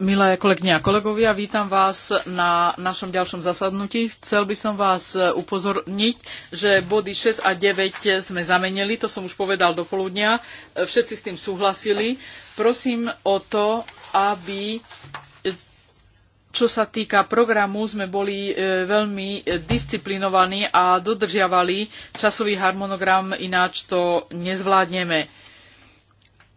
Milé kolegyne a kolegovia, vítam vás na našom ďalšom zasadnutí. Chcel by som vás upozorniť, že body 6 a 9 sme zamenili, to som už povedal do poludnia. Všetci s tým súhlasili. Prosím o to, aby čo sa týka programu, sme boli e, veľmi disciplinovaní a dodržiavali časový harmonogram, ináč to nezvládneme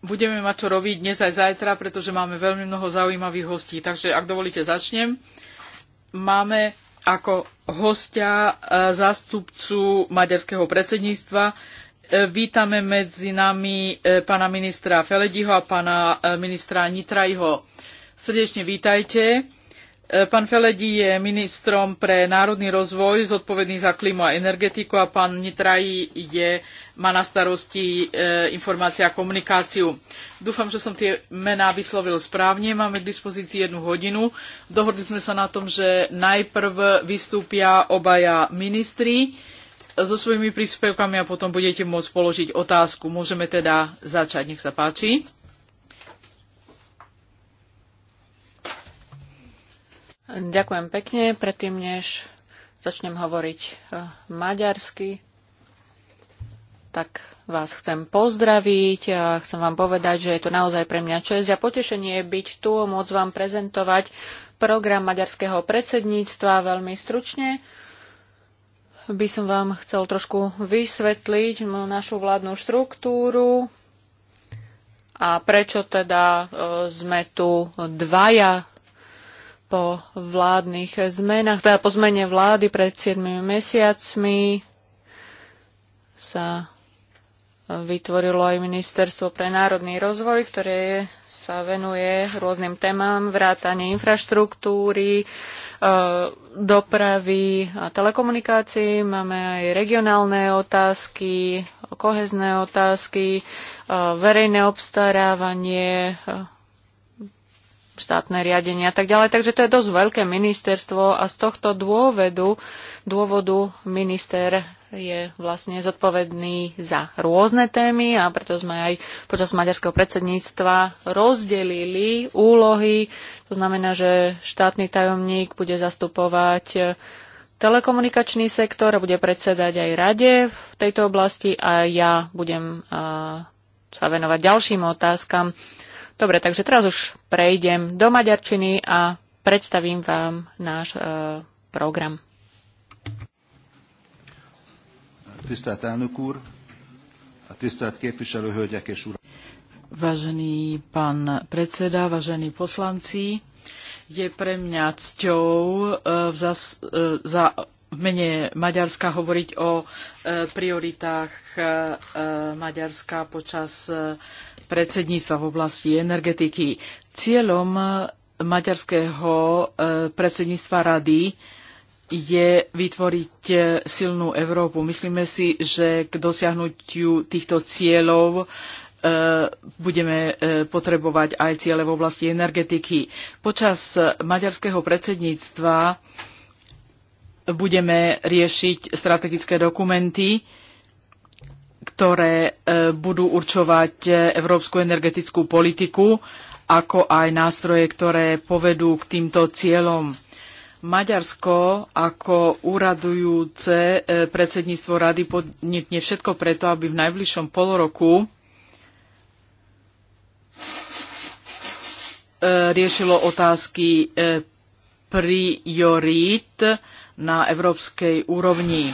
budeme mať čo robiť dnes aj zajtra, pretože máme veľmi mnoho zaujímavých hostí. Takže ak dovolíte, začnem. Máme ako hostia e, zástupcu maďarského predsedníctva. E, vítame medzi nami e, pána ministra Felediho a pána ministra Nitrajho. Srdečne vítajte. Pán Feledí je ministrom pre národný rozvoj, zodpovedný za klimu a energetiku a pán Nitraj je, má na starosti e, informácia a komunikáciu. Dúfam, že som tie mená vyslovil správne. Máme k dispozícii jednu hodinu. Dohodli sme sa na tom, že najprv vystúpia obaja ministri so svojimi príspevkami a potom budete môcť položiť otázku. Môžeme teda začať. Nech sa páči. Ďakujem pekne. Predtým, než začnem hovoriť eh, maďarsky, tak vás chcem pozdraviť a chcem vám povedať, že je to naozaj pre mňa čest a potešenie byť tu, môcť vám prezentovať program maďarského predsedníctva veľmi stručne. By som vám chcel trošku vysvetliť našu vládnu štruktúru a prečo teda eh, sme tu dvaja po vládnych zmenách, teda po zmene vlády pred 7 mesiacmi sa vytvorilo aj Ministerstvo pre národný rozvoj, ktoré sa venuje rôznym témam vrátanie infraštruktúry, e, dopravy a telekomunikácií. Máme aj regionálne otázky, kohezné otázky, e, verejné obstarávanie, e, štátne riadenie a tak ďalej. Takže to je dosť veľké ministerstvo a z tohto dôvodu, dôvodu minister je vlastne zodpovedný za rôzne témy a preto sme aj počas maďarského predsedníctva rozdelili úlohy. To znamená, že štátny tajomník bude zastupovať telekomunikačný sektor a bude predsedať aj rade v tejto oblasti a ja budem sa venovať ďalším otázkam Dobre, takže teraz už prejdem do maďarčiny a predstavím vám náš e, program. Tisztelt elnök úr, a tisztelt képviselő hölgyek és urak! Vážený pán predseda, vážení poslanci, je pre mňa cťou e, v, zas, e, za, v mene Maďarska hovoriť o e, prioritách Maďarska počas predsedníctva v oblasti energetiky. Cieľom e, maďarského e, predsedníctva rady je vytvoriť e, silnú Európu. Myslíme si, že k dosiahnutiu týchto cieľov budeme potrebovať aj ciele v oblasti energetiky. Počas maďarského predsedníctva budeme riešiť strategické dokumenty, ktoré e, budú určovať e, európsku energetickú politiku, ako aj nástroje, ktoré povedú k týmto cieľom. Maďarsko ako úradujúce e, predsedníctvo rady podnikne všetko preto, aby v najbližšom poloroku riešilo otázky priorít na európskej úrovni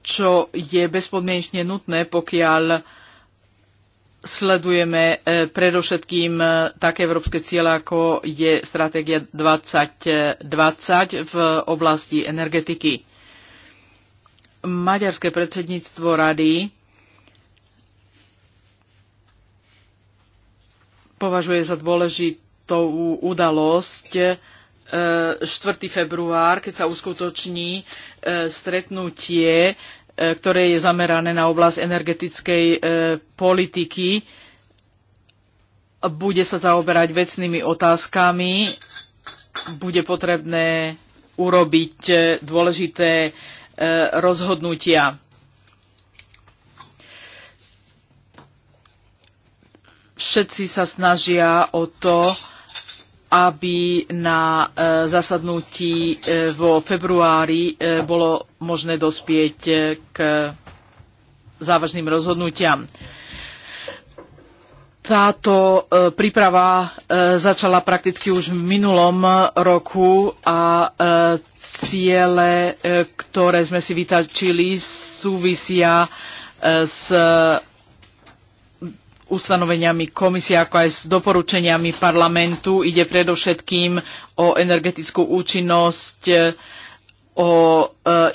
čo je bezpodmienečne nutné, pokiaľ sledujeme e, predovšetkým e, také európske cieľa, ako je stratégia 2020 v oblasti energetiky. Maďarské predsedníctvo rady považuje za dôležitú udalosť 4. E, február, keď sa uskutoční e, stretnutie, e, ktoré je zamerané na oblasť energetickej politiky. Bude sa zaoberať vecnými otázkami, bude potrebné urobiť dôležité rozhodnutia. Všetci sa snažia o to, aby na e, zasadnutí e, vo februári e, bolo možné dospieť k závažným rozhodnutiam. Táto príprava začala prakticky už v minulom roku a ciele, ktoré sme si vytačili, súvisia s ustanoveniami komisie, ako aj s doporučeniami parlamentu. Ide predovšetkým o energetickú účinnosť, e, o e,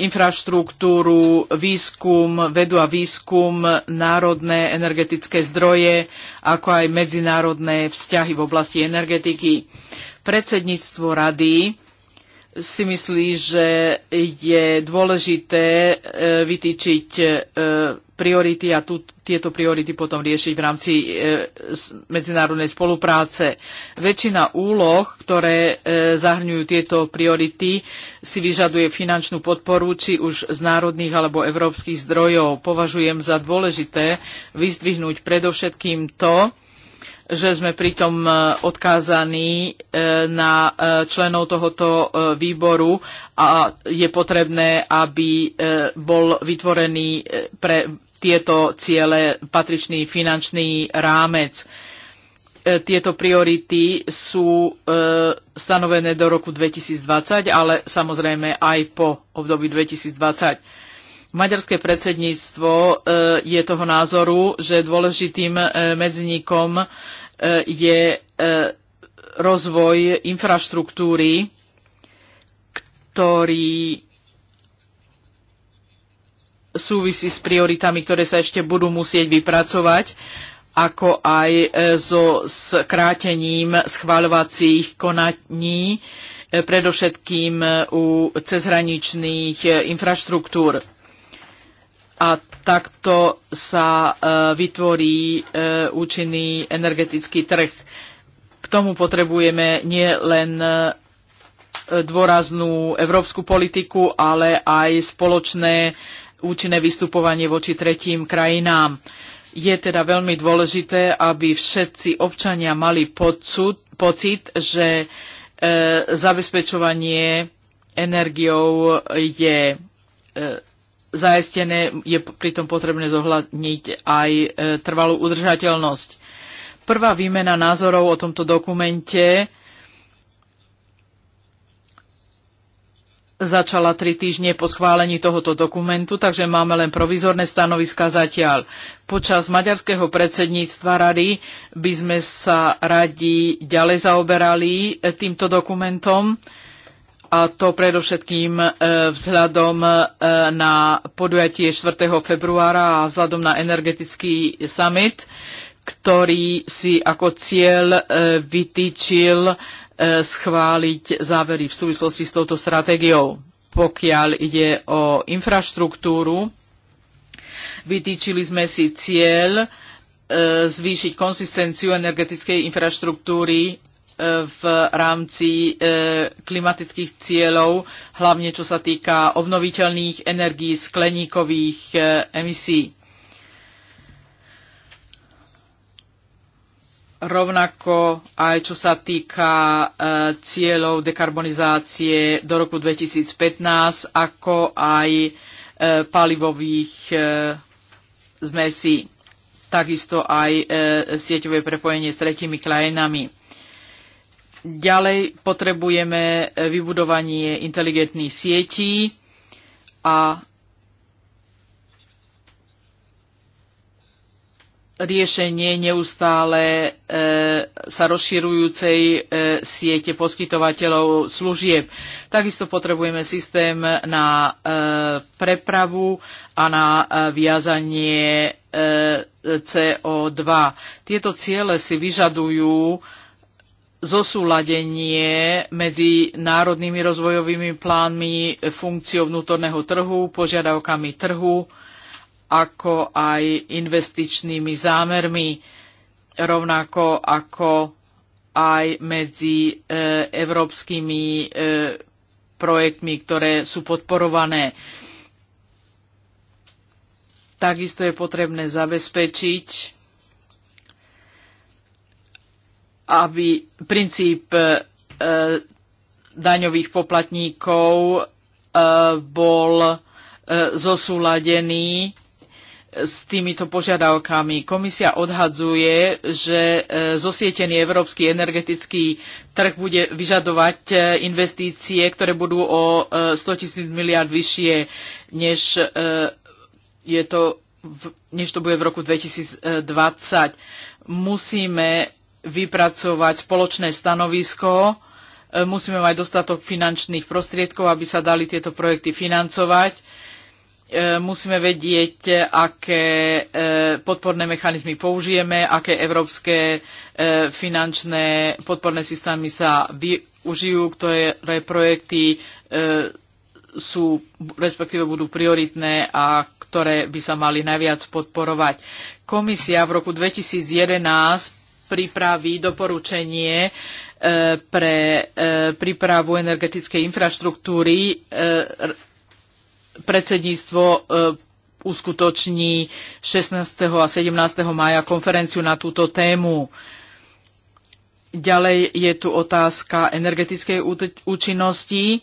infraštruktúru, výskum, vedu a výskum, národné energetické zdroje, ako aj medzinárodné vzťahy v oblasti energetiky. Predsedníctvo rady si myslí, že je dôležité e, vytýčiť priority a tu, tieto priority potom riešiť v rámci e, medzinárodnej spolupráce. Väčšina úloh, ktoré e, zahrňujú tieto priority, si vyžaduje finančnú podporu, či už z národných alebo európskych zdrojov. Považujem za dôležité vyzdvihnúť predovšetkým to, že sme pritom e, odkázaní e, na e, členov tohoto výboru a je potrebné, aby bol vytvorený pre tieto ciele patričný finančný rámec. E, tieto priority sú e, stanovené do roku 2020, ale samozrejme aj po období 2020. Maďarské predsedníctvo e, je toho názoru, že dôležitým medzníkom je rozvoj infraštruktúry, ktorý súvisí s prioritami, ktoré sa ešte budú musieť vypracovať, ako aj e, so skrátením schváľovacích konaní, e, predovšetkým e, u cezhraničných infraštruktúr. A takto sa vytvorí účinný energetický trh. K tomu potrebujeme nie len dôraznú európsku politiku, ale aj spoločné účinné vystupovanie voči tretím krajinám. Je teda veľmi dôležité, aby všetci občania mali pocud, pocit, že e, zabezpečovanie energiou je e, zajistené, je pritom potrebné zohľadniť aj e, trvalú udržateľnosť. Prvá výmena názorov o tomto dokumente e, začala tri týždne po schválení tohoto dokumentu, takže máme len provizorné stanoviska zatiaľ. Počas maďarského predsedníctva rady by sme sa radi ďalej zaoberali e, týmto dokumentom a to predovšetkým e, vzhľadom e, na podujatie 4. februára a vzhľadom na energetický summit, ktorý si ako cieľ vytýčil E, schváliť závery v súvislosti s touto stratégiou. Pokiaľ ide o infraštruktúru, vytýčili sme si cieľ e, zvýšiť konsistenciu energetickej infraštruktúry e, v rámci klimatických cieľov, hlavne čo sa týka obnoviteľných energií, skleníkových emisí. rovnako aj čo sa týka e, cieľov dekarbonizácie do roku 2015, ako aj e, palivových e, zmesí, takisto aj sieťové prepojenie s tretimi krajinami. Ďalej potrebujeme vybudovanie inteligentných sietí a riešenie neustále e, sa rozširujúcej e, siete poskytovateľov služieb. Takisto potrebujeme systém na e, prepravu a na viazanie CO2. Tieto ciele si vyžadujú zosúladenie medzi národnými rozvojovými plánmi, funkciou vnútorného trhu, požiadavkami trhu, ako aj investičnými zámermi, rovnako ako aj medzi e, európskymi e, projektmi, ktoré sú podporované. Takisto je potrebné zabezpečiť, aby princíp e, daňových poplatníkov bol zosúladený s týmito požiadavkami. Komisia odhadzuje, že e, zosietený európsky energetický trh bude vyžadovať e, investície, ktoré budú o 100 e, tisíc miliard vyššie, než, je to, než to bude v roku 2020. Musíme vypracovať spoločné stanovisko, musíme mať dostatok finančných prostriedkov, aby sa dali tieto projekty financovať E, musíme vedieť, aké e, podporné mechanizmy použijeme, aké európske e, finančné podporné systémy sa využijú, ktoré projekty sú, respektíve budú prioritné a ktoré by sa mali najviac podporovať. Komisia v roku 2011 pripraví doporučenie pre prípravu energetickej infraštruktúry predsedníctvo e, uskutoční 16. a 17. maja konferenciu na túto tému. Ďalej je tu otázka energetickej účinnosti,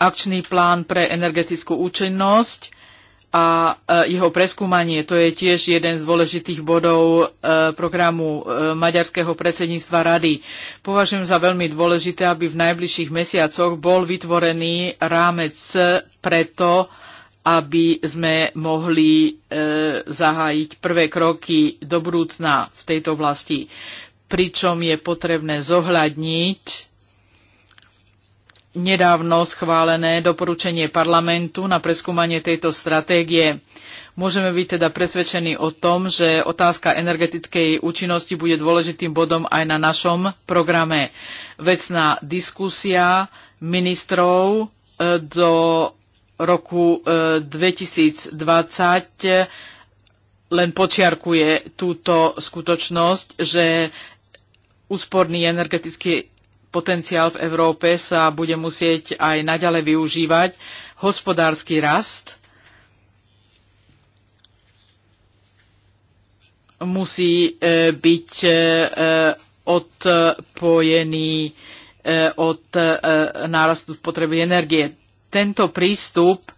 akčný plán pre energetickú účinnosť a e, jeho preskúmanie. To je tiež jeden z dôležitých bodov e, programu maďarského predsedníctva rady. Považujem za veľmi dôležité, aby v najbližších mesiacoch bol vytvorený rámec preto, aby sme mohli e, zahájiť prvé kroky do budúcna v tejto oblasti, pričom je potrebné zohľadniť nedávno schválené doporučenie parlamentu na preskúmanie tejto stratégie. Môžeme byť teda presvedčení o tom, že otázka energetickej účinnosti bude dôležitým bodom aj na našom programe. Vecná diskusia ministrov e, do roku 2020 e, len počiarkuje túto skutočnosť, že úsporný energetický potenciál v Európe sa bude musieť aj naďalej využívať. Hospodársky rast musí e, byť e, odpojený od nárastu potreby energie. Tento prístup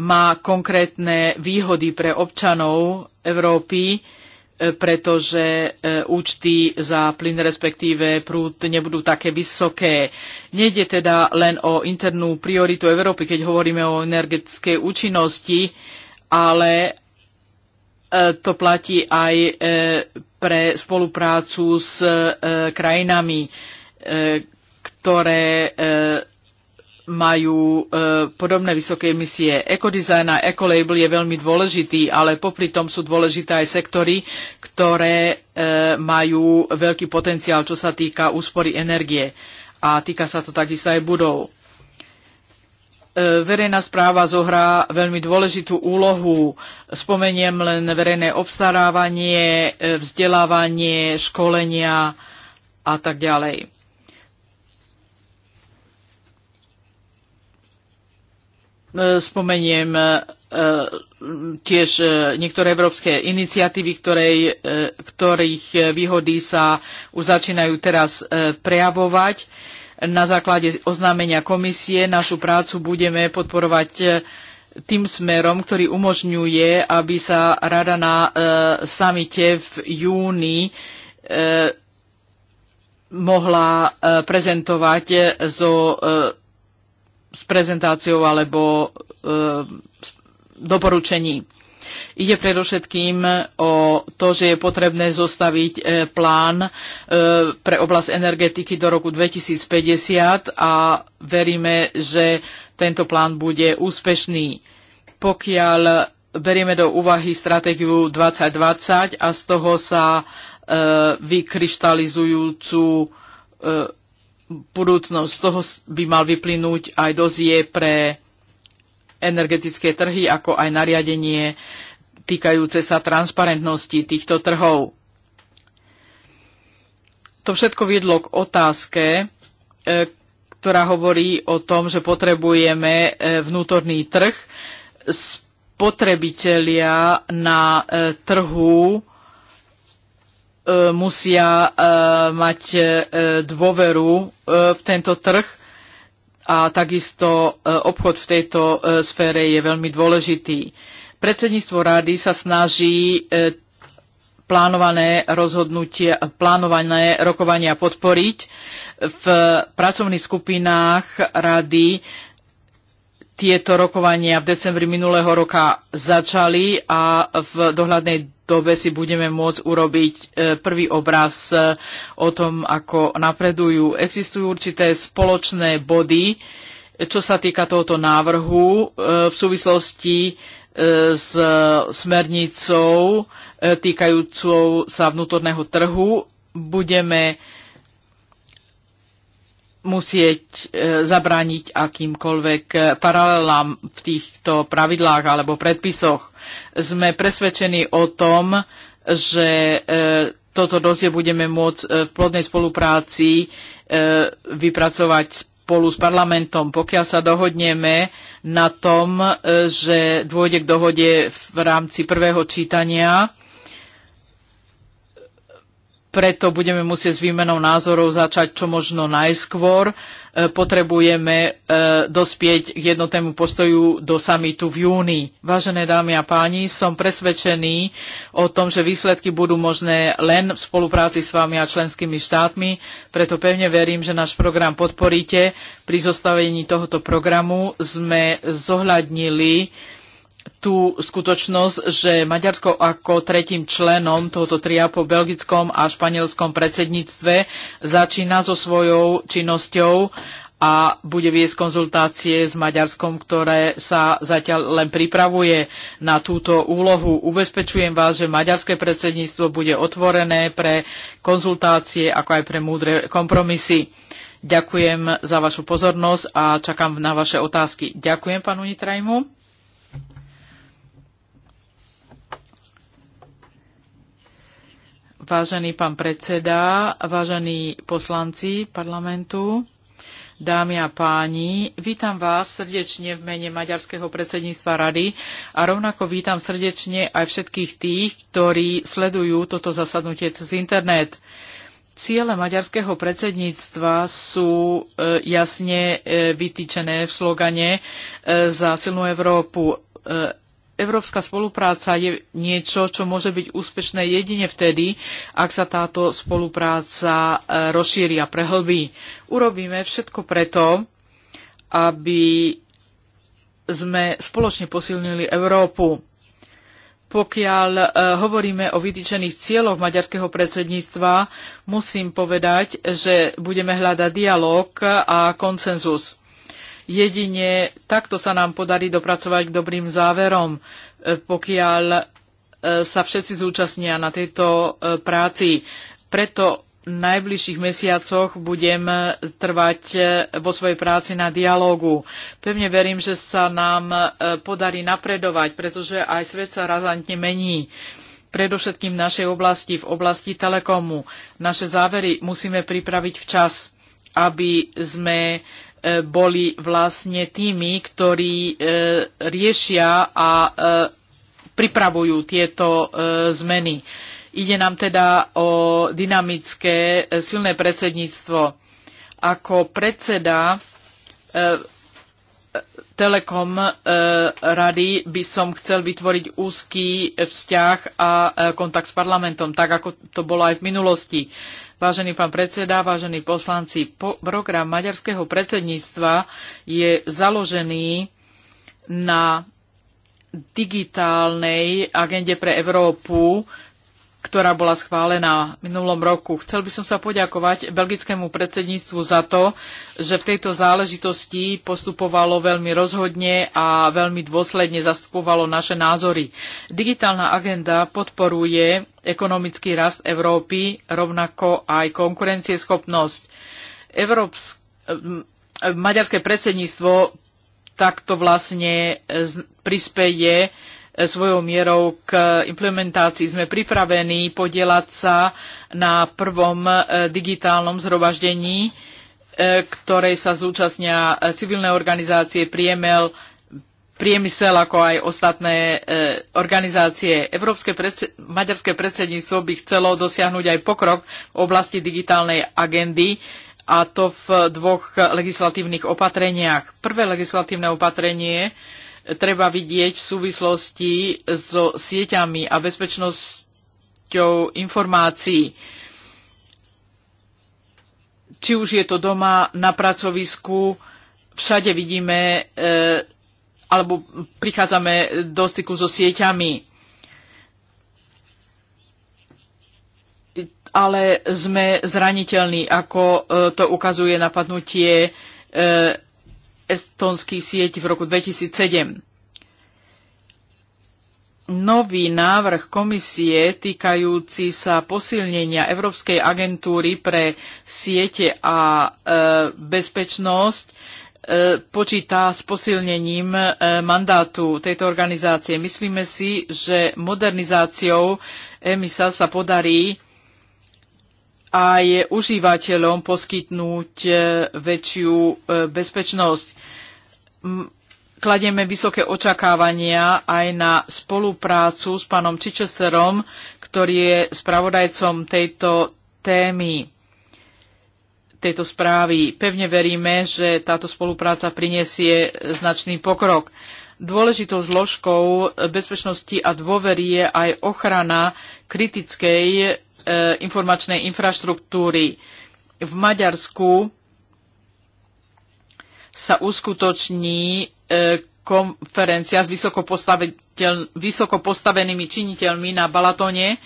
má konkrétne výhody pre občanov Európy, e, pretože e, účty za plyn, respektíve prúd, nebudú také vysoké. Nejde teda len o internú prioritu Európy, keď hovoríme o energetickej účinnosti, ale e, to platí aj pre spoluprácu s krajinami, ktoré majú e, podobné vysoké emisie. Ekodizajn a ekolabel je veľmi dôležitý, ale popri tom sú dôležité aj sektory, ktoré e, majú veľký potenciál, čo sa týka úspory energie. A týka sa to takisto aj budov. E, verejná správa zohrá veľmi dôležitú úlohu. Spomeniem len verejné obstarávanie, e, vzdelávanie, školenia a tak ďalej E, spomeniem e, e, tiež niektoré európske iniciatívy, ktorej, ktorých výhody sa už začínajú teraz prejavovať. Na základe oznámenia komisie našu prácu budeme podporovať tým smerom, ktorý umožňuje, aby sa rada na e, samite v júni e, mohla e, prezentovať so e, s prezentáciou alebo e, doporučení. Ide predovšetkým o to, že je potrebné zostaviť e, plán e, pre oblasť energetiky do roku 2050 a veríme, že tento plán bude úspešný. Pokiaľ berieme do úvahy stratégiu 2020 a z toho sa vykryštalizujúcu budúcnosť. Z toho by mal vyplynúť aj dozie pre energetické trhy, ako aj nariadenie týkajúce sa transparentnosti týchto trhov. To všetko viedlo k otázke, e, ktorá hovorí o tom, že potrebujeme e, vnútorný trh. Spotrebitelia na e, trhu E, musia e, mať e, dôveru v tento trh a takisto obchod v tejto sfére je veľmi dôležitý. Predsedníctvo rady sa snaží plánované rozhodnutie, plánované rokovania podporiť. V pracovných skupinách rady tieto rokovania v decembri minulého roka začali a v dohľadnej dobe si budeme môcť urobiť e, prvý obraz e, o tom, ako napredujú. Existujú určité spoločné body, čo sa týka tohoto návrhu e, v súvislosti s smernicou týkajúcou sa vnútorného trhu. Budeme musieť e, zabrániť akýmkoľvek e, paralelám v týchto pravidlách alebo predpisoch. Sme presvedčení o tom, že e, toto dosie budeme môcť v plodnej spolupráci vypracovať spolu s parlamentom, pokiaľ sa dohodneme na tom, že dôjde k dohode v rámci prvého čítania, preto budeme musieť s výmenou názorov začať čo možno najskôr. E, potrebujeme e, dospieť k jednotému postoju do samitu v júni. Vážené dámy a páni, som presvedčený o tom, že výsledky budú možné len v spolupráci s vami a členskými štátmi, preto pevne verím, že náš program podporíte. Pri zostavení tohoto programu sme zohľadnili tú skutočnosť, že Maďarsko ako tretím členom tohoto tria po belgickom a španielskom predsedníctve začína so svojou činnosťou a bude viesť konzultácie s Maďarskom, ktoré sa zatiaľ len pripravuje na túto úlohu. Ubezpečujem vás, že maďarské predsedníctvo bude otvorené pre konzultácie, ako aj pre múdre kompromisy. Ďakujem za vašu pozornosť a čakám na vaše otázky. Ďakujem pánu Nitrajmu. Vážený pán predseda, vážení poslanci parlamentu, dámy a páni, vítam vás srdečne v mene maďarského predsedníctva rady a rovnako vítam srdečne aj všetkých tých, ktorí sledujú toto zasadnutie cez internet. Ciele maďarského predsedníctva sú e, jasne e, vytýčené v slogane e, za silnú Európu európska spolupráca je niečo, čo môže byť úspešné jedine vtedy, ak sa táto spolupráca e, rozšíri a prehlbí. Urobíme všetko preto, aby sme spoločne posilnili Európu. Pokiaľ e, hovoríme o vytýčených cieľoch maďarského predsedníctva, musím povedať, že budeme hľadať dialog a konsenzus Jedine takto sa nám podarí dopracovať k dobrým záverom, e, pokiaľ e, sa všetci zúčastnia na tejto e, práci. Preto v najbližších mesiacoch budem trvať vo svojej práci na dialógu. Pevne verím, že sa nám podarí napredovať, pretože aj svet sa razantne mení predovšetkým v našej oblasti, v oblasti telekomu. Naše závery musíme pripraviť včas, aby sme E, boli vlastne tými, ktorí e, riešia a e, pripravujú tieto zmeny. Ide nám teda o dynamické silné predsedníctvo. Ako predseda Telekom rady by som chcel vytvoriť úzký vzťah a kontakt s parlamentom, tak ako to bolo aj v minulosti. Vážený pán predseda, vážení poslanci, program maďarského predsedníctva je založený na digitálnej agende pre Európu, ktorá bola schválená v minulom roku. Chcel by som sa poďakovať belgickému predsedníctvu za to, že v tejto záležitosti postupovalo veľmi rozhodne a veľmi dôsledne zastupovalo naše názory. Digitálna agenda podporuje ekonomický rast Európy, rovnako aj konkurencieschopnosť. Európsk... Maďarské predsedníctvo takto vlastne prispeje svojou mierou k implementácii. Sme pripravení podielať sa na prvom e, digitálnom zhromaždení, e, ktorej sa zúčastnia e, civilné organizácie, priemel, priemysel, ako aj ostatné organizácie. Európske predse- maďarské predsedníctvo by chcelo dosiahnuť aj pokrok v oblasti digitálnej agendy, a to v dvoch legislatívnych opatreniach. Prvé legislatívne opatrenie treba vidieť v súvislosti so sieťami a bezpečnosťou informácií. Či už je to doma, na pracovisku, všade vidíme e, alebo prichádzame do styku so sieťami. Ale sme zraniteľní, ako e, to ukazuje napadnutie e, estonských sieť v roku 2007. Nový návrh komisie týkajúci sa posilnenia Európskej agentúry pre siete a e, bezpečnosť e, počíta s posilnením e, mandátu tejto organizácie. Myslíme si, že modernizáciou EMISA sa podarí aj užívateľom poskytnúť e, väčšiu e, bezpečnosť. Kladieme vysoké očakávania aj na spoluprácu s pánom Čičesterom, ktorý je spravodajcom tejto témy, tejto správy. Pevne veríme, že táto spolupráca prinesie značný pokrok. Dôležitou zložkou bezpečnosti a dôvery je aj ochrana kritickej E, informačnej infraštruktúry. V Maďarsku sa uskutoční e, konferencia s vysoko postavenými činiteľmi na Balatone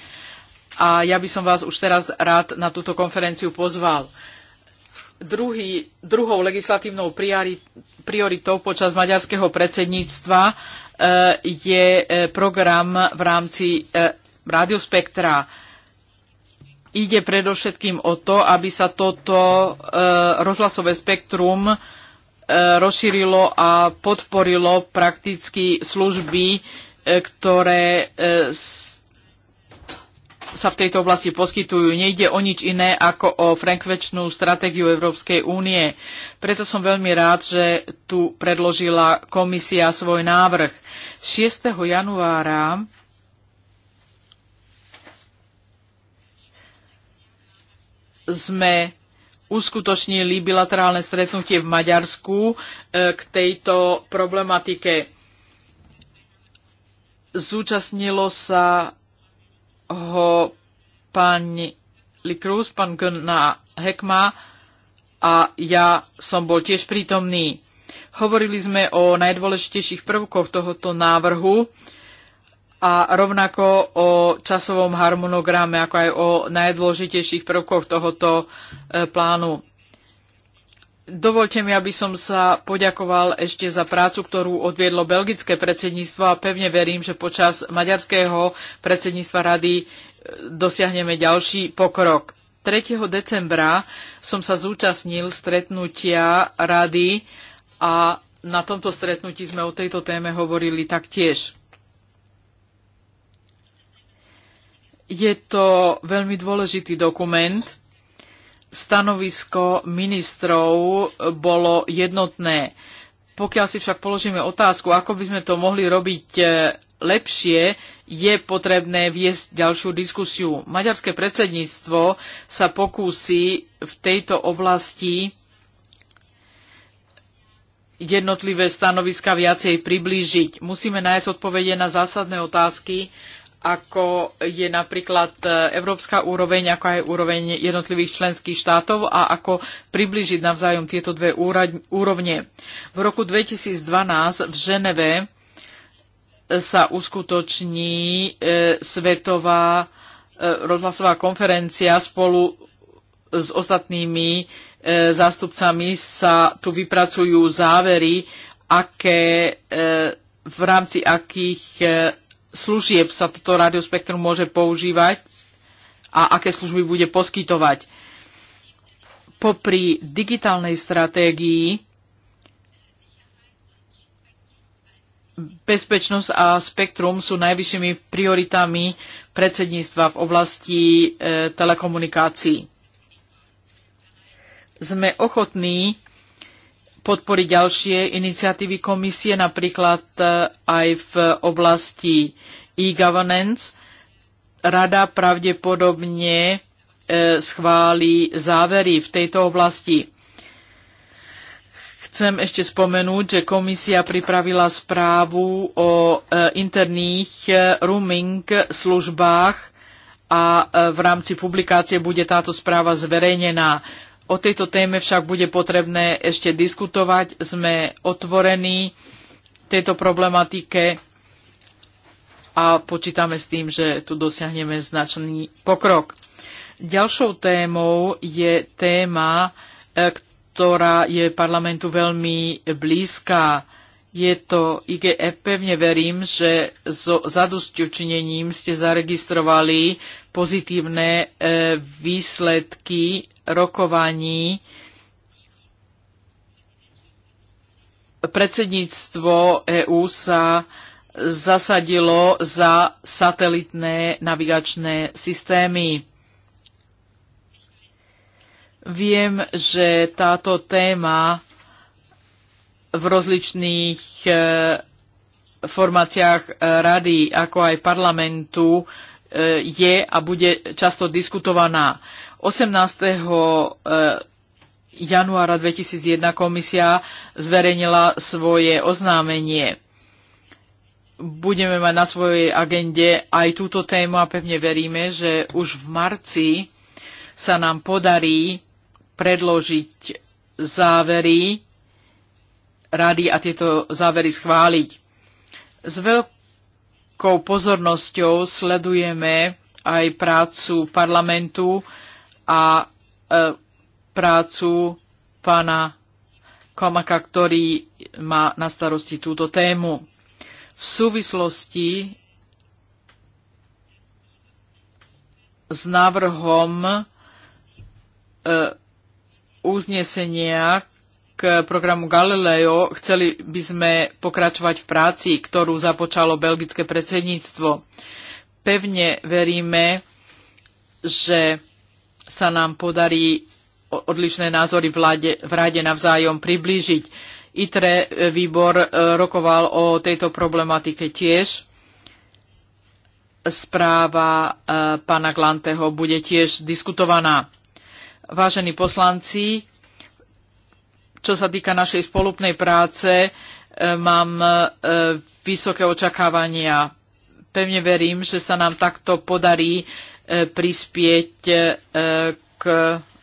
a ja by som vás už teraz rád na túto konferenciu pozval. Druhý, druhou legislatívnou prioritou počas maďarského predsedníctva e, je program v rámci rádiospektra ide predovšetkým o to, aby sa toto e, rozhlasové spektrum e, rozšírilo a podporilo prakticky služby, e, ktoré sa v tejto oblasti poskytujú. Nejde o nič iné ako o frankvečnú stratégiu Európskej únie. Preto som veľmi rád, že tu predložila komisia svoj návrh. 6. januára sme uskutočnili bilaterálne stretnutie v Maďarsku e, k tejto problematike. Zúčastnilo sa ho pán Likrus, pán Gunna Hekma a ja som bol tiež prítomný. Hovorili sme o najdôležitejších prvkoch tohoto návrhu a rovnako o časovom harmonograme, ako aj o najdôležitejších prvkoch tohoto e, plánu. Dovolte mi, aby som sa poďakoval ešte za prácu, ktorú odviedlo belgické predsedníctvo a pevne verím, že počas maďarského predsedníctva rady e, dosiahneme ďalší pokrok. 3. decembra som sa zúčastnil stretnutia rady a na tomto stretnutí sme o tejto téme hovorili taktiež. Je to veľmi dôležitý dokument. Stanovisko ministrov bolo jednotné. Pokiaľ si však položíme otázku, ako by sme to mohli robiť e, lepšie, je potrebné viesť ďalšiu diskusiu. Maďarské predsedníctvo sa pokúsi v tejto oblasti jednotlivé stanoviska viacej priblížiť. Musíme nájsť odpovede na zásadné otázky, ako je napríklad e, európska úroveň, ako aj úroveň jednotlivých členských štátov a ako približiť navzájom tieto dve úrovne. V roku 2012 v Ženeve e, sa uskutoční e, svetová rozhlasová konferencia spolu s ostatnými zástupcami sa tu vypracujú závery, aké v rámci akých služieb sa toto radiospektrum môže používať a aké služby bude poskytovať. Popri digitálnej stratégii bezpečnosť a spektrum sú najvyššími prioritami predsedníctva v oblasti e, telekomunikácií. Sme ochotní podporiť ďalšie iniciatívy komisie, napríklad e, aj v oblasti e-governance. Rada pravdepodobne e, schváli závery v tejto oblasti. Chcem ešte spomenúť, že komisia pripravila správu o e, interných rooming službách a v rámci publikácie bude táto správa zverejnená. O tejto téme však bude potrebné ešte diskutovať. Sme otvorení tejto problematike a počítame s tým, že tu dosiahneme značný pokrok. Ďalšou témou je téma, e, ktorá je parlamentu veľmi blízka. Je to IGF. Pevne verím, že so zadusťučinením ste zaregistrovali pozitívne e, výsledky rokovaní predsedníctvo EÚ sa zasadilo za satelitné navigačné systémy. Viem, že táto téma v rozličných e, formáciách e, rady, ako aj parlamentu, e, je a bude často diskutovaná. 18. Eh, januára 2001 komisia zverejnila svoje oznámenie. Budeme mať na svojej agende aj túto tému a pevne veríme, že už v marci sa nám podarí predložiť závery rady a tieto závery schváliť. S veľkou pozornosťou sledujeme aj prácu parlamentu a e, prácu pána Komaka, ktorý má na starosti túto tému. V súvislosti s návrhom e, uznesenia k programu Galileo chceli by sme pokračovať v práci, ktorú započalo belgické predsedníctvo. Pevne veríme, že sa nám podarí odlišné názory vláde, v rade navzájom priblížiť. ITRE e, výbor e, rokoval o tejto problematike tiež. Správa e, pána Glanteho bude tiež diskutovaná. Vážení poslanci, čo sa týka našej spolupnej práce, mám vysoké očakávania. Pevne verím, že sa nám takto podarí E, prispieť e, k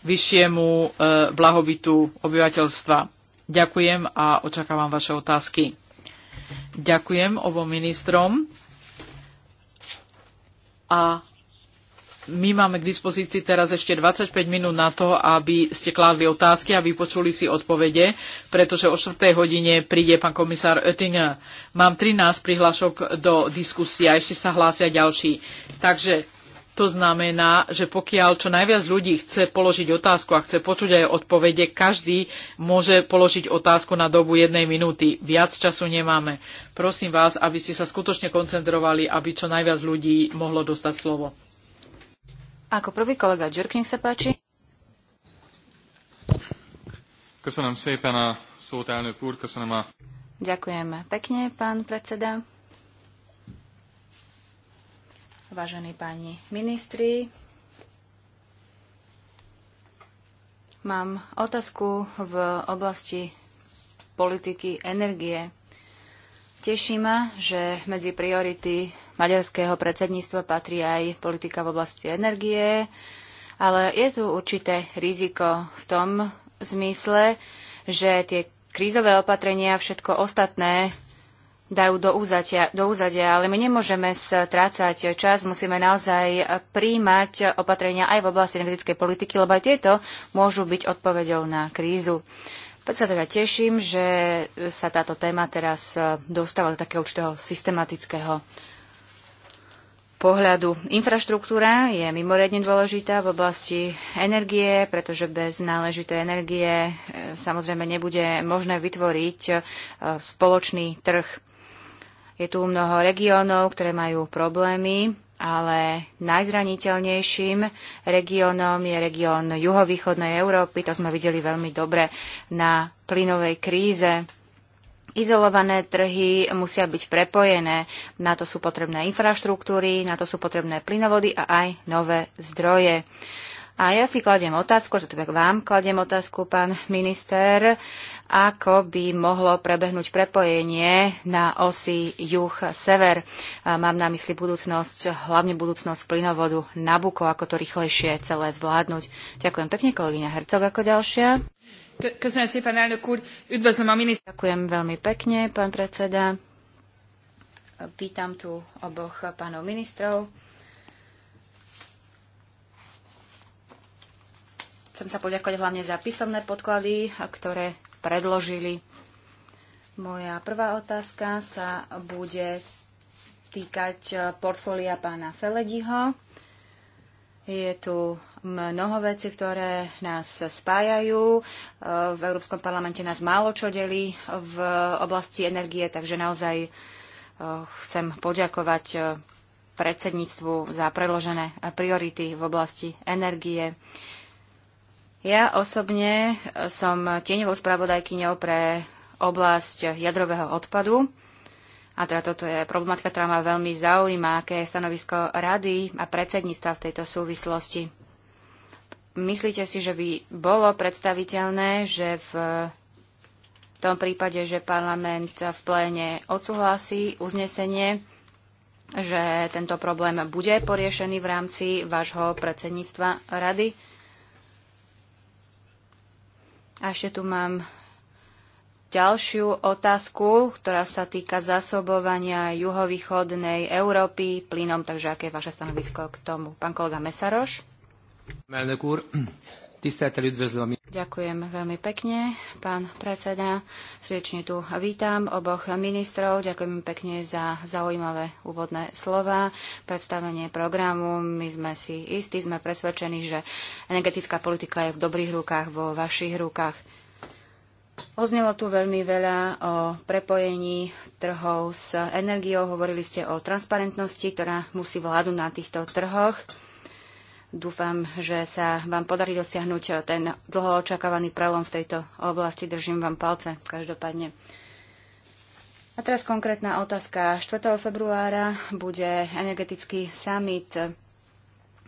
vyššiemu e, blahobytu obyvateľstva. Ďakujem a očakávam vaše otázky. Ďakujem obom ministrom. A my máme k dispozícii teraz ešte 25 minút na to, aby ste kládli otázky a vypočuli si odpovede, pretože o 4. hodine príde pán komisár Oettinger. Mám 13 prihlášok do diskusie a ešte sa hlásia ďalší. Takže to znamená, že pokiaľ čo najviac ľudí chce položiť otázku a chce počuť aj odpovede, každý môže položiť otázku na dobu jednej minúty. Viac času nemáme. Prosím vás, aby ste sa skutočne koncentrovali, aby čo najviac ľudí mohlo dostať slovo. Ako prvý kolega Džurk, nech sa páči. Ďakujem pekne, pán predseda vážení páni ministri. Mám otázku v oblasti politiky energie. Teší ma, že medzi priority maďarského predsedníctva patrí aj politika v oblasti energie, ale je tu určité riziko v tom zmysle, že tie krízové opatrenia a všetko ostatné dajú do úzadia, do úzadia, ale my nemôžeme strácať čas, musíme naozaj príjmať opatrenia aj v oblasti energetickej politiky, lebo aj tieto môžu byť odpovedou na krízu. Preto sa teda teším, že sa táto téma teraz dostáva do takého určitého systematického pohľadu. Infraštruktúra je mimoriadne dôležitá v oblasti energie, pretože bez náležitej energie e, samozrejme nebude možné vytvoriť e, spoločný trh je tu mnoho regiónov, ktoré majú problémy, ale najzraniteľnejším regiónom je región juhovýchodnej Európy. To sme videli veľmi dobre na plynovej kríze. Izolované trhy musia byť prepojené. Na to sú potrebné infraštruktúry, na to sú potrebné plynovody a aj nové zdroje. A ja si kladiem otázku, že teda vám kladiem otázku, pán minister, ako by mohlo prebehnúť prepojenie na osi juh-sever. Mám na mysli budúcnosť, hlavne budúcnosť plynovodu Nabuko, ako to rýchlejšie celé zvládnuť. Ďakujem pekne, kolegyňa Hercog, ako ďalšia. Ďakujem veľmi pekne, pán predseda. Vítam tu oboch pánov ministrov. Chcem sa poďakovať hlavne za písomné podklady, ktoré predložili. Moja prvá otázka sa bude týkať portfólia pána Felediho. Je tu mnoho vecí, ktoré nás spájajú. V Európskom parlamente nás málo čo delí v oblasti energie, takže naozaj eh, chcem poďakovať eh, predsedníctvu za predložené priority v oblasti energie. Ja osobne eh, som tieňovou spravodajkyňou pre oblasť jadrového odpadu. A teda toto je problematika, ktorá ma veľmi zaujíma, aké je stanovisko rady a predsedníctva v tejto súvislosti. Myslíte si, že by bolo predstaviteľné, že v tom prípade, že parlament v pléne odsúhlasí uznesenie, že tento problém bude poriešený v rámci vášho predsedníctva rady? A ešte tu mám ďalšiu otázku, ktorá sa týka zásobovania juhovýchodnej Európy plynom. Takže aké je vaše stanovisko k tomu? Pán kolega Mesaroš. Elnök úr, Ďakujem veľmi pekne, pán predseda. Srdečne tu vítam oboch ministrov. Ďakujem pekne za zaujímavé úvodné slova, predstavenie programu. My sme si istí, sme presvedčení, že energetická politika je v dobrých rukách, vo vašich rukách. Oznelo tu veľmi veľa o prepojení trhov s energiou. Hovorili ste o transparentnosti, ktorá musí vládu na týchto trhoch. Dúfam, že sa vám podarí dosiahnuť ten dlho očakávaný prelom v tejto oblasti. Držím vám palce každopádne. A teraz konkrétna otázka. 4. februára bude energetický summit.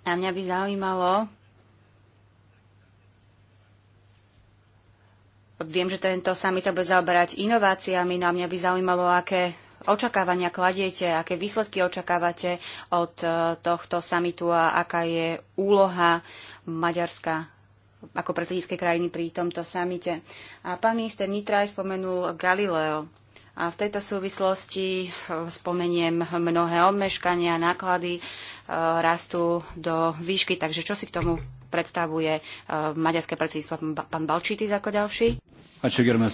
A mňa by zaujímalo, Viem, že tento summit sa bude zaoberať inováciami, no a mňa by zaujímalo, aké očakávania kladiete, aké výsledky očakávate od e, tohto samitu a aká je úloha Maďarska ako predsedníckej krajiny pri tomto samite. A pán minister Nitraj spomenul Galileo. A v tejto súvislosti e, spomeniem mnohé obmeškania, náklady e, rastú do výšky, takže čo si k tomu predstavuje maďarské predsedníctvo pán Balčítis ako ďalší? Ačiū, gerbiamas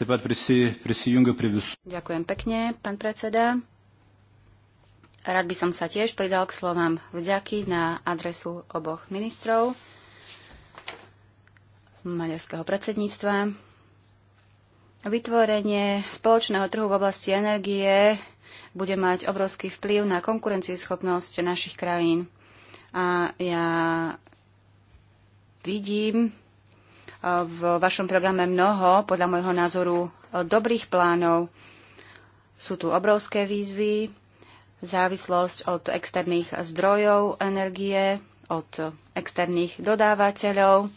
Ďakujem pekne, pán predseda. Rád by som sa tiež pridal k slovám vďaky na adresu oboch ministrov maďarského predsedníctva. Vytvorenie spoločného trhu v oblasti energie bude mať obrovský vplyv na konkurencieschopnosť našich krajín. A ja vidím v vašom programe mnoho, podľa môjho názoru, dobrých plánov. Sú tu obrovské výzvy, závislosť od externých zdrojov energie, od externých dodávateľov.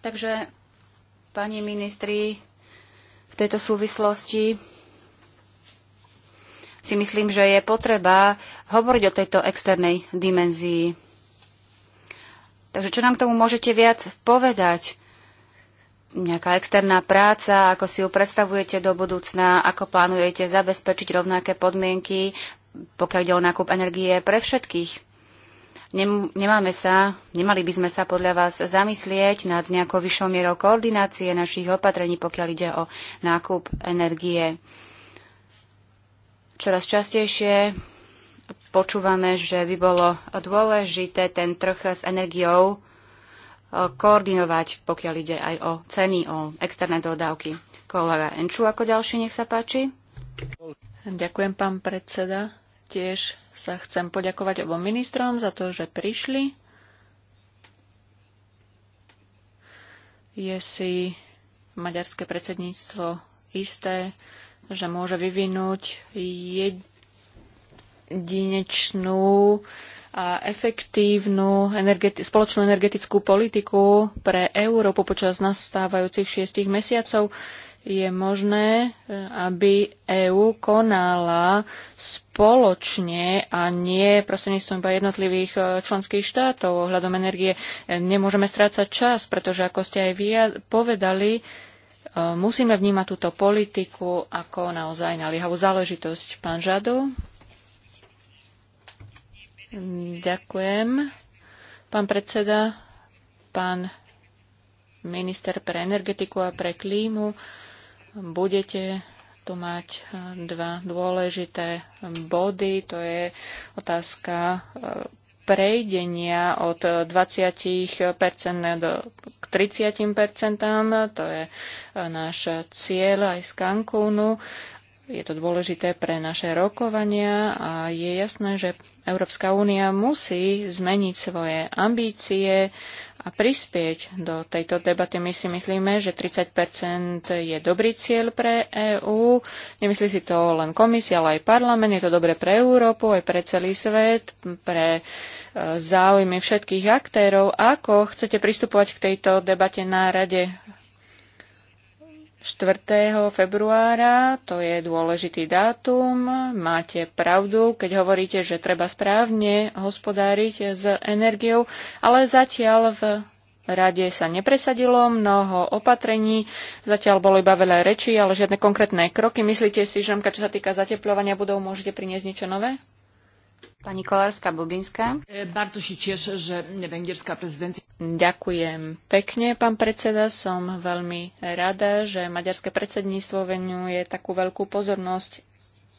Takže, pani ministri, v tejto súvislosti si myslím, že je potreba hovoriť o tejto externej dimenzii. Takže čo nám k tomu môžete viac povedať? Nejaká externá práca, ako si ju predstavujete do budúcna, ako plánujete zabezpečiť rovnaké podmienky, pokiaľ ide o nákup energie pre všetkých? nemáme sa, nemali by sme sa podľa vás zamyslieť nad nejakou vyššou mierou koordinácie našich opatrení, pokiaľ ide o nákup energie. Čoraz častejšie počúvame, že by bolo dôležité ten trh s energiou e, koordinovať, pokiaľ ide aj o ceny, o externé dodávky. Kolega Enču ako ďalší, nech sa páči. Ďakujem, pán predseda. Tiež sa chcem poďakovať obom ministrom za to, že prišli. Je si maďarské predsedníctvo isté, že môže vyvinúť jed jedinečnú a efektívnu energeti- spoločnú energetickú politiku pre Európu počas nastávajúcich šiestich mesiacov, je možné, e, aby EÚ konala spoločne a nie prostredníctvom iba jednotlivých e, členských štátov ohľadom energie. E, nemôžeme strácať čas, pretože ako ste aj vy povedali, musíme vnímať túto politiku ako naozaj naliehavú záležitosť. Pán Žadu? Ďakujem. Pán predseda, pán minister pre energetiku a pre klímu, budete tu mať eh, dva dôležité body. To je otázka eh, prejdenia od 20% do, k 30%. To je eh, náš cieľ aj z Cancúnu. Je to dôležité pre naše rokovania a je jasné, že Európska únia musí zmeniť svoje ambície a prispieť do tejto debaty. My si myslíme, že 30 je dobrý cieľ pre EÚ. Nemyslí si to len komisia, ale aj parlament. Je to dobre pre Európu, aj pre celý svet, pre e, záujmy všetkých aktérov. Ako chcete pristupovať k tejto debate na rade 4. februára, to je dôležitý dátum, máte pravdu, keď hovoríte, že treba správne hospodáriť s energiou, ale zatiaľ v rade sa nepresadilo mnoho opatrení, zatiaľ bolo iba veľa rečí, ale žiadne konkrétne kroky. Myslíte si, že čo sa týka zateplovania budov, môžete priniesť niečo nové? Pani Kolárska Bubinská. E, bardzo się cieszę, že węgierská prezidencia... Ďakujem pekne, pán predseda. Som veľmi rada, že maďarské predsedníctvo venuje takú veľkú pozornosť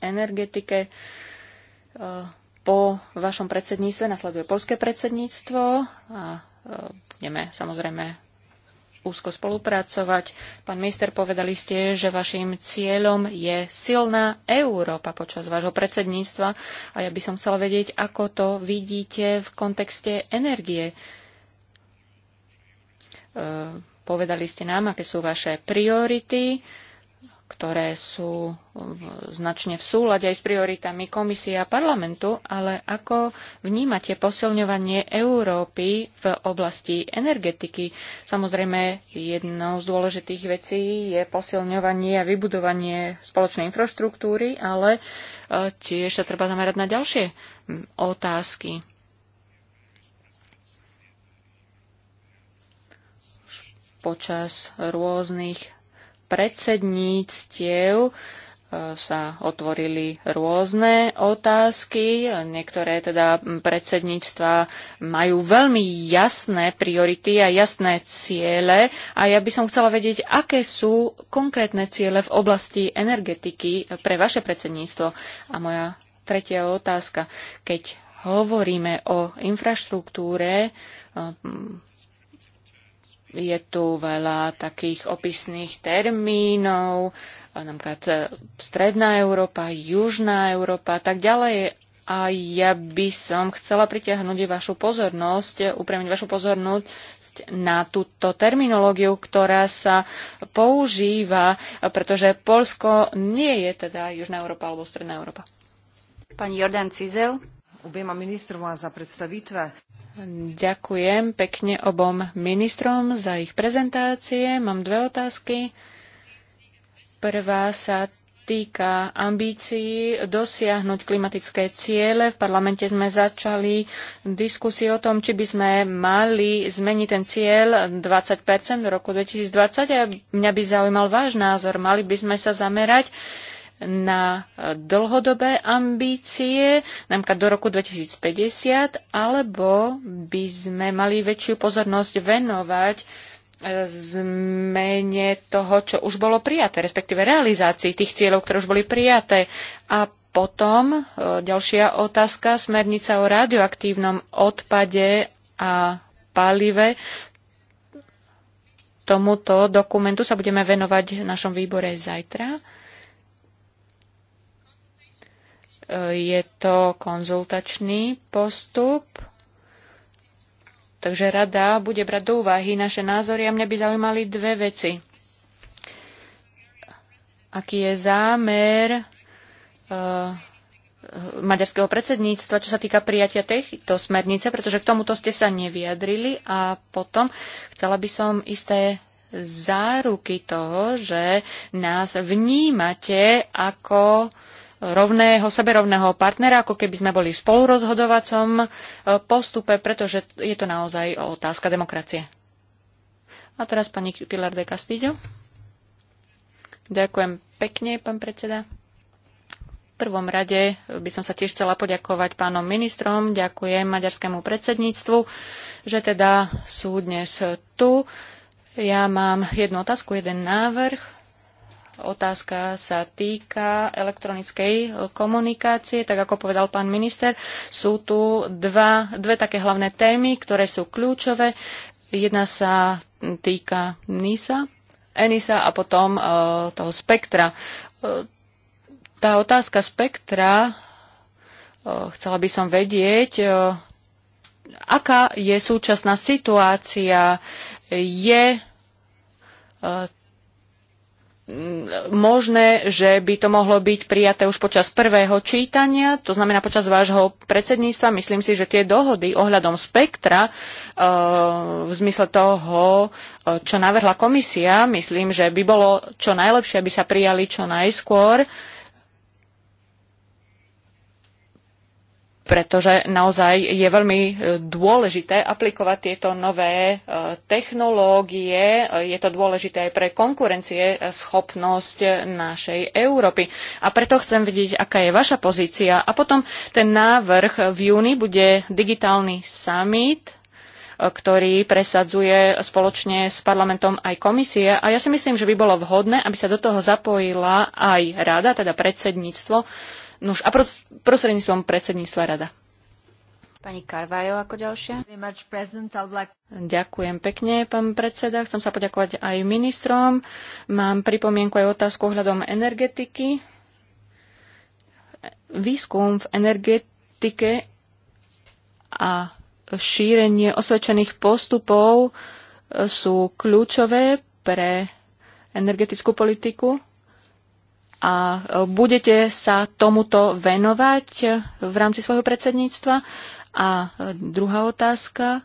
energetike. E, po vašom predsedníctve nasleduje polské predsedníctvo a e, budeme samozrejme úzko spolupracovať. Pán minister, povedali ste, že vašim cieľom je silná Európa počas vášho predsedníctva a ja by som chcela vedieť, ako to vidíte v kontexte energie. E, povedali ste nám, aké sú vaše priority ktoré sú značne v súlade aj s prioritami komisie a parlamentu, ale ako vnímate posilňovanie Európy v oblasti energetiky? Samozrejme, jednou z dôležitých vecí je posilňovanie a vybudovanie spoločnej infraštruktúry, ale e, tiež sa treba zamerať na ďalšie otázky. Počas rôznych predsedníctiev e, sa otvorili rôzne otázky. Niektoré teda predsedníctva majú veľmi jasné priority a jasné ciele a ja by som chcela vedieť, aké sú konkrétne ciele v oblasti energetiky pre vaše predsedníctvo. A moja tretia otázka. Keď hovoríme o infraštruktúre, e, je tu veľa takých opisných termínov, napríklad e, Stredná Európa, Južná Európa a tak ďalej. A ja by som chcela pritiahnuť vašu pozornosť, upriamiť vašu pozornosť na túto terminológiu, ktorá sa používa, pretože Polsko nie je teda Južná Európa alebo Stredná Európa. Pani Jordan Cizel. Obema ministrova za predstavitve. Ďakujem pekne obom ministrom za ich prezentácie. Mám dve otázky. Prvá sa týka ambícií dosiahnuť klimatické ciele. V parlamente sme začali diskusiu o tom, či by sme mali zmeniť ten cieľ 20 v roku 2020. A mňa by zaujímal váš názor. Mali by sme sa zamerať na dlhodobé ambície, napríklad do roku 2050, alebo by sme mali väčšiu pozornosť venovať e, zmene toho, čo už bolo prijaté, respektíve realizácii tých cieľov, ktoré už boli prijaté. A potom e, ďalšia otázka, smernica o radioaktívnom odpade a palive. Tomuto dokumentu sa budeme venovať v našom výbore zajtra. Je to konzultačný postup, takže rada bude brať do úvahy naše názory a mňa by zaujímali dve veci. Aký je zámer uh, maďarského predsedníctva, čo sa týka prijatia tejto smernice, pretože k tomuto ste sa nevyjadrili a potom chcela by som isté záruky toho, že nás vnímate ako rovného, seberovného partnera, ako keby sme boli v spolurozhodovacom e, postupe, pretože je to naozaj otázka demokracie. A teraz pani Pilar de Castillo. Ďakujem pekne, pán predseda. V prvom rade by som sa tiež chcela poďakovať pánom ministrom, ďakujem maďarskému predsedníctvu, že teda sú dnes tu. Ja mám jednu otázku, jeden návrh otázka sa týka elektronickej eh, komunikácie. Tak ako povedal pán minister, sú tu dva, dve také hlavné témy, ktoré sú kľúčové. Jedna sa týka NISA, ENISA a potom e, toho spektra. E, tá otázka spektra, chcela by som vedieť, aká je súčasná situácia. Je možné, že by to mohlo byť prijaté už počas prvého čítania, to znamená počas vášho predsedníctva. Myslím si, že tie dohody ohľadom spektra e, v zmysle toho, e, čo navrhla komisia, myslím, že by bolo čo najlepšie, aby sa prijali čo najskôr pretože naozaj je veľmi e, dôležité aplikovať tieto nové e, technológie. E, je to dôležité aj pre konkurencie schopnosť našej Európy. A preto chcem vidieť, aká je vaša pozícia. A potom ten návrh v júni bude digitálny summit ktorý presadzuje spoločne s parlamentom aj komisie. A ja si myslím, že by bolo vhodné, aby sa do toho zapojila aj rada, teda predsedníctvo, Nuž a prostredníctvom predsedníctva rada. Pani Karvajo ako ďalšia. Ďakujem pekne, pán predseda. Chcem sa poďakovať aj ministrom. Mám pripomienku aj otázku ohľadom energetiky. Výskum v energetike a šírenie osvedčených postupov sú kľúčové pre energetickú politiku a e, budete sa tomuto venovať e, v rámci svojho predsedníctva? A e, druhá otázka.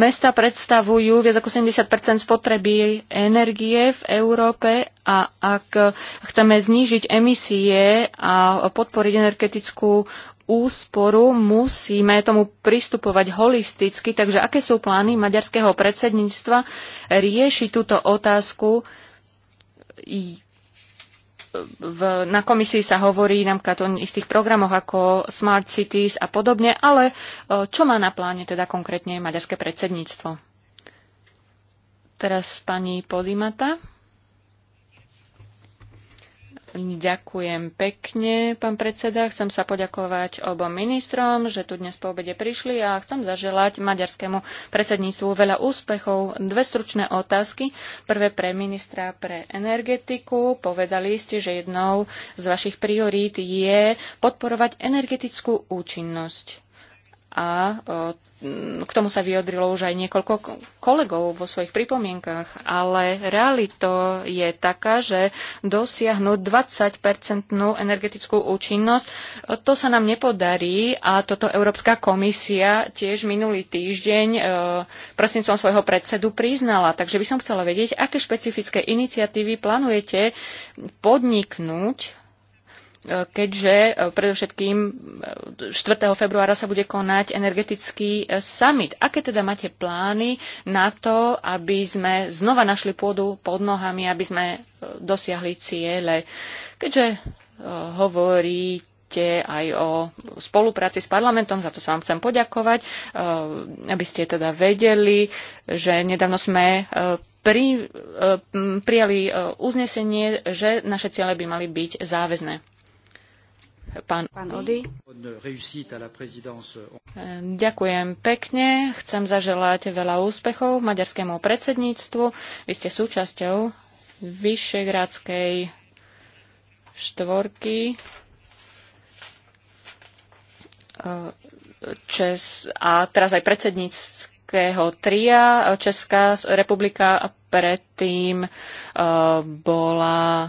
Mesta predstavujú viac ako 70 spotreby energie v Európe a ak chceme znížiť emisie a podporiť energetickú úsporu musíme tomu pristupovať holisticky. Takže aké sú plány maďarského predsedníctva riešiť túto otázku v, na komisii sa hovorí napríklad o istých programoch ako Smart Cities a podobne, ale e, čo má na pláne teda konkrétne maďarské predsedníctvo? Teraz pani Podimata. Ďakujem pekne, pán predseda. Chcem sa poďakovať obom ministrom, že tu dnes po obede prišli a chcem zaželať maďarskému predsedníctvu veľa úspechov. Dve stručné otázky. Prvé pre ministra pre energetiku. Povedali ste, že jednou z vašich priorít je podporovať energetickú účinnosť a k tomu sa vyjadrilo už aj niekoľko kolegov vo svojich pripomienkach, ale realito je taká, že dosiahnuť 20-percentnú energetickú účinnosť, to sa nám nepodarí a toto Európska komisia tiež minulý týždeň prostredníctvom svojho predsedu priznala. Takže by som chcela vedieť, aké špecifické iniciatívy plánujete podniknúť keďže e, predovšetkým 4. E, februára sa bude konať energetický e, summit. Aké teda máte plány na to, aby sme znova našli pôdu pod nohami, aby sme dosiahli ciele? Keďže hovorí hovoríte aj o spolupráci s parlamentom, za to sa vám chcem poďakovať, aby ste teda vedeli, že nedávno sme pri, prijali uznesenie, že naše ciele by mali byť záväzné. Pán, Pán Ody. Ďakujem pekne. Chcem zaželať veľa úspechov maďarskému predsedníctvu. Vy ste súčasťou Vyšegrádskej štvorky. Eh, čes, a teraz aj predsedníckého tria. Česká republika predtým eh, bola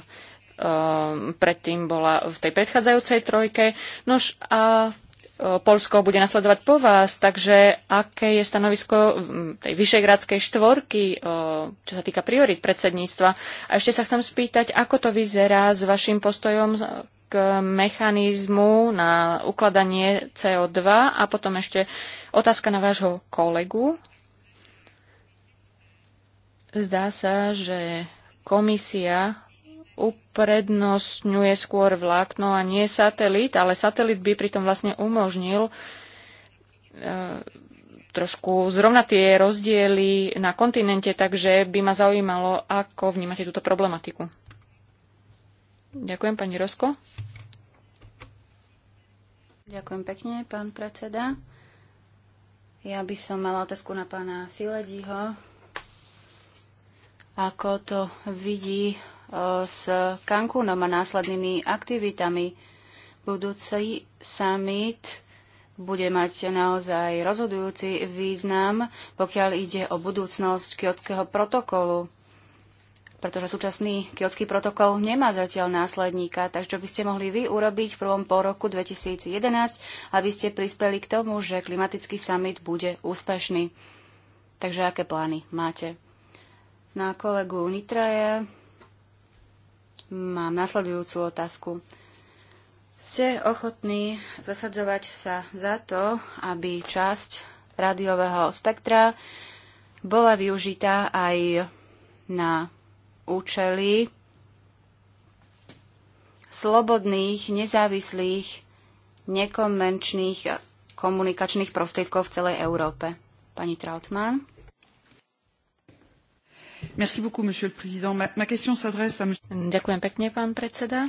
Ehm, predtým bola v tej predchádzajúcej trojke. Nož a e, Polsko bude nasledovať po vás, takže aké je stanovisko tej vyšegradskej štvorky, e, čo sa týka priorit predsedníctva? A ešte sa chcem spýtať, ako to vyzerá s vašim postojom k mechanizmu na ukladanie CO2 a potom ešte otázka na vášho kolegu. Zdá sa, že komisia uprednostňuje skôr vlákno a nie satelit, ale satelit by pritom vlastne umožnil e, trošku zrovna tie rozdiely na kontinente, takže by ma zaujímalo, ako vnímate túto problematiku. Ďakujem, pani Rosko. Ďakujem pekne, pán predseda. Ja by som mala otázku na pána Filediho. Ako to vidí s Cancúnom a následnými aktivitami. Budúci summit bude mať naozaj rozhodujúci význam, pokiaľ ide o budúcnosť kiotského protokolu pretože súčasný kiotský protokol nemá zatiaľ následníka, takže čo by ste mohli vy urobiť v prvom roku 2011, aby ste prispeli k tomu, že klimatický summit bude úspešný. Takže aké plány máte? Na kolegu Nitraje. Mám nasledujúcu otázku. Ste ochotní zasadzovať sa za to, aby časť rádiového spektra bola využitá aj na účely slobodných, nezávislých, nekomenčných komunikačných prostriedkov v celej Európe. Pani Trautmann. Ďakujem pekne, pán predseda.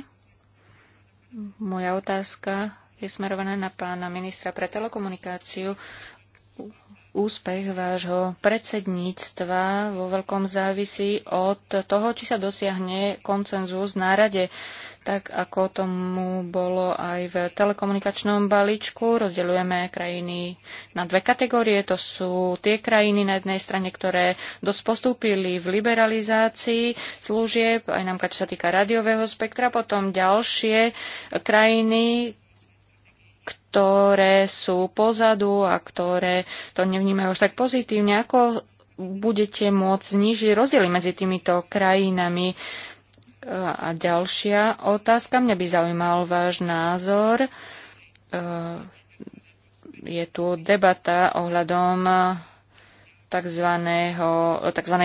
Moja otázka je smerovaná na pána ministra pre telekomunikáciu. Úspech vášho predsedníctva vo veľkom závisí od toho, či sa dosiahne koncenzus na rade tak ako tomu bolo aj v telekomunikačnom balíčku. Rozdeľujeme krajiny na dve kategórie. To sú tie krajiny na jednej strane, ktoré dosť postúpili v liberalizácii služieb, aj nám, čo sa týka rádiového spektra, potom ďalšie krajiny, ktoré sú pozadu a ktoré to nevnímajú už tak pozitívne. Ako budete môcť znižiť rozdiely medzi týmito krajinami? A ďalšia otázka, mňa by zaujímal váš názor. E, je tu debata ohľadom tzv.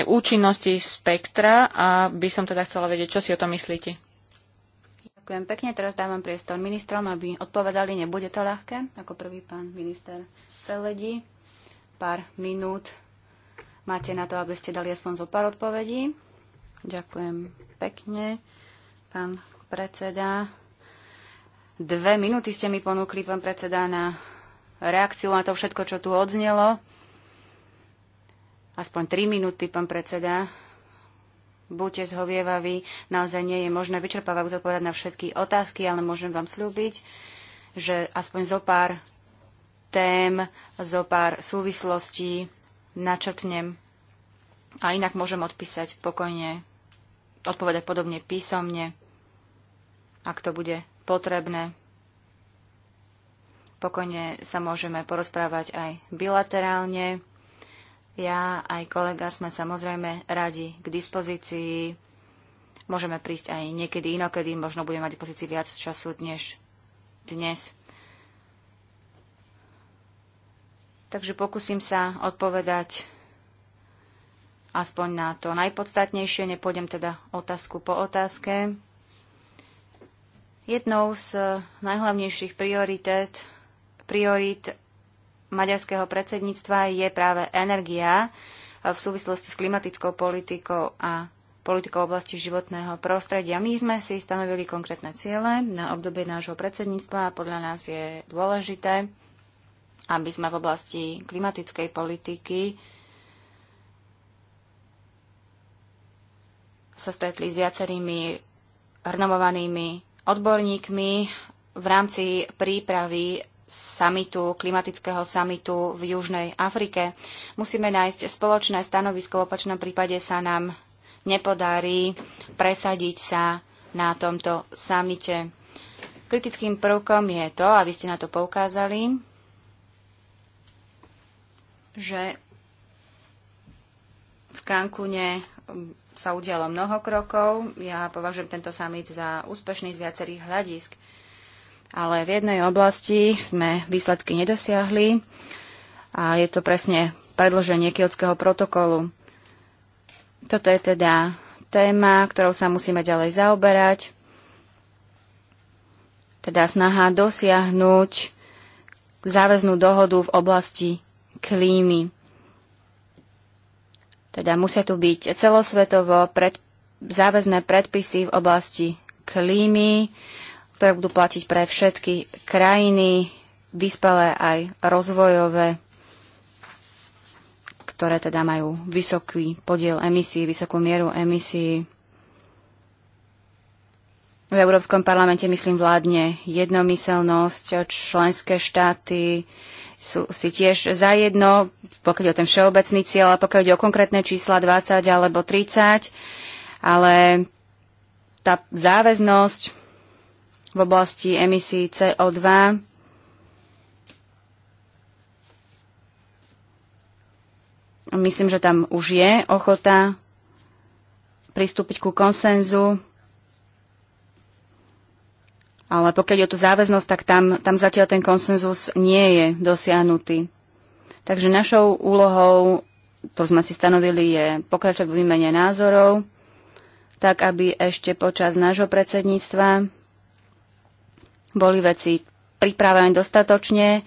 účinnosti spektra a by som teda chcela vedieť, čo si o tom myslíte. Ďakujem pekne. Teraz dávam priestor ministrom, aby odpovedali. Nebude to ľahké, ako prvý pán minister Seledi, Pár minút máte na to, aby ste dali aspoň zo pár odpovedí. Ďakujem pekne, pán predseda. Dve minúty ste mi ponúkli, pán predseda, na reakciu na to všetko, čo tu odznelo. Aspoň tri minúty, pán predseda. Buďte zhovievaví, naozaj nie je možné vyčerpávať odpovedať na všetky otázky, ale môžem vám slúbiť, že aspoň zo pár tém, zo pár súvislostí načrtnem a inak môžem odpísať pokojne odpovedať podobne písomne, ak to bude potrebné. Pokojne sa môžeme porozprávať aj bilaterálne. Ja aj kolega sme samozrejme radi k dispozícii. Môžeme prísť aj niekedy inokedy, možno budeme mať k dispozícii viac času než dnes. Takže pokúsim sa odpovedať aspoň na to najpodstatnejšie, nepôjdem teda otázku po otázke. Jednou z eh, najhlavnejších prioritét, priorit maďarského predsedníctva je práve energia eh, v súvislosti s klimatickou politikou a politikou oblasti životného prostredia. My sme si stanovili konkrétne ciele na obdobie nášho predsedníctva a podľa nás je dôležité, aby sme v oblasti klimatickej politiky sa stretli s viacerými renomovanými odborníkmi v rámci prípravy samitu, klimatického samitu v Južnej Afrike. Musíme nájsť spoločné stanovisko, v opačnom prípade sa nám nepodarí presadiť sa na tomto samite. Kritickým prvkom je to, a vy ste na to poukázali, že v Kankune sa udialo mnoho krokov. Ja považujem tento summit za úspešný z viacerých hľadisk. Ale v jednej oblasti sme výsledky nedosiahli a je to presne predloženie kielského protokolu. Toto je teda téma, ktorou sa musíme ďalej zaoberať. Teda snaha dosiahnuť záväznú dohodu v oblasti klímy. Teda musia tu byť celosvetovo pred, záväzné predpisy v oblasti klímy, ktoré budú platiť pre všetky krajiny, vyspelé aj rozvojové, ktoré teda majú vysoký podiel emisí, vysokú mieru emisí. V Európskom parlamente, myslím, vládne jednomyselnosť, členské štáty sú si tiež zajedno, pokiaľ je o ten všeobecný cieľ a pokiaľ ide o konkrétne čísla 20 alebo 30, ale tá záväznosť v oblasti emisí CO2 myslím, že tam už je ochota pristúpiť ku konsenzu, ale pokiaľ je o tú záväznosť, tak tam, tam zatiaľ ten konsenzus nie je dosiahnutý. Takže našou úlohou, to sme si stanovili, je pokračovať v výmene názorov, tak aby ešte počas nášho predsedníctva boli veci pripravené dostatočne,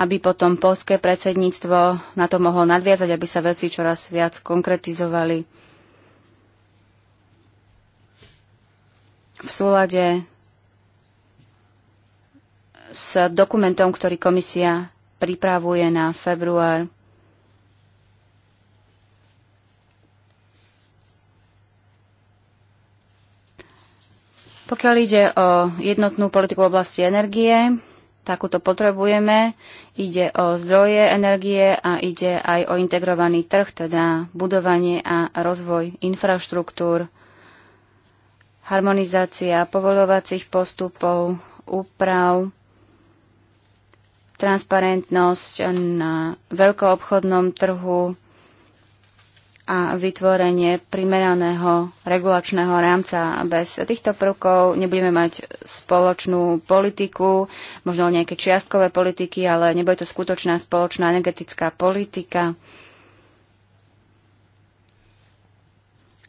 aby potom polské predsedníctvo na to mohlo nadviazať, aby sa veci čoraz viac konkretizovali v súlade s dokumentom, ktorý komisia pripravuje na február. Pokiaľ ide o jednotnú politiku v oblasti energie, takúto potrebujeme. Ide o zdroje energie a ide aj o integrovaný trh, teda budovanie a rozvoj infraštruktúr, harmonizácia povolovacích postupov, úprav, transparentnosť na veľkoobchodnom trhu a vytvorenie primeraného regulačného rámca. Bez týchto prvkov nebudeme mať spoločnú politiku, možno nejaké čiastkové politiky, ale nebude to skutočná spoločná energetická politika.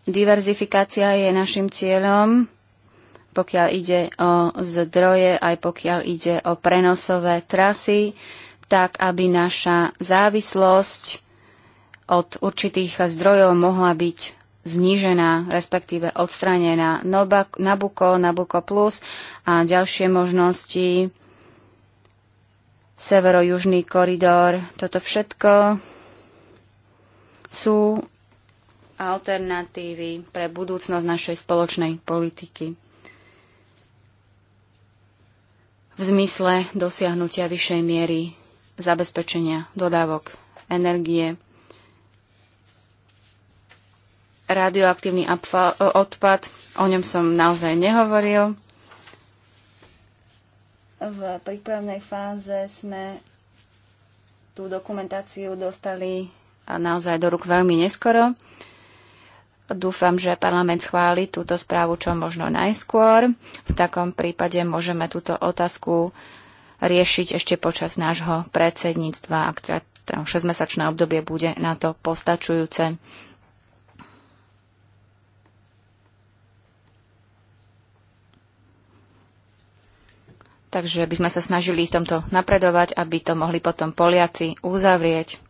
Diverzifikácia je našim cieľom pokiaľ ide o zdroje, aj pokiaľ ide o prenosové trasy, tak aby naša závislosť od určitých zdrojov mohla byť znížená, respektíve odstranená. Nabuko, Nabuko Plus a ďalšie možnosti, severo-južný koridor, toto všetko sú alternatívy pre budúcnosť našej spoločnej politiky. v zmysle dosiahnutia vyššej miery zabezpečenia dodávok energie. Radioaktívny odpad, o ňom som naozaj nehovoril. V prípravnej fáze sme tú dokumentáciu dostali naozaj do rúk veľmi neskoro. Dúfam, že parlament schváli túto správu čo možno najskôr. V takom prípade môžeme túto otázku riešiť ešte počas nášho predsedníctva, ak teda 6-mesačné obdobie bude na to postačujúce. Takže by sme sa snažili v tomto napredovať, aby to mohli potom Poliaci uzavrieť.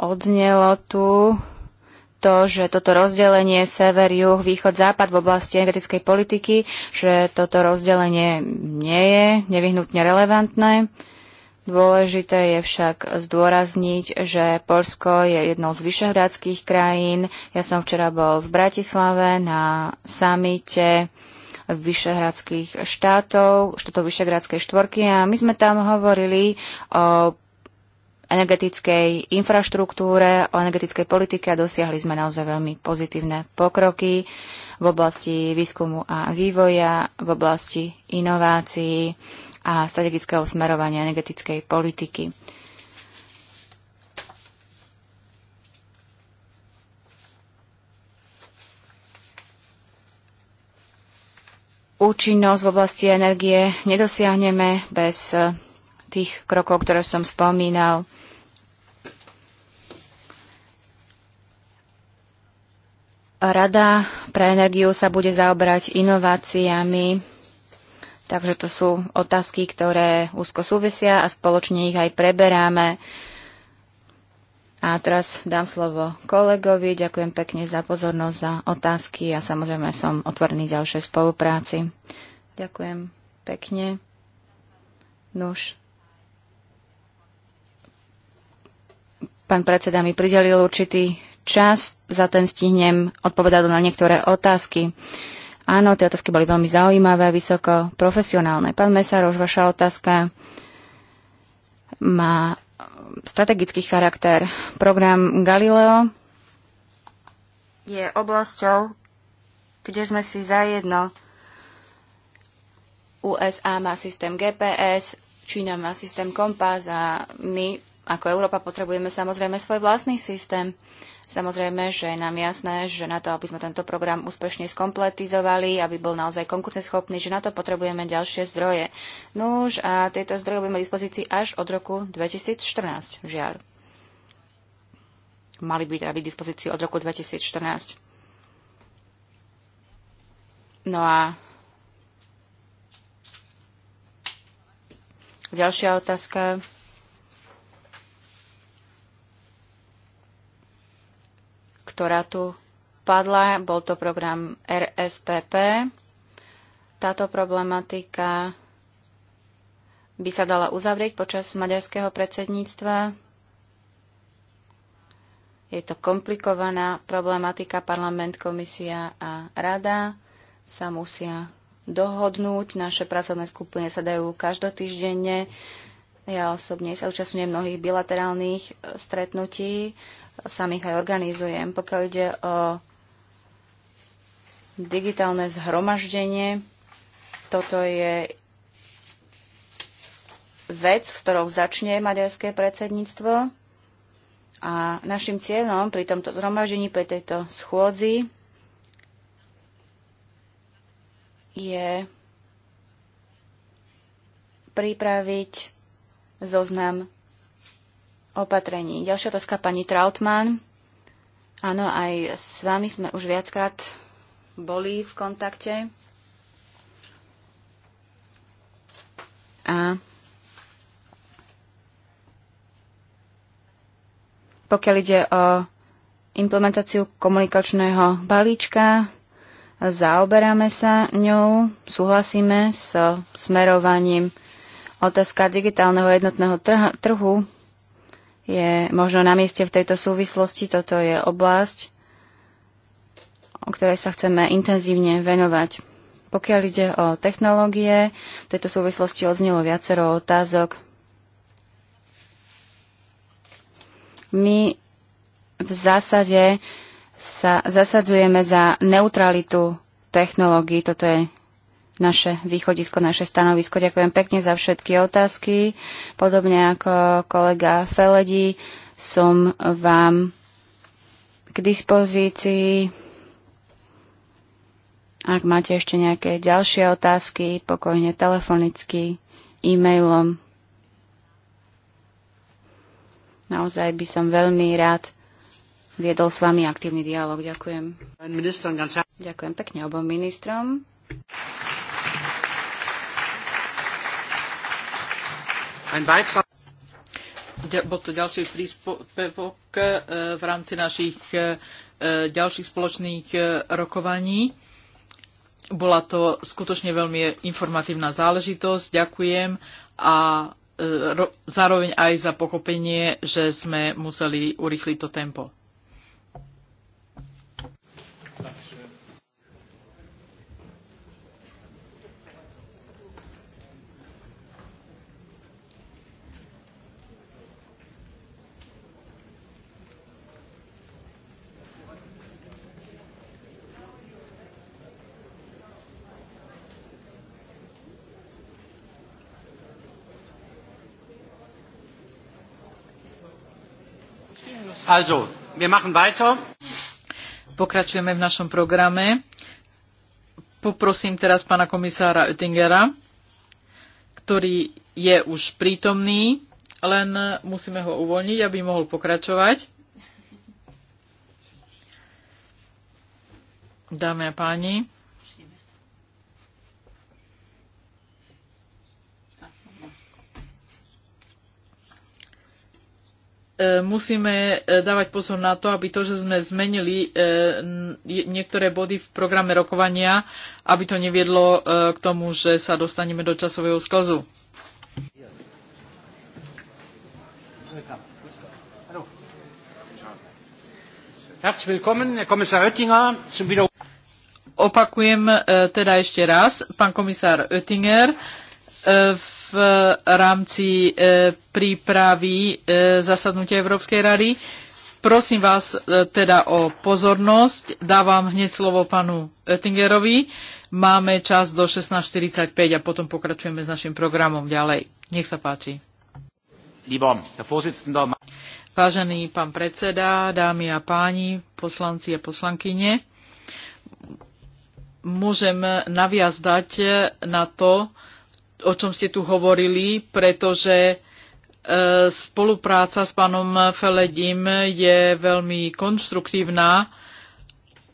odznelo tu to, že toto rozdelenie sever, juh, východ, západ v oblasti energetickej politiky, že toto rozdelenie nie je nevyhnutne relevantné. Dôležité je však zdôrazniť, že Polsko je jednou z vyšehradských krajín. Ja som včera bol v Bratislave na samite vyšehradských štátov, štátov vyšehradskej štvorky a my sme tam hovorili o energetickej infraštruktúre, o energetickej politike a dosiahli sme naozaj veľmi pozitívne pokroky v oblasti výskumu a vývoja, v oblasti inovácií a strategického smerovania energetickej politiky. Účinnosť v oblasti energie nedosiahneme bez tých krokov, ktoré som spomínal. Rada pre energiu sa bude zaoberať inováciami, takže to sú otázky, ktoré úzko súvisia a spoločne ich aj preberáme. A teraz dám slovo kolegovi. Ďakujem pekne za pozornosť, za otázky a samozrejme som otvorený ďalšej spolupráci. Ďakujem pekne. Nuž, Pán predseda mi pridelil určitý čas, za ten stihnem odpovedať na niektoré otázky. Áno, tie otázky boli veľmi zaujímavé, vysoko profesionálne. Pán Mesaroš, vaša otázka má strategický charakter. Program Galileo je oblasťou, kde sme si zajedno. USA má systém GPS, Čína má systém Kompas a my ako Európa potrebujeme samozrejme svoj vlastný systém. Samozrejme, že je nám jasné, že na to, aby sme tento program úspešne skompletizovali, aby bol naozaj konkurenceschopný, že na to potrebujeme ďalšie zdroje. už a tieto zdroje budeme dispozícii až od roku 2014, žiaľ. Mali by teda byť dispozícii od roku 2014. No a ďalšia otázka. ktorá tu padla. Bol to program RSPP. Táto problematika by sa dala uzavrieť počas maďarského predsedníctva. Je to komplikovaná problematika. Parlament, komisia a rada sa musia dohodnúť. Naše pracovné skupiny sa dajú každotýždenne. Ja osobne sa účastňujem mnohých bilaterálnych stretnutí sám ich aj organizujem. Pokiaľ ide o digitálne zhromaždenie, toto je vec, s ktorou začne maďarské predsedníctvo. A našim cieľom pri tomto zhromaždení, pri tejto schôdzi je pripraviť zoznam opatrení. Ďalšia otázka pani Trautmann. Áno, aj s vami sme už viackrát boli v kontakte. A pokiaľ ide o implementáciu komunikačného balíčka, zaoberáme sa ňou, súhlasíme s smerovaním otázka digitálneho jednotného trhu je možno na mieste v tejto súvislosti. Toto je oblasť, o ktorej sa chceme intenzívne venovať. Pokiaľ ide o technológie, v tejto súvislosti odznelo viacero otázok. My v zásade sa zasadzujeme za neutralitu technológií. Toto je naše východisko, naše stanovisko. Ďakujem pekne za všetky otázky. Podobne ako kolega Feledi som vám k dispozícii. Ak máte ešte nejaké ďalšie otázky, pokojne telefonicky, e-mailom. Naozaj by som veľmi rád viedol s vami aktívny dialog. Ďakujem. Ďakujem pekne obom ministrom. Bol to ďalší príspevok e, v rámci našich e, e, ďalších spoločných rokovaní. Bola to skutočne veľmi informatívna záležitosť. Ďakujem a zároveň aj za pochopenie, že sme museli urýchliť to tempo. Also, wir machen weiter. Pokračujeme v našom programe. Poprosím teraz pána komisára Oettingera, ktorý je už prítomný, len musíme ho uvoľniť, aby mohol pokračovať. Dámy a páni, E, musíme e, dávať pozor na to, aby to, že sme zmenili e, niektoré body v programe rokovania, aby to neviedlo k tomu, že sa dostaneme do časového sklzu. Opakujem teda ešte raz, pán komisár Oettinger, v v eh, rámci eh, prípravy eh, zasadnutia Európskej rady. Prosím vás teda o pozornosť. Dávam hneď slovo panu Oettingerovi. Máme čas do 16.45 a potom pokračujeme s našim programom ďalej. Nech sa páči. Vážený pán predseda, dámy a páni, poslanci a poslankyne, môžem naviazdať na to, o čom ste tu hovorili, pretože e, spolupráca s pánom Feledim je veľmi konstruktívna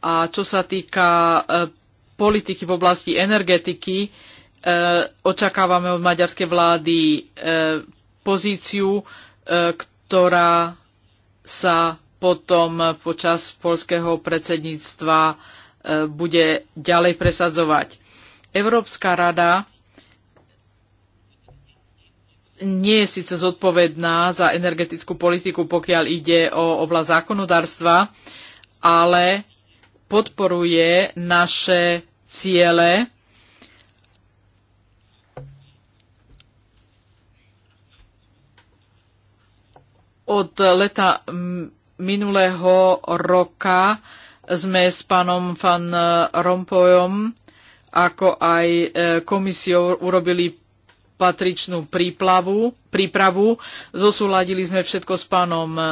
a čo sa týka e, politiky v oblasti energetiky, e, očakávame od maďarskej vlády pozíciu, ktorá sa potom počas polského predsedníctva bude ďalej presadzovať. Európska rada nie je síce zodpovedná za energetickú politiku, pokiaľ ide o oblasť zákonodárstva, ale podporuje naše ciele od leta minulého roka sme s pánom Van Rompojom ako aj e, komisiou urobili patričnú príplavu, prípravu. Zosúladili sme všetko s pánom e,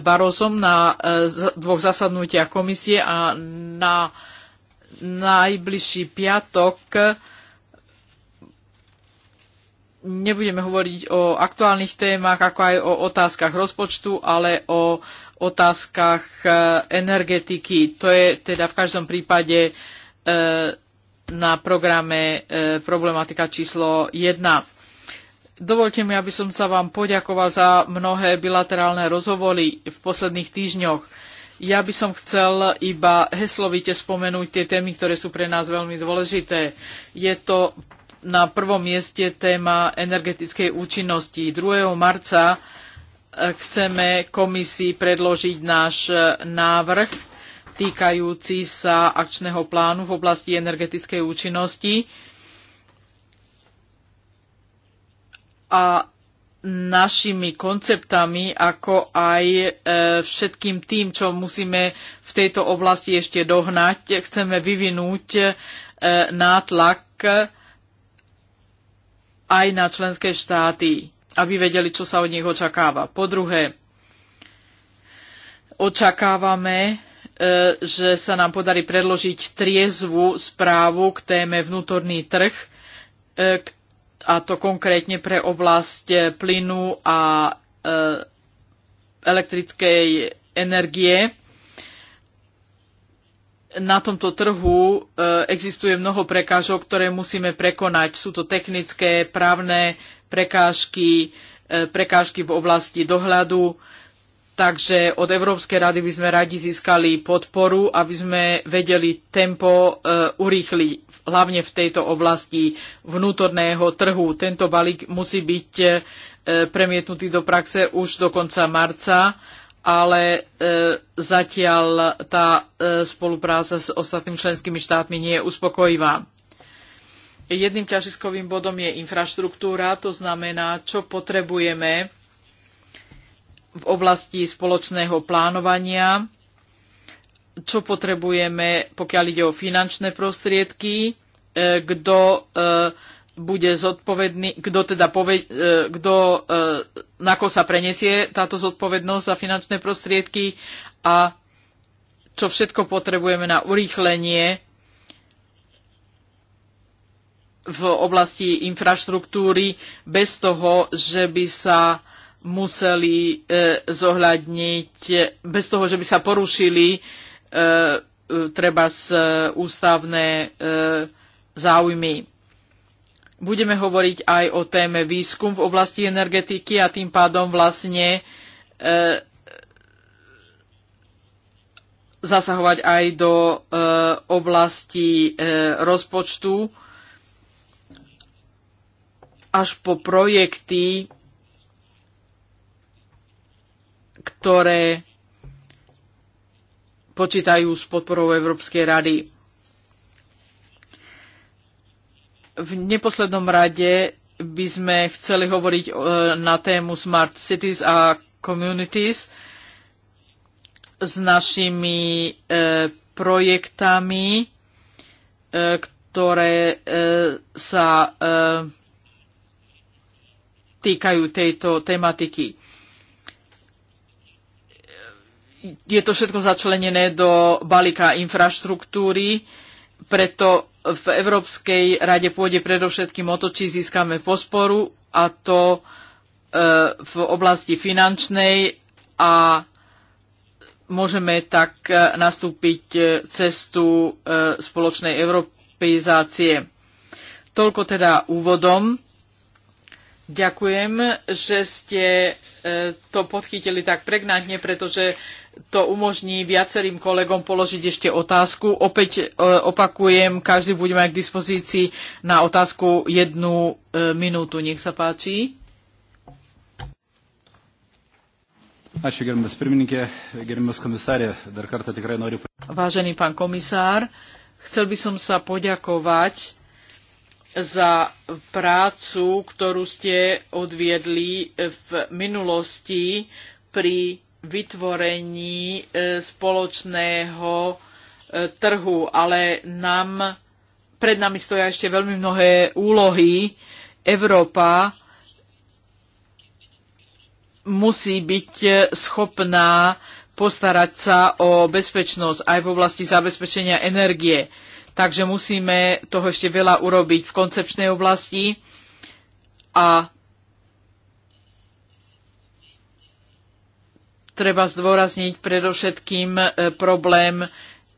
Barosom na e, dvoch zasadnutiach komisie a na najbližší piatok e, nebudeme hovoriť o aktuálnych témach, ako aj o otázkach rozpočtu, ale o otázkach energetiky. To je teda v každom prípade na programe problematika číslo 1. Dovolte mi, aby som sa vám poďakoval za mnohé bilaterálne rozhovory v posledných týždňoch. Ja by som chcel iba heslovite spomenúť tie témy, ktoré sú pre nás veľmi dôležité. Je to na prvom mieste téma energetickej účinnosti. 2. marca eh, chceme komisii predložiť náš eh, návrh týkajúci sa akčného plánu v oblasti energetickej účinnosti a našimi konceptami, ako aj e, všetkým tým, čo musíme v tejto oblasti ešte dohnať. Chceme vyvinúť e, nátlak aj na členské štáty, aby vedeli, čo sa od nich očakáva. Po druhé, očakávame, e, že sa nám podarí predložiť triezvu správu k téme vnútorný trh, e, a to konkrétne pre oblasť eh, plynu a eh, elektrickej energie. Na tomto trhu eh, existuje mnoho prekážok, ktoré musíme prekonať. Sú to technické, právne prekážky, prekážky v oblasti dohľadu Takže od Európskej rady by sme radi získali podporu, aby sme vedeli tempo e, urýchliť, hlavne v tejto oblasti vnútorného trhu. Tento balík musí byť e, premietnutý do praxe už do konca marca, ale e, zatiaľ tá e, spolupráca s ostatnými členskými štátmi nie je uspokojivá. Jedným ťažiskovým bodom je infraštruktúra, to znamená, čo potrebujeme v oblasti spoločného plánovania, čo potrebujeme, pokiaľ ide o finančné prostriedky, e, kto e, bude zodpovedný, kto teda poved, e, kdo, na koho sa prenesie táto zodpovednosť za finančné prostriedky a čo všetko potrebujeme na urýchlenie v oblasti infraštruktúry bez toho, že by sa museli e, zohľadniť, e, bez toho, že by sa porušili e, treba z ústavné záujmy. Budeme hovoriť aj o téme výskum v oblasti energetiky a tým pádom vlastne e, zasahovať aj do e, oblasti e, rozpočtu až po projekty ktoré počítajú s podporou Európskej rady. V neposlednom rade by sme chceli hovoriť e, na tému Smart Cities a Communities s našimi e, projektami, e, ktoré sa týkajú tejto tematiky je to všetko začlenené do balíka infraštruktúry, preto v Európskej rade pôjde predovšetkým o to, či získame posporu a to e, v oblasti finančnej a môžeme tak e, nastúpiť e, cestu spoločnej europeizácie. Toľko teda úvodom. Ďakujem, že ste e, to podchytili tak pregnantne, pretože to umožní viacerým kolegom položiť ešte otázku. Opäť e, opakujem, každý bude mať k dispozícii na otázku jednu e, minútu. Nech sa páči. Ačiū, gerbiamas pirmininkė, gerbiamas komisarė, dar kartą tikrai noriu. Vážený pán komisár, chcel by som sa poďakovať za prácu, ktorú ste odviedli v minulosti pri vytvorení e, spoločného e, trhu, ale nám, pred nami stoja ešte veľmi mnohé úlohy. Európa musí byť e, schopná postarať sa o bezpečnosť aj v oblasti zabezpečenia energie takže musíme toho ešte veľa urobiť v koncepčnej oblasti a treba zdôrazniť predovšetkým e, problém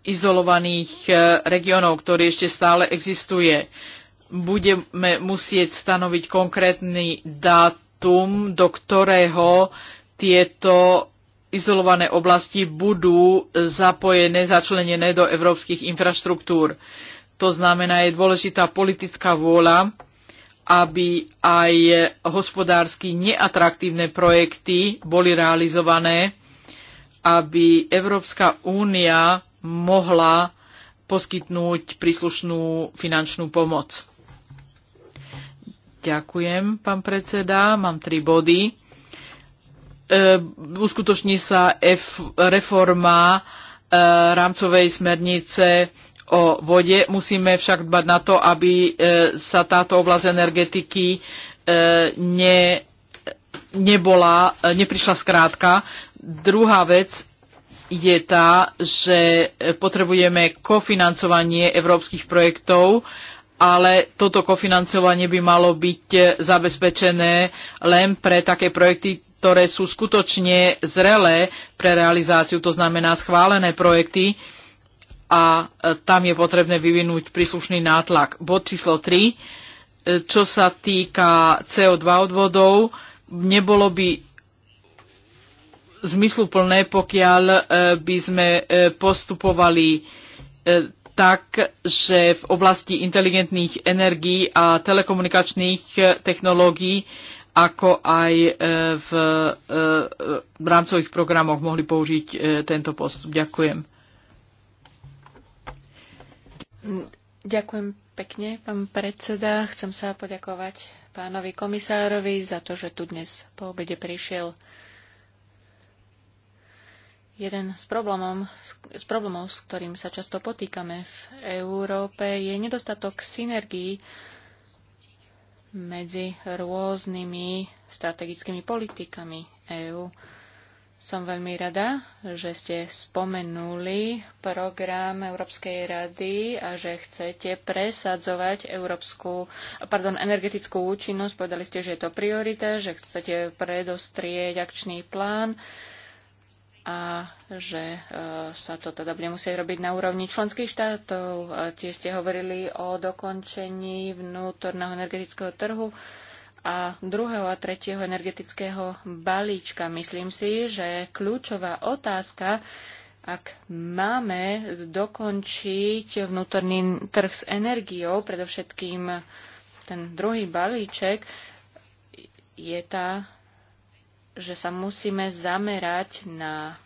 izolovaných e, regionov, ktorý ešte stále existuje. Budeme musieť stanoviť konkrétny dátum, do ktorého tieto izolované oblasti budú zapojené, začlenené do európskych infraštruktúr. To znamená, je dôležitá politická vôľa, aby aj hospodársky neatraktívne projekty boli realizované, aby Európska únia mohla poskytnúť príslušnú finančnú pomoc. Ďakujem, pán predseda. Mám tri body E, uskutoční sa F, reforma e, rámcovej smernice o vode. Musíme však dbať na to, aby e, sa táto oblasť energetiky ne, nebola, neprišla zkrátka. Druhá vec je tá, že potrebujeme kofinancovanie európskych projektov, ale toto kofinancovanie by malo byť zabezpečené len pre také projekty, ktoré sú skutočne zrelé pre realizáciu, to znamená schválené projekty a e, tam je potrebné vyvinúť príslušný nátlak. Bod číslo 3, e, čo sa týka CO2 odvodov, nebolo by zmysluplné, pokiaľ e, by sme postupovali tak, že v oblasti inteligentných energií a telekomunikačných technológií ako aj e, e, v rámcových programoch mohli použiť e, tento postup. Ďakujem. Ďakujem pekne, pán predseda. Chcem sa poďakovať pánovi komisárovi za to, že tu dnes po obede prišiel. Jeden z problémov, z problémov, s ktorým sa často potýkame v Európe, je nedostatok synergií medzi rôznymi strategickými politikami EÚ. Som veľmi rada, že ste spomenuli program Európskej rady a že chcete presadzovať európsku, pardon, energetickú účinnosť. Povedali ste, že je to priorita, že chcete predostrieť akčný plán. Uh, a že e, sa to teda bude musieť robiť na úrovni členských štátov. E, Tiež ste hovorili o dokončení vnútorného energetického trhu a druhého a tretieho energetického balíčka. Myslím si, že kľúčová otázka, ak máme dokončiť vnútorný trh s energiou, predovšetkým ten druhý balíček, je tá že sa musíme zamerať na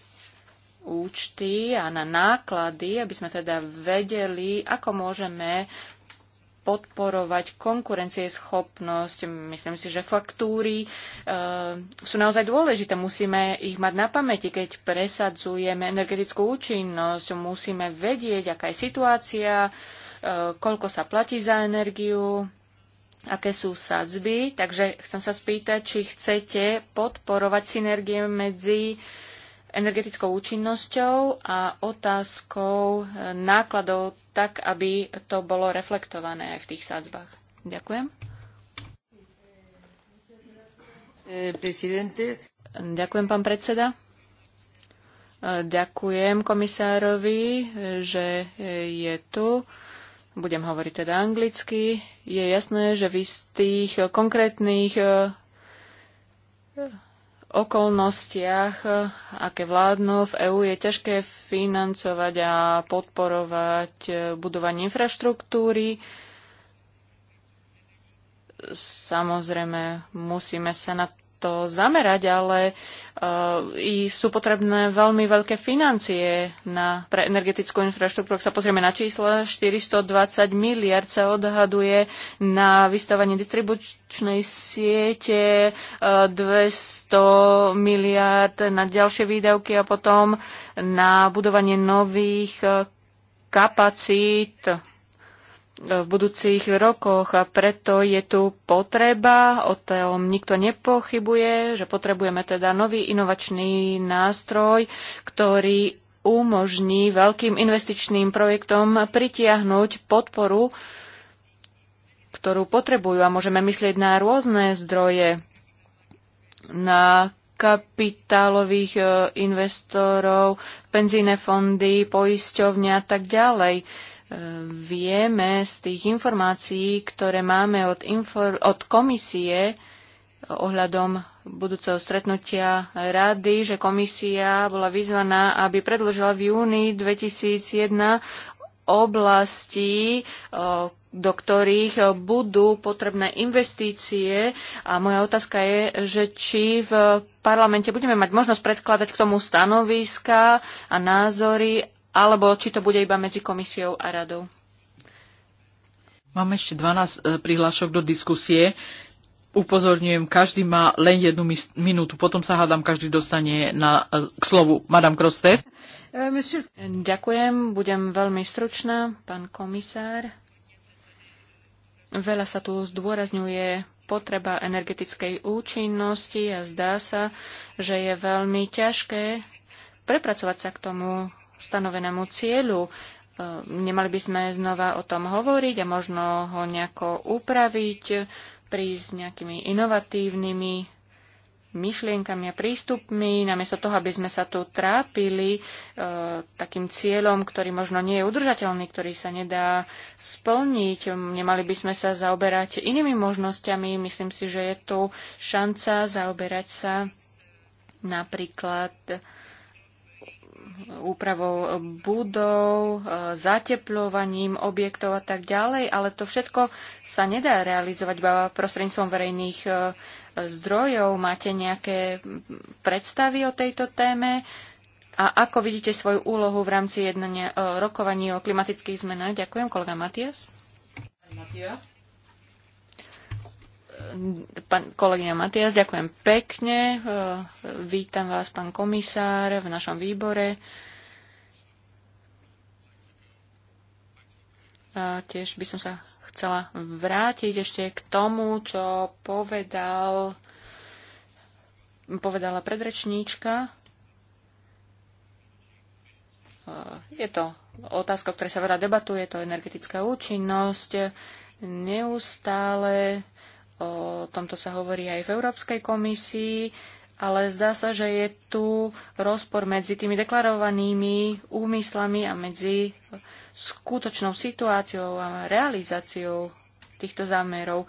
účty a na náklady, aby sme teda vedeli, ako môžeme podporovať konkurencieschopnosť. Myslím si, že faktúry e, sú naozaj dôležité. Musíme ich mať na pamäti, keď presadzujeme energetickú účinnosť. Musíme vedieť, aká je situácia, e, koľko sa platí za energiu, aké sú sadzby, takže chcem sa spýtať, či chcete podporovať synergie medzi energetickou účinnosťou a otázkou nákladov tak, aby to bolo reflektované aj v tých sadzbách. Ďakujem. Eh, presidente. Ďakujem, pán predseda. Eh, ďakujem komisárovi, eh, že je tu budem hovoriť teda anglicky, je jasné, že v tých eh, konkrétnych eh, eh, okolnostiach, aké vládnu v EÚ, je ťažké financovať a podporovať budovanie infraštruktúry. Samozrejme, musíme sa na to zamerať, ale uh, i sú potrebné veľmi veľké financie na, pre energetickú infraštruktúru. Ak sa pozrieme na čísla, 420 miliard sa odhaduje na vystavanie distribučnej siete, uh, eh, 200 miliard na ďalšie výdavky a potom na budovanie nových uh, kapacít v budúcich rokoch a preto je tu potreba, o tom nikto nepochybuje, že potrebujeme teda nový inovačný nástroj, ktorý umožní veľkým investičným projektom pritiahnuť podporu, ktorú potrebujú a môžeme myslieť na rôzne zdroje, na kapitálových e, investorov, penzíne fondy, poisťovne a tak ďalej vieme z tých informácií, ktoré máme od, infor- od komisie ohľadom budúceho stretnutia rady, že komisia bola vyzvaná, aby predložila v júni 2001 oblasti, do ktorých budú potrebné investície. A moja otázka je, že či v parlamente budeme mať možnosť predkladať k tomu stanoviska a názory alebo či to bude iba medzi komisiou a radou. Mám ešte 12 e, prihlášok do diskusie. Upozorňujem, každý má len jednu minútu. Potom sa hádam, každý dostane na, e, k slovu. Madame Kroste. E, Ďakujem, budem veľmi stručná, pán komisár. Veľa sa tu zdôrazňuje potreba energetickej účinnosti a zdá sa, že je veľmi ťažké prepracovať sa k tomu stanovenému cieľu. E, nemali by sme znova o tom hovoriť a možno ho nejako upraviť, prísť s nejakými inovatívnymi myšlienkami a prístupmi, namiesto toho, aby sme sa tu trápili e, takým cieľom, ktorý možno nie je udržateľný, ktorý sa nedá splniť. Nemali by sme sa zaoberať inými možnosťami. Myslím si, že je tu šanca zaoberať sa napríklad e, úpravou budov, e, zateplovaním objektov a tak ďalej, ale to všetko sa nedá realizovať iba prostredníctvom verejných e, zdrojov. Máte nejaké predstavy o tejto téme? A ako vidíte svoju úlohu v rámci jednania, e, rokovaní o klimatických zmenách? Ďakujem, kolega Matias. Matias. Pán kolegyňa Matias, ďakujem pekne. E, vítam vás, pán komisár, v našom výbore. A tiež by som sa chcela vrátiť ešte k tomu, čo povedal, povedala predrečníčka. E, je to otázka, o ktorej sa veľa debatuje, to energetická účinnosť. Neustále O tomto sa hovorí aj v Európskej komisii, ale zdá sa, že je tu rozpor medzi tými deklarovanými úmyslami a medzi skutočnou situáciou a realizáciou týchto zámerov.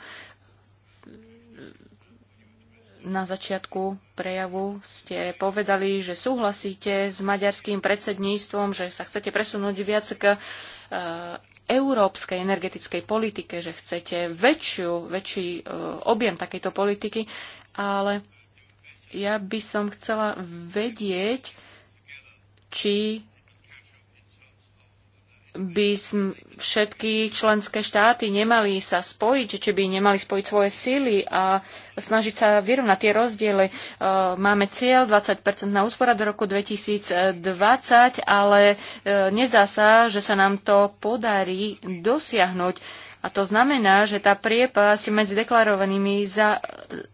Na začiatku prejavu ste povedali, že súhlasíte s maďarským predsedníctvom, že sa chcete presunúť viac k e, európskej energetickej politike, že chcete väčšiu, väčší e, objem takejto politiky, ale ja by som chcela vedieť, či by všetky členské štáty nemali sa spojiť, či by nemali spojiť svoje síly a snažiť sa vyrovnať tie rozdiely. E, máme cieľ 20% na úspora do roku 2020, ale e, nezdá sa, že sa nám to podarí dosiahnuť a to znamená, že tá priepasť medzi deklarovanými za e,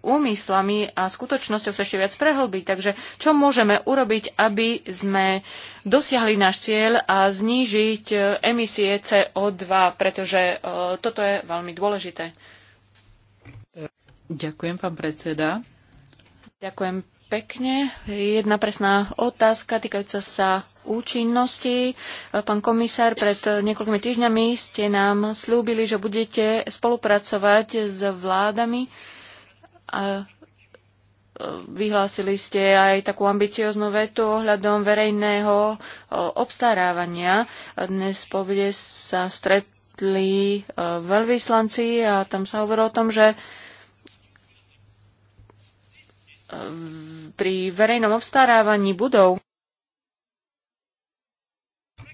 úmyslami a skutočnosťou sa ešte viac prehlbí. Takže čo môžeme urobiť, aby sme dosiahli náš cieľ a znížiť e, emisie CO2, pretože e, toto je veľmi dôležité. Ďakujem, pán predseda. Ďakujem pekne. Jedna presná otázka týkajúca sa účinnosti. Pán komisár, pred niekoľkými týždňami ste nám slúbili, že budete spolupracovať s vládami. A e, vyhlásili ste aj takú ambicioznú vetu ohľadom verejného obstarávania. Dnes po sa stretli e, veľvyslanci a tam sa hovorilo o tom, že e, pri verejnom obstarávaní budov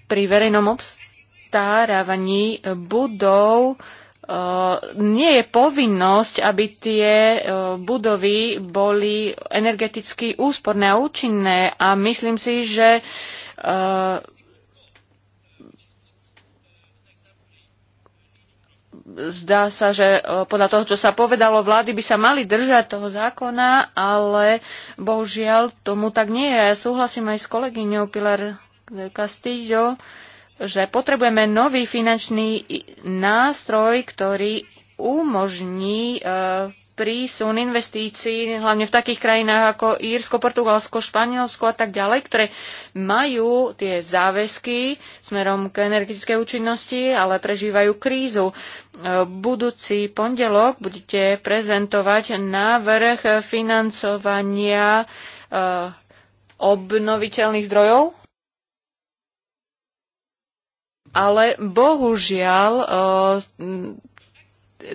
pri verejnom obstarávaní budov e, nie je povinnosť, aby tie e, budovy boli energeticky úsporné a účinné a myslím si, že e, zdá sa, že podľa toho, čo sa povedalo, vlády by sa mali držať toho zákona, ale bohužiaľ tomu tak nie je. Ja súhlasím aj s kolegyňou Pilar Castillo, že potrebujeme nový finančný nástroj, ktorý umožní e, prísun investícií, hlavne v takých krajinách ako Írsko, Portugalsko, Španielsko a tak ďalej, ktoré majú tie záväzky smerom k energetickej účinnosti, ale prežívajú krízu. E, budúci pondelok budete prezentovať návrh financovania e, obnoviteľných zdrojov ale bohužiaľ e,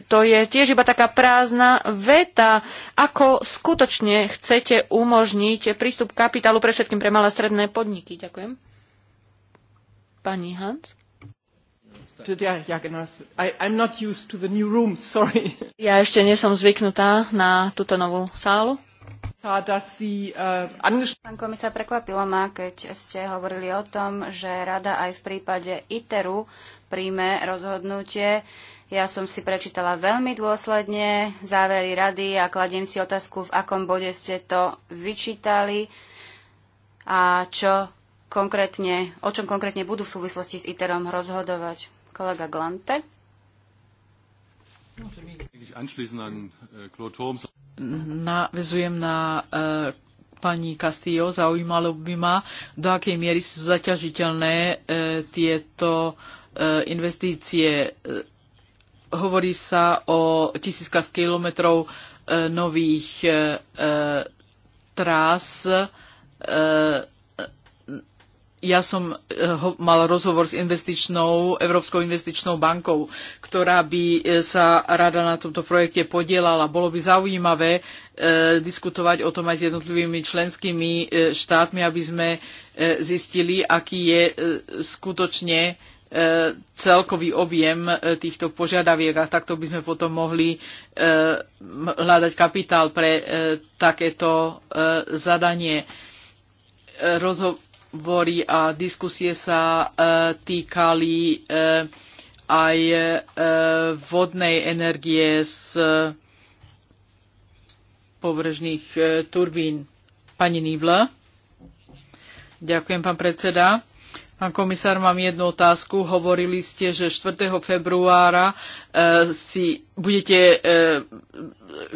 to je tiež iba taká prázdna veta, ako skutočne chcete umožniť prístup kapitálu pre všetkým pre malé stredné podniky. Ďakujem. Pani Hans? Ja ešte nie som zvyknutá na túto novú sálu. Äh, Pán komisár, prekvapilo ma, keď ste hovorili o tom, že rada aj v prípade ITERu príjme rozhodnutie. Ja som si prečítala veľmi dôsledne závery rady a kladiem si otázku, v akom bode ste to vyčítali a čo konkrétne, o čom konkrétne budú v súvislosti s ITERom rozhodovať. Kolega Glante navezujem na e, pani Castillo, zaujímalo by ma, do akej miery sú zaťažiteľné e, tieto e, investície. Hovorí sa o tisíckach kilometrov nových trás ja som eh, mal rozhovor s investičnou, Európskou investičnou bankou, ktorá by eh, sa rada na tomto projekte podielala. Bolo by zaujímavé eh, diskutovať o tom aj s jednotlivými členskými štátmi, aby sme zistili, aký je skutočne celkový objem týchto požiadaviek a takto by sme potom mohli hľadať kapitál pre takéto zadanie. Rozho- rozhovory a diskusie sa e, týkali e, aj e, vodnej energie z pobrežných turbín. Pani Nivla, Ďakujem, pán predseda. Pán komisár, mám jednu otázku. Hovorili ste, že 4. februára e, si budete e,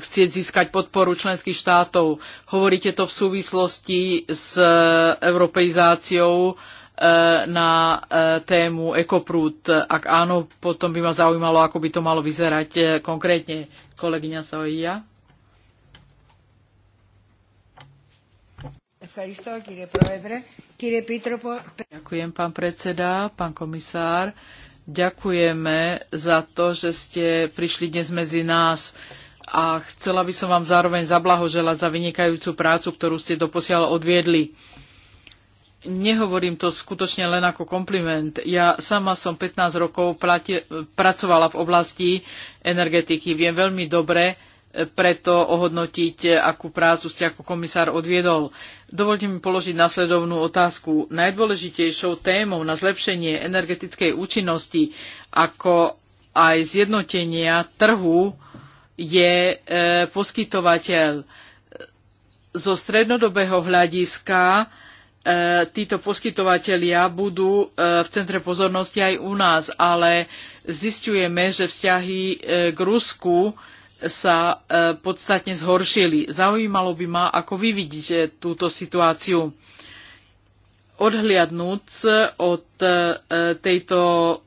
chcieť získať podporu členských štátov. Hovoríte to v súvislosti s e, europeizáciou e, na e, tému ekoprút. Ak áno, potom by ma zaujímalo, ako by to malo vyzerať e, konkrétne. Kolegyňa Soja. Ευχαριστώ κύριε Πρόεδρε. Ďakujem, pán predseda, pán komisár. Ďakujeme za to, že ste prišli dnes medzi nás a chcela by som vám zároveň zablahoželať za vynikajúcu prácu, ktorú ste doposiaľ odviedli. Nehovorím to skutočne len ako kompliment. Ja sama som 15 rokov platie, pracovala v oblasti energetiky. Viem veľmi dobre eh, preto ohodnotiť, eh, akú prácu ste ako komisár odviedol. Dovolte mi položiť nasledovnú otázku. Najdôležitejšou témou na zlepšenie energetickej účinnosti, ako aj zjednotenia trhu, je e, poskytovateľ. Zo strednodobého hľadiska e, títo poskytovatelia budú e, v centre pozornosti aj u nás, ale zistujeme, že vzťahy e, k Rusku e, sa e, podstatne zhoršili. Zaujímalo by ma, ako vy vidíte túto situáciu. Odhliadnúc od, e, tejto,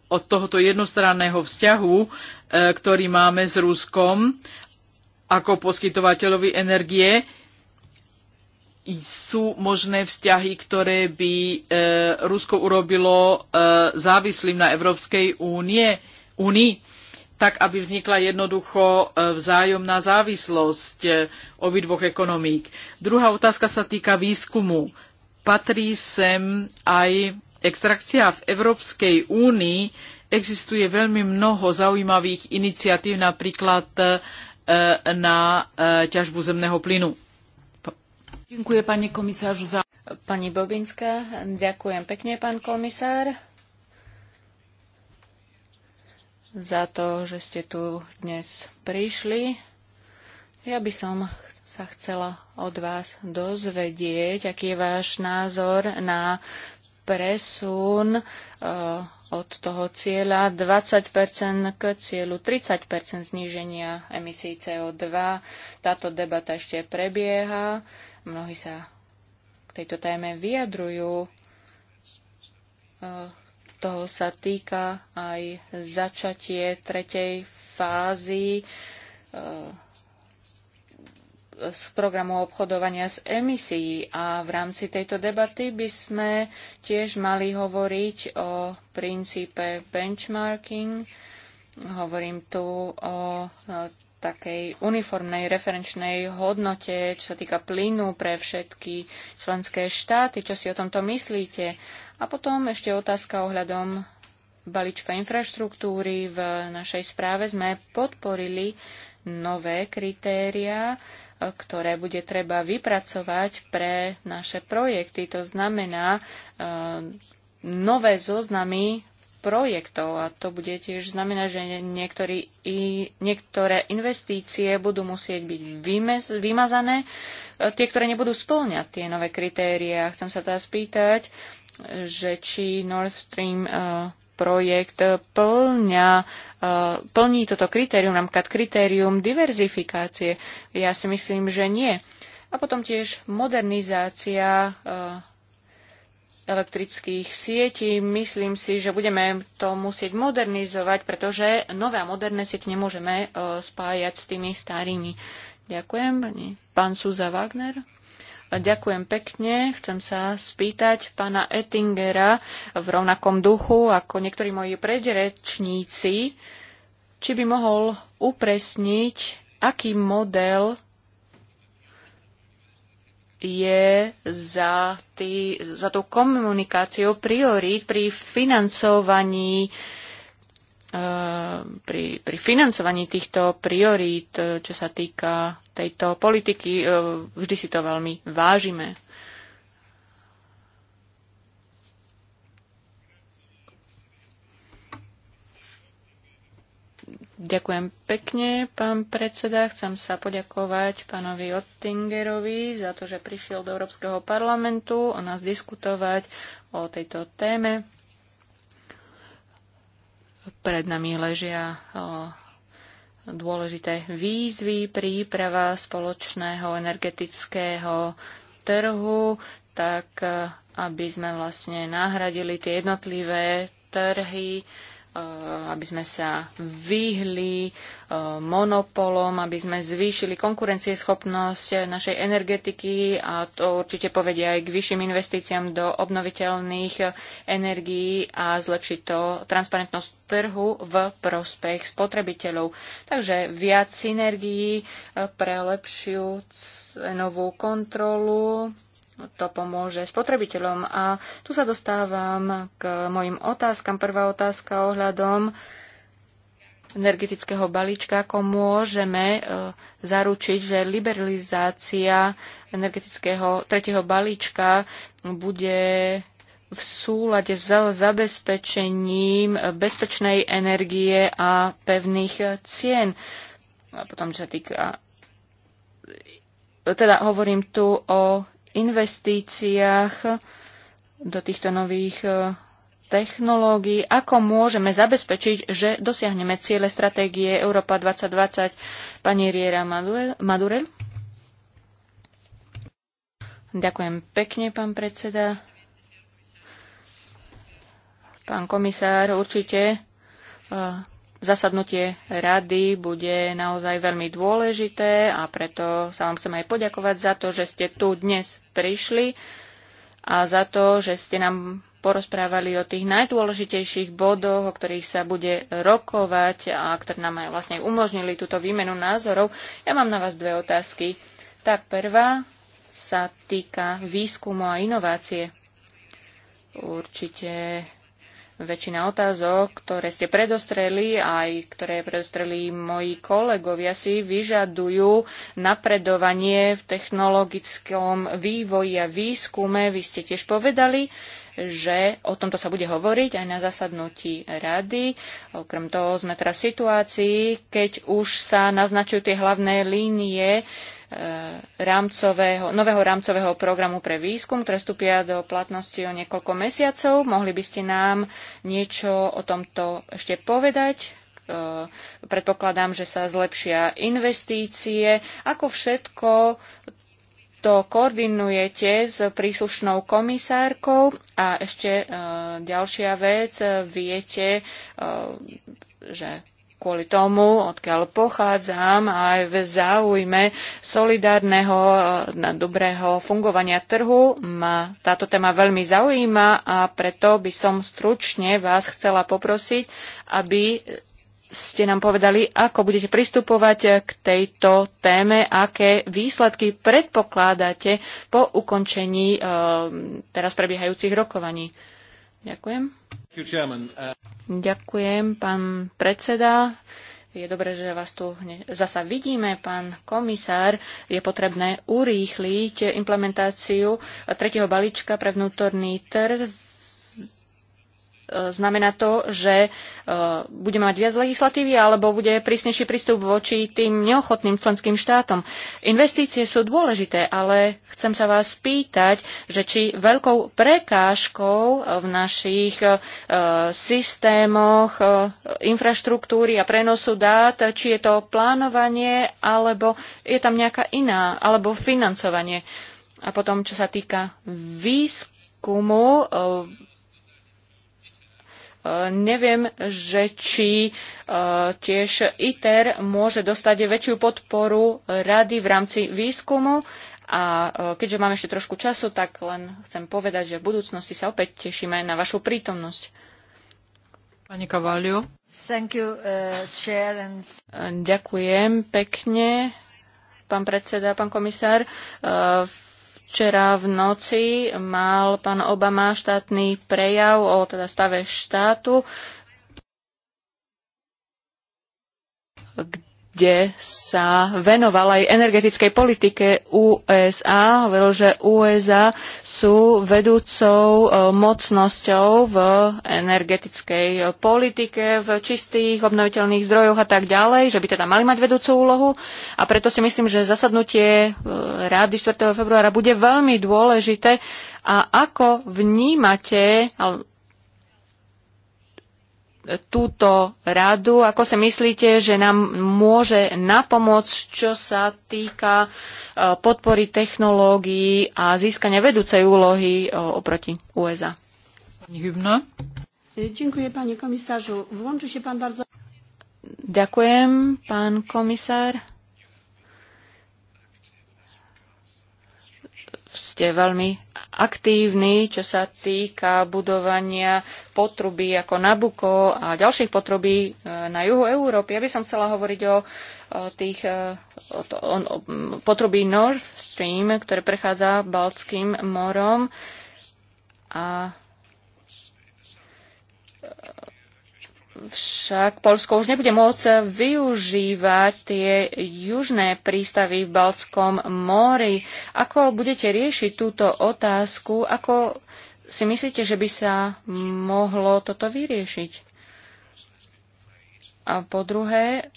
od tohoto jednostranného vzťahu, e, ktorý máme s Ruskom ako poskytovateľovi energie, sú možné vzťahy, ktoré by e, Rusko urobilo e, závislým na Európskej únie, únii tak aby vznikla jednoducho e, vzájomná závislosť e, obidvoch ekonomík. Druhá otázka sa týka výskumu. Patrí sem aj extrakcia v Európskej únii. Existuje veľmi mnoho zaujímavých iniciatív, napríklad e, na ťažbu zemného plynu. Ďakujem, pani komisár, za... Pani Bobinská, ďakujem pekne, pán komisár. za to, že ste tu dnes prišli. Ja by som sa chcela od vás dozvedieť, aký je váš názor na presun e, od toho cieľa 20 k cieľu 30 zníženia emisí CO2. Táto debata ešte prebieha. Mnohí sa k tejto téme vyjadrujú. E, toho sa týka aj začatie tretej fázy e, z programu obchodovania s emisií a v rámci tejto debaty by sme tiež mali hovoriť o princípe benchmarking. Hovorím tu o takej uniformnej referenčnej hodnote, čo sa týka plynu pre všetky členské štáty. Čo si o tomto myslíte? A potom ešte otázka ohľadom balíčka infraštruktúry. V našej správe sme podporili nové kritéria, ktoré bude treba vypracovať pre naše projekty. To znamená e, nové zoznamy projektov a to bude tiež znamená, že niektorí, i, niektoré investície budú musieť byť vymez, vymazané, e, tie, ktoré nebudú splňať tie nové a Chcem sa teda spýtať, že či Nord Stream e, projekt plňa, e, plní toto kritérium, napríklad kritérium diverzifikácie. Ja si myslím, že nie. A potom tiež modernizácia elektrických sietí. Myslím si, že budeme to musieť modernizovať, pretože nové a moderné siete nemôžeme e, spájať s tými starými. Ďakujem, pani. Pán Suza Wagner. Ďakujem pekne. Chcem sa spýtať pána Ettingera v rovnakom duchu ako niektorí moji predrečníci, či by mohol upresniť, aký model je za, tý, za tou komunikáciou priorít pri financovaní eh, pri, pri financovaní týchto priorít, eh, čo sa týka tejto politiky, eh, vždy si to veľmi vážime. Ďakujem pekne, pán predseda. Chcem sa poďakovať pánovi Ottingerovi za to, že prišiel do Európskeho parlamentu o nás diskutovať o tejto téme. Pred nami ležia dôležité výzvy, príprava spoločného energetického trhu, tak aby sme vlastne nahradili tie jednotlivé trhy, Eh, aby sme sa vyhli eh, monopolom, aby sme zvýšili konkurencieschopnosť našej energetiky a to určite povedia aj k vyšším investíciám do obnoviteľných energií a zlepšiť to transparentnosť trhu v prospech spotrebiteľov. Takže viac synergií eh, pre lepšiu cenovú kontrolu, to pomôže spotrebiteľom. A tu sa dostávam k mojim otázkam. Prvá otázka ohľadom energetického balíčka, ako môžeme e, zaručiť, že liberalizácia energetického tretieho balíčka bude v súlade s zabezpečením bezpečnej energie a pevných cien. A potom, čo sa týka teda hovorím tu o investíciách do týchto nových e, technológií, ako môžeme zabezpečiť, že dosiahneme ciele stratégie Európa 2020. Pani Riera Madurel. Ďakujem pekne, pán predseda. Pán komisár, určite e, zasadnutie rady bude naozaj veľmi dôležité a preto sa vám chcem aj poďakovať za to, že ste tu dnes prišli a za to, že ste nám porozprávali o tých najdôležitejších bodoch, o ktorých sa bude rokovať a ktoré nám aj vlastne umožnili túto výmenu názorov. Ja mám na vás dve otázky. Tá prvá sa týka výskumu a inovácie. Určite väčšina otázok, ktoré ste predostreli, aj ktoré predostreli moji kolegovia, si vyžadujú napredovanie v technologickom vývoji a výskume. Vy ste tiež povedali, že o tomto sa bude hovoriť aj na zasadnutí rady. Okrem toho sme teraz v situácii, keď už sa naznačujú tie hlavné línie Eh, rámcového, nového rámcového programu pre výskum, ktoré vstúpia do platnosti o niekoľko mesiacov. Mohli by ste nám niečo o tomto ešte povedať? Eh, predpokladám, že sa zlepšia investície. Ako všetko to koordinujete s príslušnou komisárkou? A ešte eh, ďalšia vec, viete, že kvôli tomu, odkiaľ pochádzam, aj v záujme solidárneho, e, dobrého fungovania trhu. Ma táto téma veľmi zaujíma a preto by som stručne vás chcela poprosiť, aby ste nám povedali, ako budete pristupovať k tejto téme, aké výsledky predpokladáte po ukončení e, teraz prebiehajúcich rokovaní. Ďakujem. Uh, Ďakujem, pán predseda. Je dobré, že vás tu zasa vidíme, pán komisár. Je potrebné urýchliť implementáciu tretieho balíčka pre vnútorný trh E, znamená to, že e, budeme mať viac legislatívy alebo bude prísnejší prístup voči tým neochotným členským štátom. Investície sú dôležité, ale chcem sa vás pýtať, že či veľkou prekážkou e, v našich systémoch infraštruktúry a prenosu dát, či je to plánovanie alebo je tam nejaká iná, alebo financovanie. A potom, čo sa týka výskumu, neviem, že či e, tiež ITER môže dostať väčšiu podporu rady v rámci výskumu. A e, keďže mám ešte trošku času, tak len chcem povedať, že v budúcnosti sa opäť tešíme na vašu prítomnosť. Pani Kavaliu. Uh, Ďakujem pekne, pán predseda, pán komisár. Uh, Včera v noci mal pán Obama štátny prejav o teda stave štátu, kde sa venoval aj energetickej politike USA. Hovoril, že USA sú vedúcou e, mocnosťou v energetickej politike, v čistých obnoviteľných zdrojoch a tak ďalej, že by teda mali mať vedúcu úlohu. A preto si myslím, že zasadnutie e, rády 4. februára bude veľmi dôležité. A ako vnímate, túto radu. Ako si myslíte, že nám môže napomôcť, čo sa týka e, podpory technológií a získania vedúcej úlohy e, oproti USA? Pani Hübner. Ďakujem, e, pani komisážu. Vłączy się pán bardzo. Ďakujem, pán komisár. Ste veľmi aktívny, čo sa týka budovania potrubí ako Nabuko a ďalších potrubí e, na juhu Európy. Ja by som chcela hovoriť o, o tých e, o, to, o, o potrubí Nord Stream, ktoré prechádza Baltským morom a e, však Polsko už nebude môcť využívať tie južné prístavy v Baltskom mori. Ako budete riešiť túto otázku? Ako si myslíte, že by sa mohlo toto vyriešiť? A po druhé,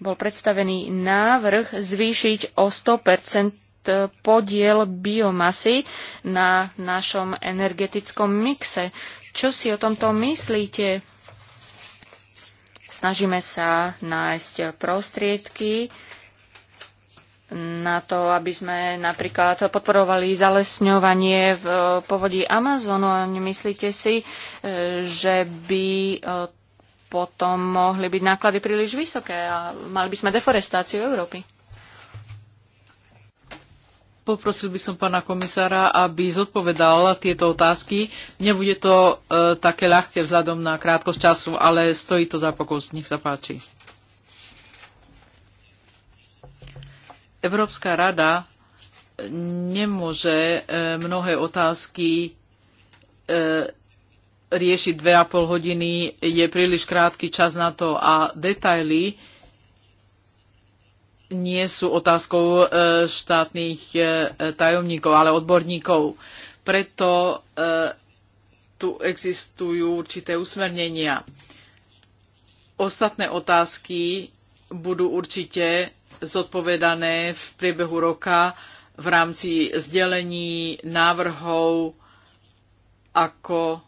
bol predstavený návrh zvýšiť o 100 podiel biomasy na našom energetickom mixe. Čo si o tomto myslíte? Snažíme sa nájsť prostriedky na to, aby sme napríklad podporovali zalesňovanie v povodí Amazonu. A nemyslíte si, e, že by e, potom mohli byť náklady príliš vysoké a mali by sme deforestáciu Európy? Poprosil by som pána komisára, aby zodpovedal tieto otázky. Nebude to e, také ľahké vzhľadom na krátkosť času, ale stojí to za pokus. Nech sa páči. Európska rada nemôže e, mnohé otázky e, riešiť dve a pol hodiny. Je príliš krátky čas na to a detaily nie sú otázkou e, štátnych e, tajomníkov, ale odborníkov. Preto e, tu existujú určité usmernenia. Ostatné otázky budú určite zodpovedané v priebehu roka v rámci zdelení, návrhov, ako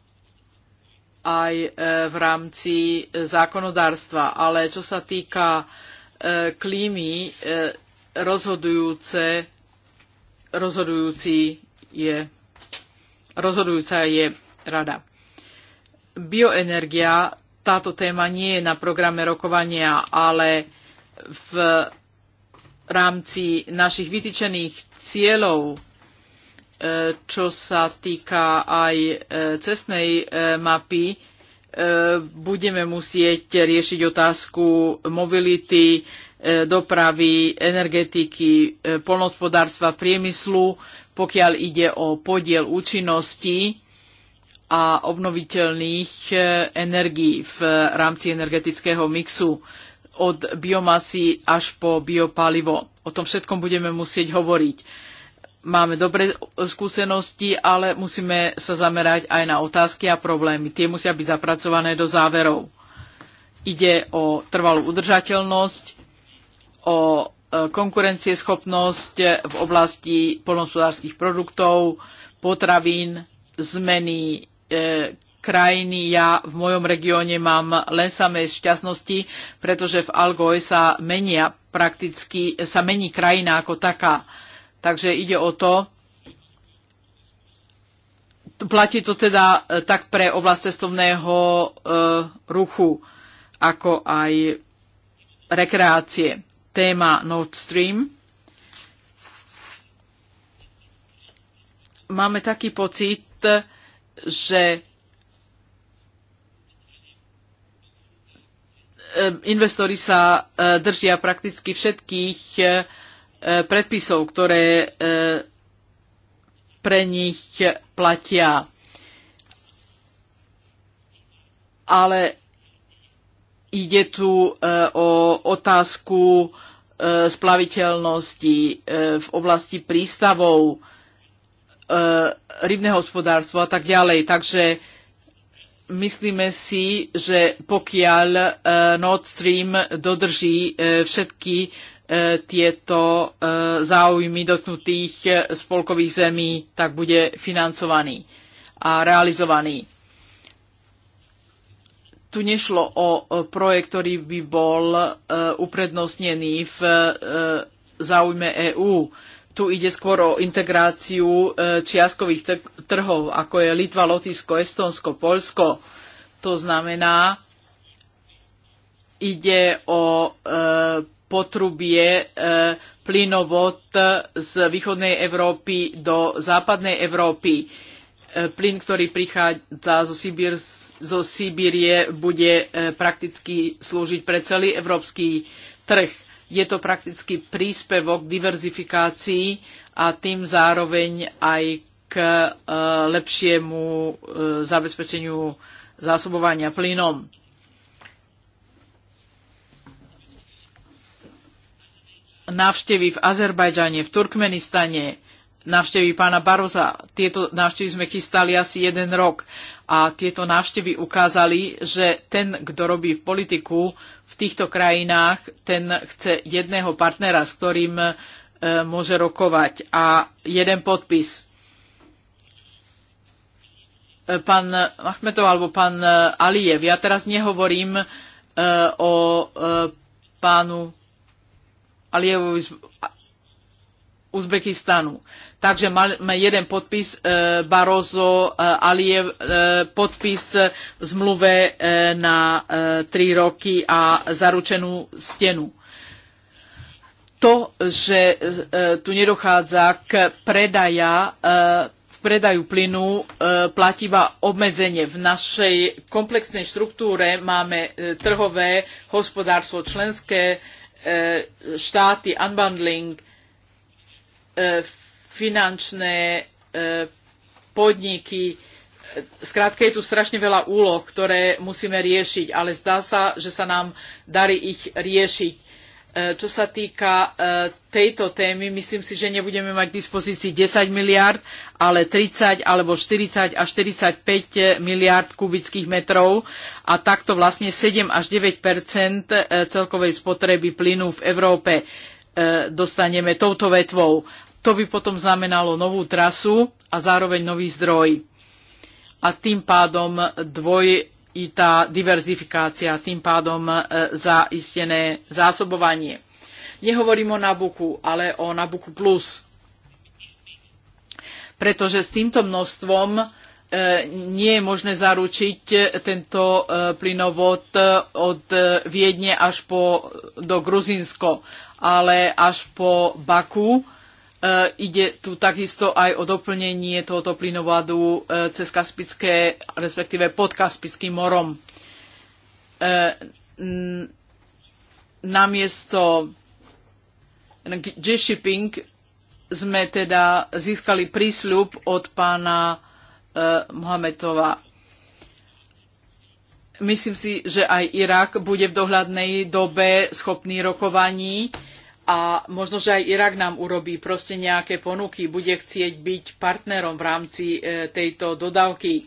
aj v rámci zákonodárstva. Ale čo sa týka E, klímy e, rozhodujúce, rozhodujúci je, rozhodujúca je rada. Bioenergia, táto téma nie je na programe rokovania, ale v rámci našich vytýčených cieľov, e, čo sa týka aj cestnej mapy, E, budeme musieť riešiť otázku mobility, e, dopravy, energetiky, e, polnohospodárstva, priemyslu, pokiaľ ide o podiel účinnosti a obnoviteľných energií v rámci energetického mixu od biomasy až po biopalivo. O tom všetkom budeme musieť hovoriť máme dobré skúsenosti, ale musíme sa zamerať aj na otázky a problémy. Tie musia byť zapracované do záverov. Ide o trvalú udržateľnosť, o e, konkurencieschopnosť v oblasti poľnohospodárskych produktov, potravín, zmeny e, krajiny. Ja v mojom regióne mám len samé šťastnosti, pretože v Algoj sa menia prakticky, sa mení krajina ako taká. E, Takže ide o to, platí to teda e, tak pre oblast cestovného e, ruchu, ako aj rekreácie. Téma Nord Stream. Máme taký pocit, že e, investori sa e, držia prakticky všetkých Eh, predpisov, ktoré eh, pre nich platia. Ale ide tu eh, o otázku splaviteľnosti v oblasti prístavov, rybné hospodárstvo a tak ďalej. Takže myslíme si, že pokiaľ Nord Stream dodrží všetky E, tieto e, záujmy dotknutých e, spolkových zemí tak bude financovaný a realizovaný. Tu nešlo o projekt, ktorý by bol uprednostnený v záujme EÚ. Tu ide skôr o integráciu čiastkových trhov, ako je Litva, Lotyšsko, Estonsko, Polsko. To znamená, ide o potrubie e, plynovod z východnej Európy do západnej Európy. E, plyn, ktorý prichádza zo, Sibír, zo Sibírie, bude e, prakticky slúžiť pre celý európsky trh. Je to prakticky príspevok k diverzifikácii a tým zároveň aj k lepšiemu zabezpečeniu zásobovania plynom návštevy v Azerbajdžane, v Turkmenistane, návštevy pána Baroza. Tieto návštevy sme chystali asi jeden rok a tieto návštevy ukázali, že ten, kto robí v politiku v týchto krajinách, ten chce jedného partnera, s ktorým e, môže rokovať a jeden podpis. E, pán Achmetov alebo pán e, Alijev, ja teraz nehovorím e, o e, pánu Alijevu z Uzbekistanu. Takže máme jeden podpis e, Barroso e, e podpis e, zmluve na tri roky a zaručenú stenu to, že tu nedochádza k predaja, predaju plynu platí platíva obmedzenie. V našej komplexnej štruktúre máme trhové hospodárstvo, členské E, štáty, unbundling, e, finančné e, podniky. Skrátka je tu strašne veľa úloh, ktoré musíme riešiť, ale zdá sa, že sa nám darí ich riešiť E, čo sa týka e, tejto témy, myslím si, že nebudeme mať k dispozícii 10 miliard, ale 30 alebo 40 až 45 miliard kubických metrov a takto vlastne 7 až 9 e, celkovej spotreby plynu v Európe dostaneme touto vetvou. To by potom znamenalo novú trasu a zároveň nový zdroj. A tým pádom dvoj i tá diverzifikácia, tým pádom e, zaistené zásobovanie. Nehovorím o Nabuku, ale o Nabuku Plus, pretože s týmto množstvom e, nie je možné zaručiť tento e, plynovod od Viedne až po, do Gruzinsko, ale až po Baku E, ide tu takisto aj o doplnenie tohoto plynovodu e, cez Kaspické, respektíve pod Kaspickým morom. E, namiesto G-Shipping sme teda získali prísľub od pána Mohametova. Myslím si, že aj Irak bude v dohľadnej dobe schopný rokovaní a možno, že aj Irak nám urobí proste nejaké ponuky, bude chcieť byť partnerom v rámci e, tejto dodávky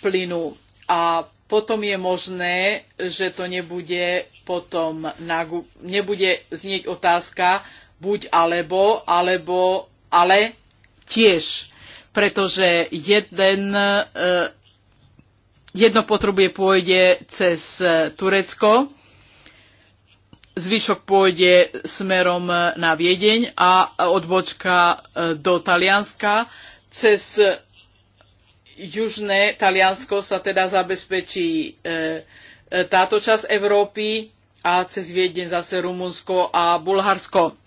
plynu. A potom je možné, že to nebude potom nebude znieť otázka buď alebo, alebo, ale tiež. Pretože jeden, e, jedno potrubie pôjde cez e, Turecko, zvyšok pôjde smerom na Viedeň a odbočka e, do Talianska. Cez južné Taliansko sa teda zabezpečí e, e, táto časť Európy a cez Viedeň zase Rumunsko a Bulharsko.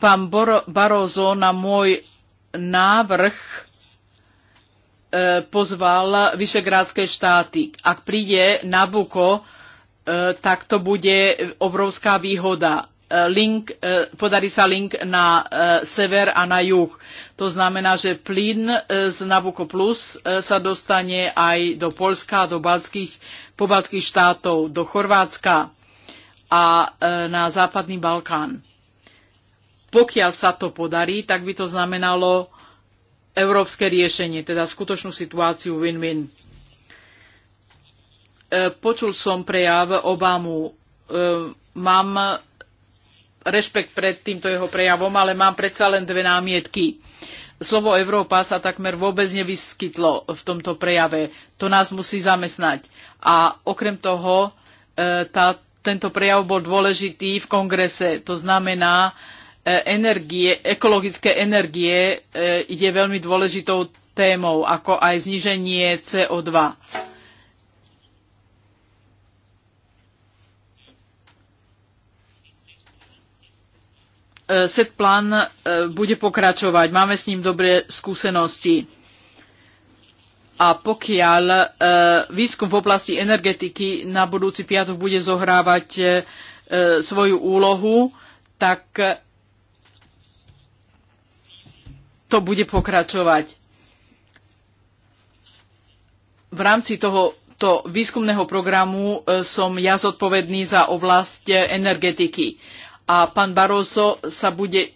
Pán Barozo na môj návrh pozval Vyšegrádske štáty. Ak príde Nabuko, E, tak to bude obrovská výhoda. E, link, e, podarí sa link na sever a na juh. To znamená, že plyn z Nabucco Plus sa dostane aj do Polska, do po pobaltských štátov, do Chorvátska a na západný Balkán. Pokiaľ sa to podarí, tak by to znamenalo európske riešenie, teda skutočnú situáciu win-win. E, počul som prejav Obamu. E, mám rešpekt pred týmto jeho prejavom, ale mám predsa len dve námietky. Slovo Európa sa takmer vôbec nevyskytlo v tomto prejave. To nás musí zamestnať. A okrem toho, e, tá, tento prejav bol dôležitý v kongrese. To znamená, energie, ekologické energie je veľmi dôležitou témou, ako aj zniženie CO2 E, set plán e, bude pokračovať. Máme s ním dobré skúsenosti. A pokiaľ e, výskum v oblasti energetiky na budúci piatok bude zohrávať svoju úlohu, tak to bude pokračovať. V rámci tohoto výskumného programu som ja zodpovedný za oblasť energetiky a pán Barroso sa bude e,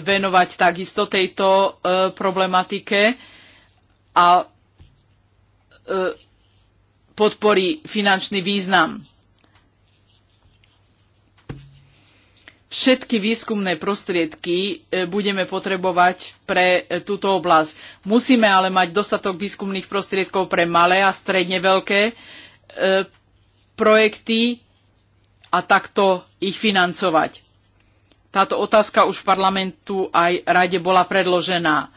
venovať takisto tejto e, problematike a e, podporí finančný význam. Všetky výskumné prostriedky budeme potrebovať pre túto oblasť. Musíme ale mať dostatok výskumných prostriedkov pre malé a stredne veľké projekty a takto ich financovať. Táto otázka už v parlamentu aj rade bola predložená.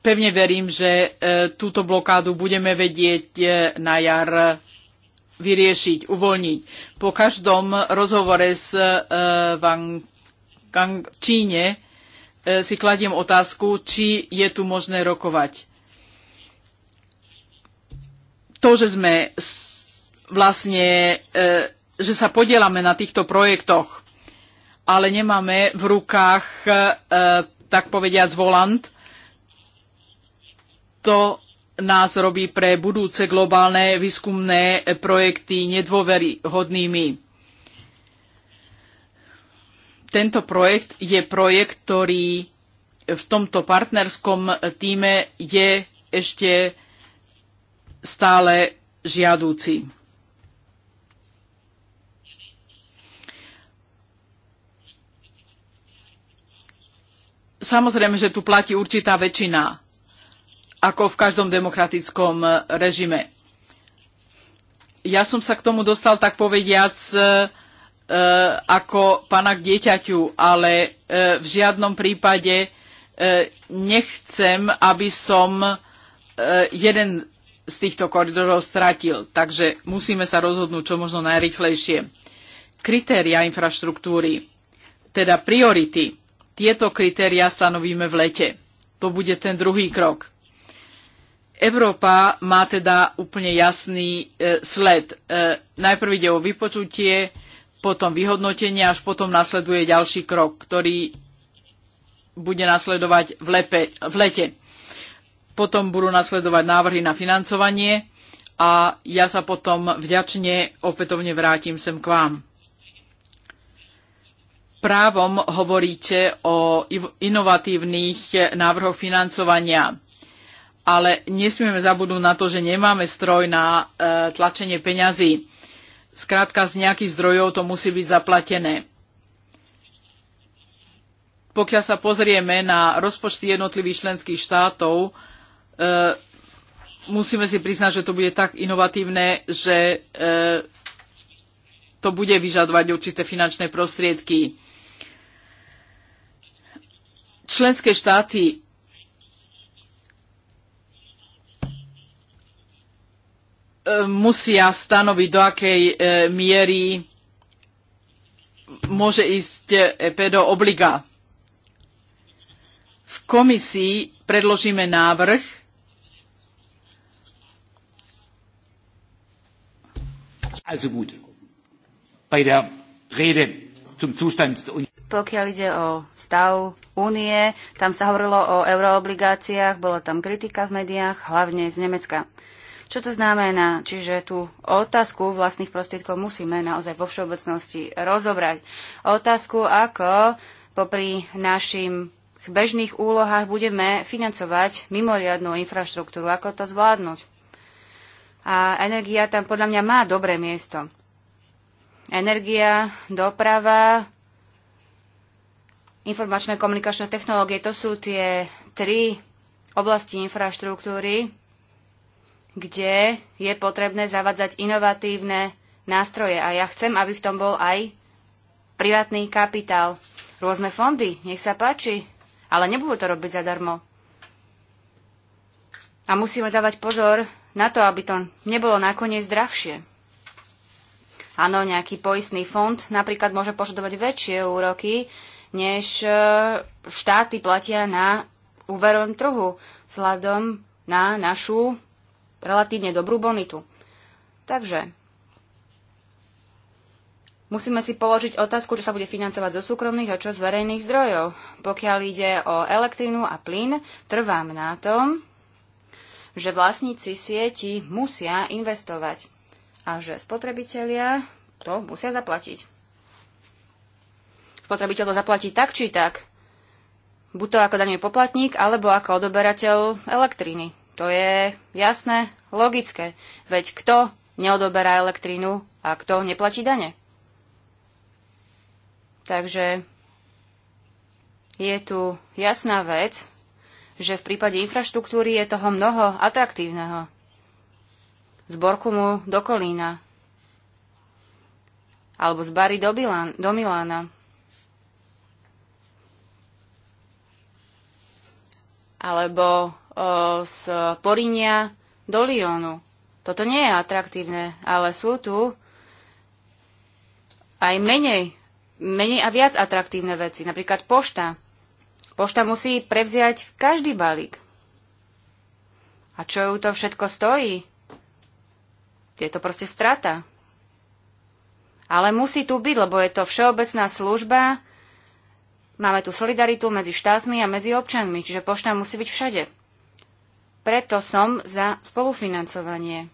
Pevne verím, že e, túto blokádu budeme vedieť e, na jar vyriešiť, uvoľniť. Po každom rozhovore s Kang v Číne si kladiem otázku, či je tu možné rokovať. To, že sme vlastne, e, že sa podielame na týchto projektoch, ale nemáme v rukách, e, tak povediať, volant. To nás robí pre budúce globálne výskumné projekty nedôveryhodnými. Tento projekt je projekt, ktorý v tomto partnerskom týme je ešte stále žiadúci. Samozrejme, že tu platí určitá väčšina, ako v každom demokratickom e, režime. Ja som sa k tomu dostal, tak povediac, e, e, ako pána k dieťaťu, ale v žiadnom prípade nechcem, aby som jeden z týchto koridorov stratil. Takže musíme sa rozhodnúť čo možno najrychlejšie. Kritéria infraštruktúry, teda priority tieto kritéria stanovíme v lete. To bude ten druhý krok. Európa má teda úplne jasný e, sled. E, najprv ide o vypočutie, potom vyhodnotenie, až potom nasleduje ďalší krok, ktorý bude nasledovať v, lepe, v lete. Potom budú nasledovať návrhy na financovanie a ja sa potom vďačne opätovne vrátim sem k vám právom hovoríte o inovatívnych návrhoch financovania. Ale nesmieme zabudnúť na to, že nemáme stroj na e, tlačenie peňazí. Skrátka, z nejakých zdrojov to musí byť zaplatené. Pokiaľ sa pozrieme na rozpočty jednotlivých členských štátov, e, musíme si priznať, že to bude tak inovatívne, že e, to bude vyžadovať určité finančné prostriedky členské štáty musia stanoviť, do akej e, miery môže ísť EP do obliga. V komisii predložíme návrh, Also gut, bei der Rede zum Zustand der Union. Pokiaľ ide o stav únie, tam sa hovorilo o euroobligáciách, bola tam kritika v médiách, hlavne z Nemecka. Čo to znamená? Čiže tú otázku vlastných prostriedkov musíme naozaj vo všeobecnosti rozobrať. Otázku, ako popri našim bežných úlohách budeme financovať mimoriadnú infraštruktúru, ako to zvládnuť. A energia tam podľa mňa má dobré miesto. Energia, doprava, informačné komunikačné technológie. To sú tie tri oblasti infraštruktúry, kde je potrebné zavadzať inovatívne nástroje. A ja chcem, aby v tom bol aj privátny kapitál. Rôzne fondy, nech sa páči, ale nebudú to robiť zadarmo. A musíme dávať pozor na to, aby to nebolo nakoniec drahšie. Áno, nejaký poistný fond napríklad môže požadovať väčšie úroky, než e, štáty platia na úverovom trhu vzhľadom na našu relatívne dobrú bonitu. Takže musíme si položiť otázku, čo sa bude financovať zo súkromných a čo z verejných zdrojov. Pokiaľ ide o elektrínu a plyn, trvám na tom, že vlastníci sieti musia investovať a že spotrebitelia to musia zaplatiť spotrebiteľ to zaplatí tak či tak. Buď to ako daňový poplatník, alebo ako odoberateľ elektriny. To je jasné, logické. Veď kto neodoberá elektrínu a kto neplatí dane? Takže je tu jasná vec, že v prípade infraštruktúry je toho mnoho atraktívneho. Z Borkumu do Kolína. Alebo z Bary do, Bilán, do Milána. alebo z Porinia do Lyonu. Toto nie je atraktívne, ale sú tu aj menej, menej a viac atraktívne veci. Napríklad pošta. Pošta musí prevziať každý balík. A čo ju to všetko stojí? Je to proste strata. Ale musí tu byť, lebo je to všeobecná služba, Máme tu solidaritu medzi štátmi a medzi občanmi, čiže pošta musí byť všade. Preto som za spolufinancovanie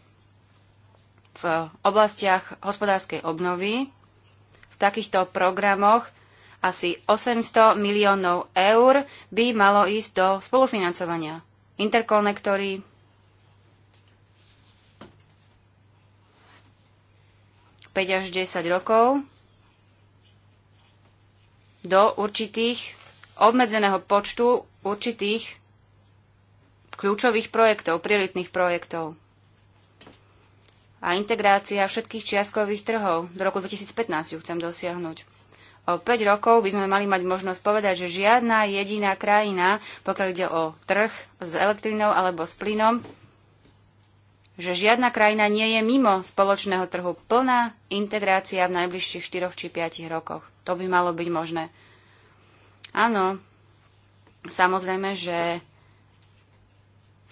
v oblastiach hospodárskej obnovy. V takýchto programoch asi 800 miliónov eur by malo ísť do spolufinancovania. Interkonektory, Päť až 10 rokov do určitých obmedzeného počtu určitých kľúčových projektov, prioritných projektov a integrácia všetkých čiastkových trhov. Do roku 2015 ju chcem dosiahnuť. O 5 rokov by sme mali mať možnosť povedať, že žiadna jediná krajina, pokiaľ ide o trh s elektrinou alebo s plynom, že žiadna krajina nie je mimo spoločného trhu plná integrácia v najbližších 4 či 5 rokoch. To by malo byť možné. Áno, samozrejme, že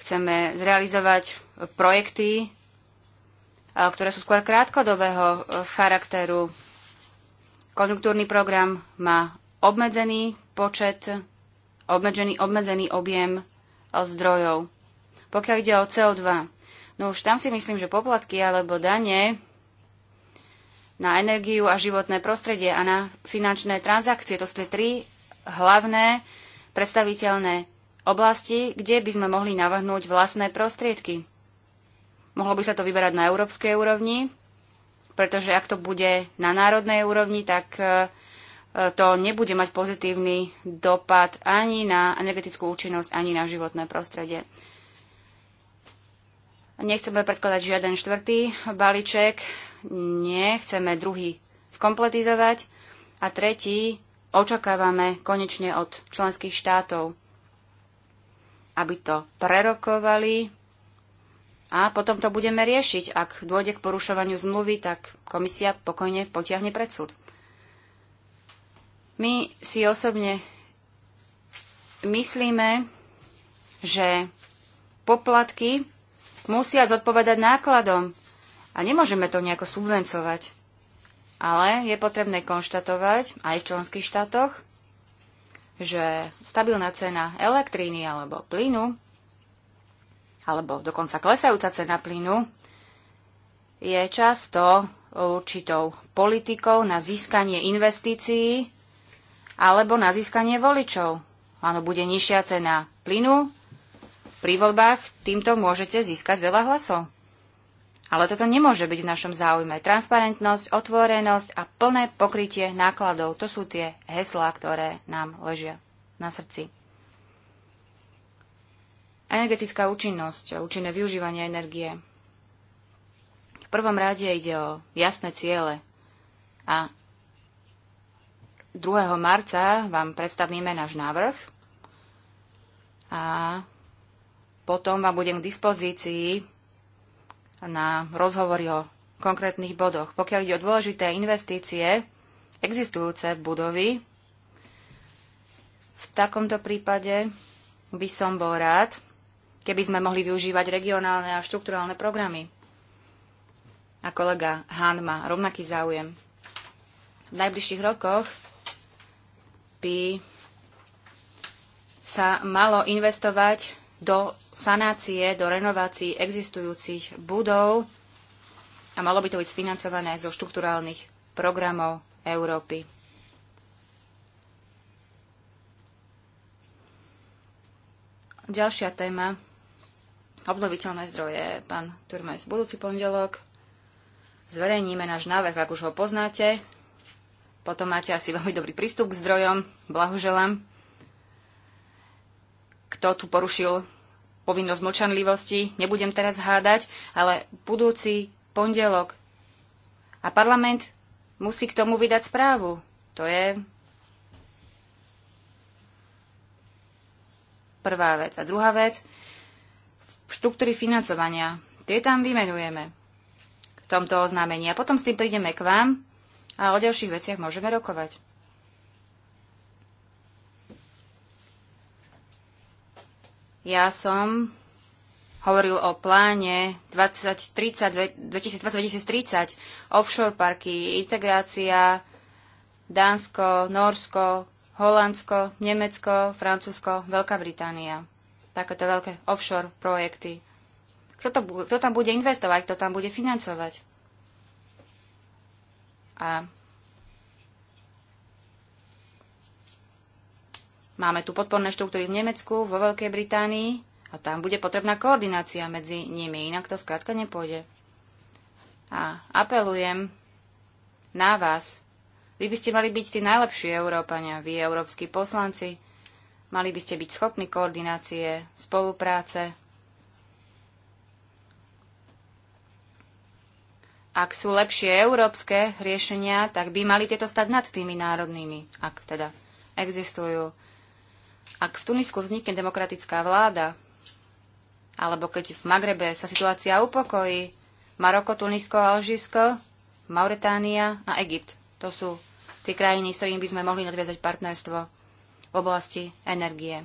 chceme zrealizovať projekty, e, ktoré sú skôr krátkodobého e, charakteru. Konjunktúrny program má obmedzený počet, obmedzený, obmedzený objem e, zdrojov. Pokiaľ ide o CO2, no už tam si myslím, že poplatky alebo dane na energiu a životné prostredie a na finančné transakcie. To sú tie tri hlavné predstaviteľné oblasti, kde by sme mohli navrhnúť vlastné prostriedky. Mohlo by sa to vyberať na európskej úrovni, pretože ak to bude na národnej úrovni, tak e, e, to nebude mať pozitívny dopad ani na energetickú účinnosť, ani na životné prostredie. Nechceme predkladať žiaden štvrtý balíček, nie, chceme druhý skompletizovať a tretí očakávame konečne od členských štátov, aby to prerokovali a potom to budeme riešiť. Ak dôjde k porušovaniu zmluvy, tak komisia pokojne potiahne pred súd. My si osobne myslíme, že poplatky musia zodpovedať nákladom. A nemôžeme to nejako subvencovať. Ale je potrebné konštatovať aj v členských štátoch, že stabilná cena elektríny alebo plynu, alebo dokonca klesajúca cena plynu, je často určitou politikou na získanie investícií alebo na získanie voličov. Áno, bude nižšia cena plynu, pri voľbách týmto môžete získať veľa hlasov. Ale toto nemôže byť v našom záujme. Transparentnosť, otvorenosť a plné pokrytie nákladov, to sú tie heslá, ktoré nám ležia na srdci. Energetická účinnosť, účinné využívanie energie. V prvom rade ide o jasné ciele a 2. marca vám predstavíme náš návrh a potom vám budem k dispozícii na rozhovory o konkrétnych bodoch. Pokiaľ ide o dôležité investície, existujúce budovy, v takomto prípade by som bol rád, keby sme mohli využívať regionálne a štruktúrálne programy. A kolega Hán má rovnaký záujem. V najbližších rokoch by sa malo investovať do sanácie, do renovácií existujúcich budov a malo by to byť sfinancované zo štrukturálnych programov Európy. Ďalšia téma, obnoviteľné zdroje. Pán Turmes, budúci pondelok zverejníme náš návrh, ak už ho poznáte. Potom máte asi veľmi dobrý prístup k zdrojom. Blahoželám kto tu porušil povinnosť mlčanlivosti, nebudem teraz hádať, ale budúci pondelok. A parlament musí k tomu vydať správu. To je prvá vec. A druhá vec, štruktúry financovania. Tie tam vymenujeme v tomto oznámení. A potom s tým prídeme k vám a o ďalších veciach môžeme rokovať. Ja som hovoril o pláne 2020-2030, offshore parky, integrácia, Dánsko, Norsko, Holandsko, Nemecko, Francúzsko, Veľká Británia. Takéto veľké offshore projekty. Kto, to, kto tam bude investovať, kto tam bude financovať? A Máme tu podporné štruktúry v Nemecku, vo Veľkej Británii a tam bude potrebná koordinácia medzi nimi, inak to skrátka nepôjde. A apelujem na vás. Vy by ste mali byť tí najlepší Európania, vy európsky poslanci. Mali by ste byť schopní koordinácie, spolupráce. Ak sú lepšie európske riešenia, tak by mali tieto stať nad tými národnými, ak teda existujú. Ak v Tunisku vznikne demokratická vláda, alebo keď v Magrebe sa situácia upokojí, Maroko, Tunisko, Alžisko, Mauretánia a Egypt. To sú tie krajiny, s ktorými by sme mohli nadviazať partnerstvo v oblasti energie.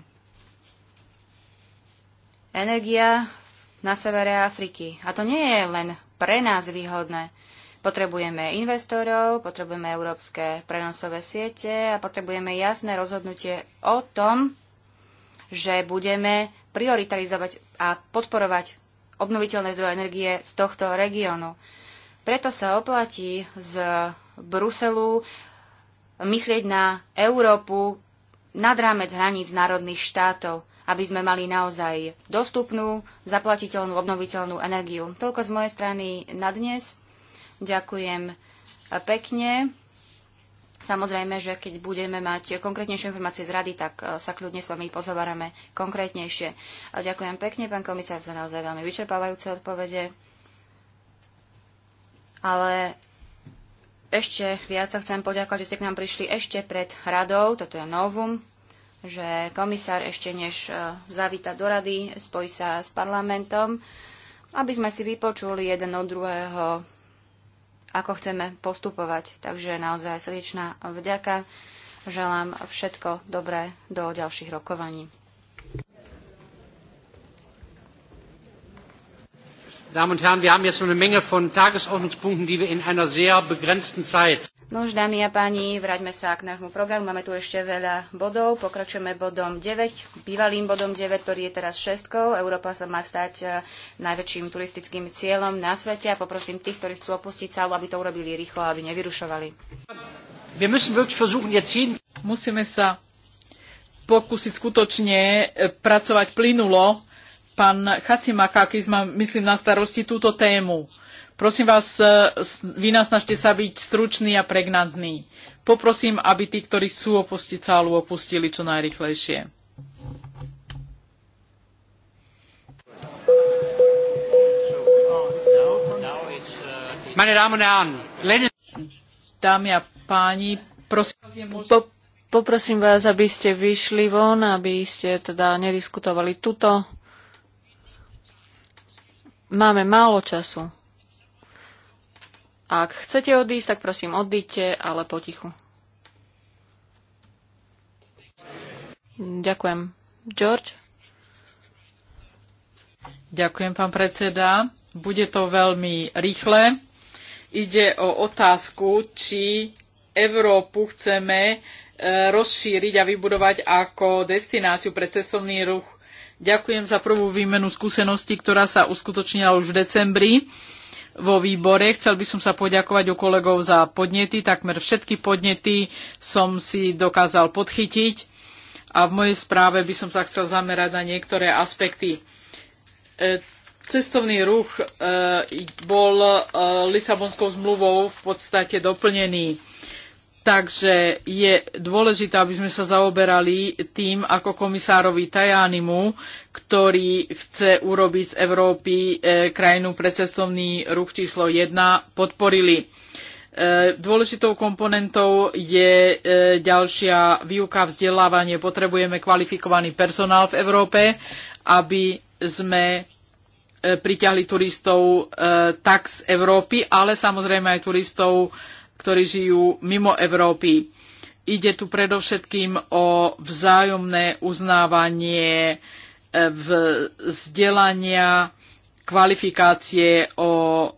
Energia na severe Afriky. A to nie je len pre nás výhodné. Potrebujeme investorov, potrebujeme európske prenosové siete a potrebujeme jasné rozhodnutie o tom, že budeme prioritarizovať a podporovať obnoviteľné zdroje energie z tohto regiónu. Preto sa oplatí z Bruselu myslieť na Európu nad rámec hraníc národných štátov, aby sme mali naozaj dostupnú, zaplatiteľnú, obnoviteľnú energiu. Toľko z mojej strany na dnes. Ďakujem pekne. Samozrejme, že keď budeme mať konkrétnejšie informácie z rady, tak e, sa kľudne s vami pozovárame konkrétnejšie. A ďakujem pekne, pán komisár, za naozaj veľmi vyčerpávajúce odpovede. Ale ešte viac sa chcem poďakovať, že ste k nám prišli ešte pred radou, toto je novum, že komisár ešte než e, zavíta do rady, spojí sa s parlamentom, aby sme si vypočuli jeden od druhého ako chceme postupovať. Takže naozaj srdečná vďaka. Želám všetko dobré do ďalších rokovaní. Damen und Herren, wir haben jetzt noch eine Menge von Tagesordnungspunkten, die wir in einer sehr begrenzten Zeit No už, dámy a páni, vráťme sa k nášmu programu. Máme tu ešte veľa bodov. Pokračujeme bodom 9, bývalým bodom 9, ktorý je teraz šestkou. Európa sa má stať e, najväčším turistickým cieľom na svete a poprosím tých, ktorí chcú opustiť sálu, aby to urobili rýchlo, aby nevyrušovali. Musíme sa pokúsiť skutočne e, pracovať plynulo. Pán Chacimakakis má, myslím, na starosti túto tému Prosím vás, e, vy nás snažte sa byť stručný a pregnantný. Poprosím, aby tí, ktorí chcú opustiť sálu, opustili čo najrychlejšie. Dámy a páni, prosím, po, poprosím vás, aby ste vyšli von, aby ste teda nediskutovali tuto. Máme málo času. Ak chcete odísť, tak prosím odíďte, ale potichu. Ďakujem. George? Ďakujem, pán predseda. Bude to veľmi rýchle. Ide o otázku, či Európu chceme e, rozšíriť a vybudovať ako destináciu pre cestovný ruch. Ďakujem za prvú výmenu skúseností, ktorá sa uskutočnila už v decembri vo výbore. Chcel by som sa poďakovať u kolegov za podnety. Takmer všetky podnety som si dokázal podchytiť a v mojej správe by som sa chcel zamerať na niektoré aspekty. E, cestovný ruch e, bol e, Lisabonskou zmluvou v podstate doplnený Takže je dôležité, aby sme sa zaoberali tým, ako komisárovi Tajánimu, ktorý chce urobiť z Európy e, krajinu pre cestovný ruch číslo 1, podporili. E, dôležitou komponentou je e, ďalšia výuka, vzdelávanie. Potrebujeme kvalifikovaný personál v Európe, aby sme priťahli turistov tak z Európy, ale samozrejme aj turistov ktorí žijú mimo Európy. Ide tu predovšetkým o vzájomné uznávanie e, vzdelania, kvalifikácie, o e,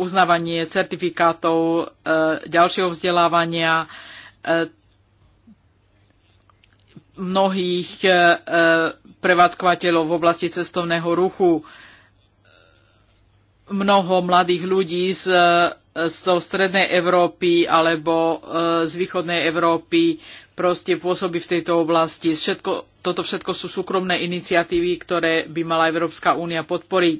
uznávanie certifikátov e, ďalšieho vzdelávania mnohých prevádzkovateľov v oblasti cestovného ruchu. Mnoho mladých ľudí z z strednej Európy alebo e, z východnej Európy proste pôsobí v tejto oblasti. Všetko, toto všetko sú súkromné iniciatívy, ktoré by mala Európska únia podporiť.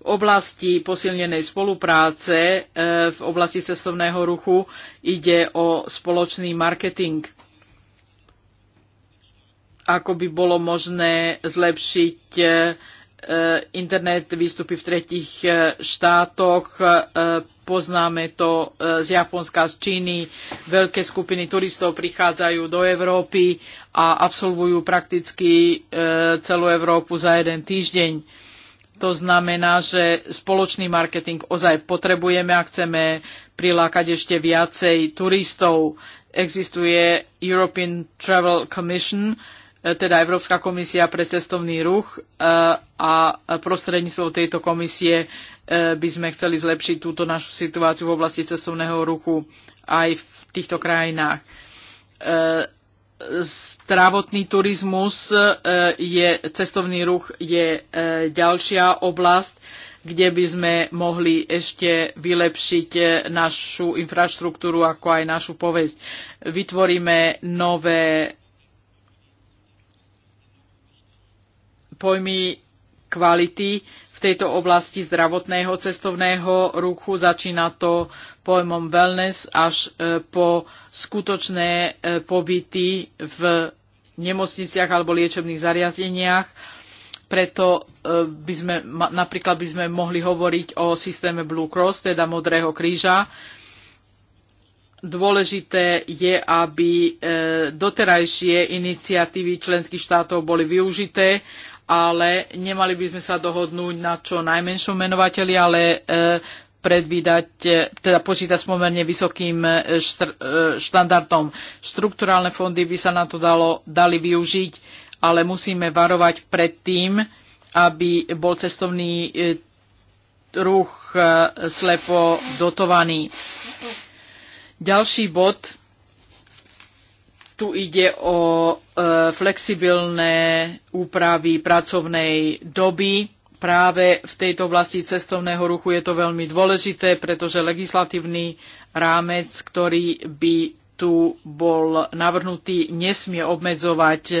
V oblasti posilnenej spolupráce e, v oblasti cestovného ruchu ide o spoločný marketing. Ako by bolo možné zlepšiť e, internet výstupy v tretich štátoch, poznáme to e, z Japonska, z Číny. Veľké skupiny turistov prichádzajú do Európy a absolvujú prakticky e, celú Európu za jeden týždeň. To znamená, že spoločný marketing ozaj potrebujeme a chceme prilákať ešte viacej turistov. Existuje European Travel Commission, e, teda Európska komisia pre cestovný ruch a prostredníctvom tejto komisie E, by sme chceli zlepšiť túto našu situáciu v oblasti cestovného ruchu aj v týchto krajinách. E, zdravotný turizmus e, je, cestovný ruch je ďalšia oblasť, kde by sme mohli ešte vylepšiť našu infraštruktúru, ako aj našu povesť. Vytvoríme nové pojmy kvality, v tejto oblasti zdravotného cestovného ruchu. Začína to pojmom wellness až e, po skutočné e, pobyty v nemocniciach alebo liečebných zariadeniach. Preto e, by sme, napríklad by sme mohli hovoriť o systéme Blue Cross, teda Modrého kríža. Dôležité je, aby doterajšie iniciatívy členských štátov boli využité ale nemali by sme sa dohodnúť na čo najmenšom menovateli, ale e, predvídať, e, teda počítať s pomerne vysokým e, štandardom. Štrukturálne fondy by sa na to dalo, dali využiť, ale musíme varovať pred tým, aby bol cestovný ruch slepo dotovaný. Ďalší bod, tu ide o E, flexibilné úpravy pracovnej doby. Práve v tejto oblasti cestovného ruchu je to veľmi dôležité, pretože legislatívny rámec, ktorý by tu bol navrhnutý, nesmie obmedzovať e,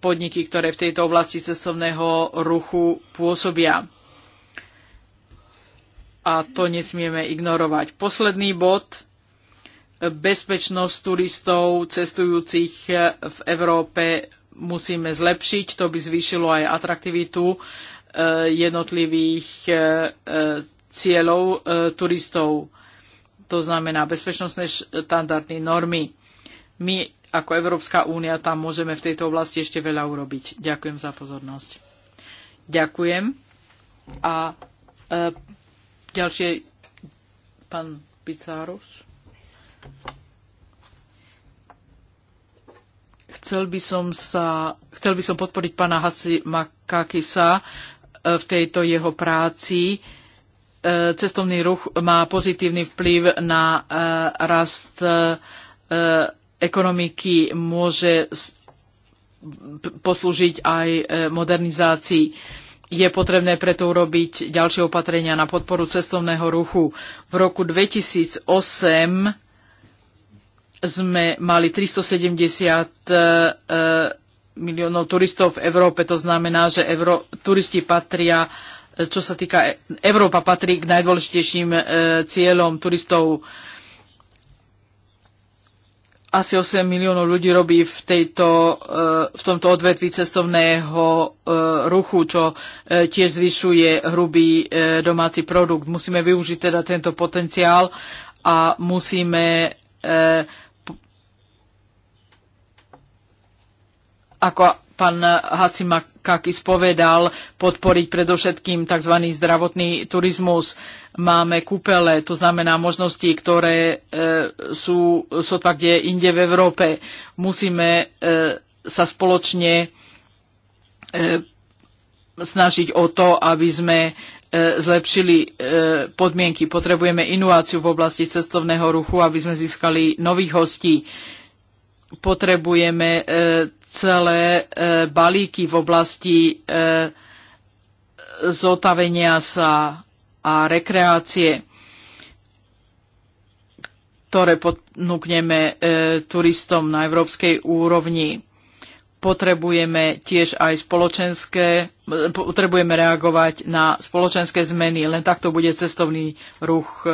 podniky, ktoré v tejto oblasti cestovného ruchu pôsobia. A to nesmieme ignorovať. Posledný bod bezpečnosť turistov cestujúcich eh, v Európe musíme zlepšiť. To by zvýšilo aj atraktivitu eh, jednotlivých eh, cieľov turistov. To znamená bezpečnostné štandardné normy. My ako Európska únia tam môžeme v tejto oblasti ešte veľa urobiť. Ďakujem za pozornosť. Ďakujem. A e, ďalšie, pán Picároš. Chcel by som, sa, chcel by som podporiť pána Haci Makakisa e, v tejto jeho práci. E, cestovný ruch má pozitívny vplyv na e, rast ekonomiky, môže poslúžiť aj modernizácii. Je potrebné preto urobiť ďalšie opatrenia na podporu cestovného ruchu. V roku 2008 sme mali 370 e, e, miliónov turistov v Európe. To znamená, že Euró- turisti patria, e, čo sa týka Európa, patrí k najdôležitejším cieľom turistov. Asi 8 miliónov ľudí robí v, tejto, v tomto odvetví cestovného ruchu, čo tiež zvyšuje hrubý domáci produkt. Musíme využiť teda tento potenciál a musíme ako pán Hacimakakis povedal, podporiť predovšetkým tzv. zdravotný turizmus. Máme kúpele, to znamená možnosti, ktoré e, sú sotva kde inde v Európe. Musíme e, sa spoločne e, snažiť o to, aby sme e, zlepšili e, podmienky. Potrebujeme inováciu v oblasti cestovného ruchu, aby sme získali nových hostí. Potrebujeme e, celé e, balíky v oblasti e, zotavenia sa a rekreácie, ktoré ponúkneme e, turistom na európskej úrovni. Potrebujeme tiež aj spoločenské, potrebujeme reagovať na spoločenské zmeny. Len takto bude cestovný ruch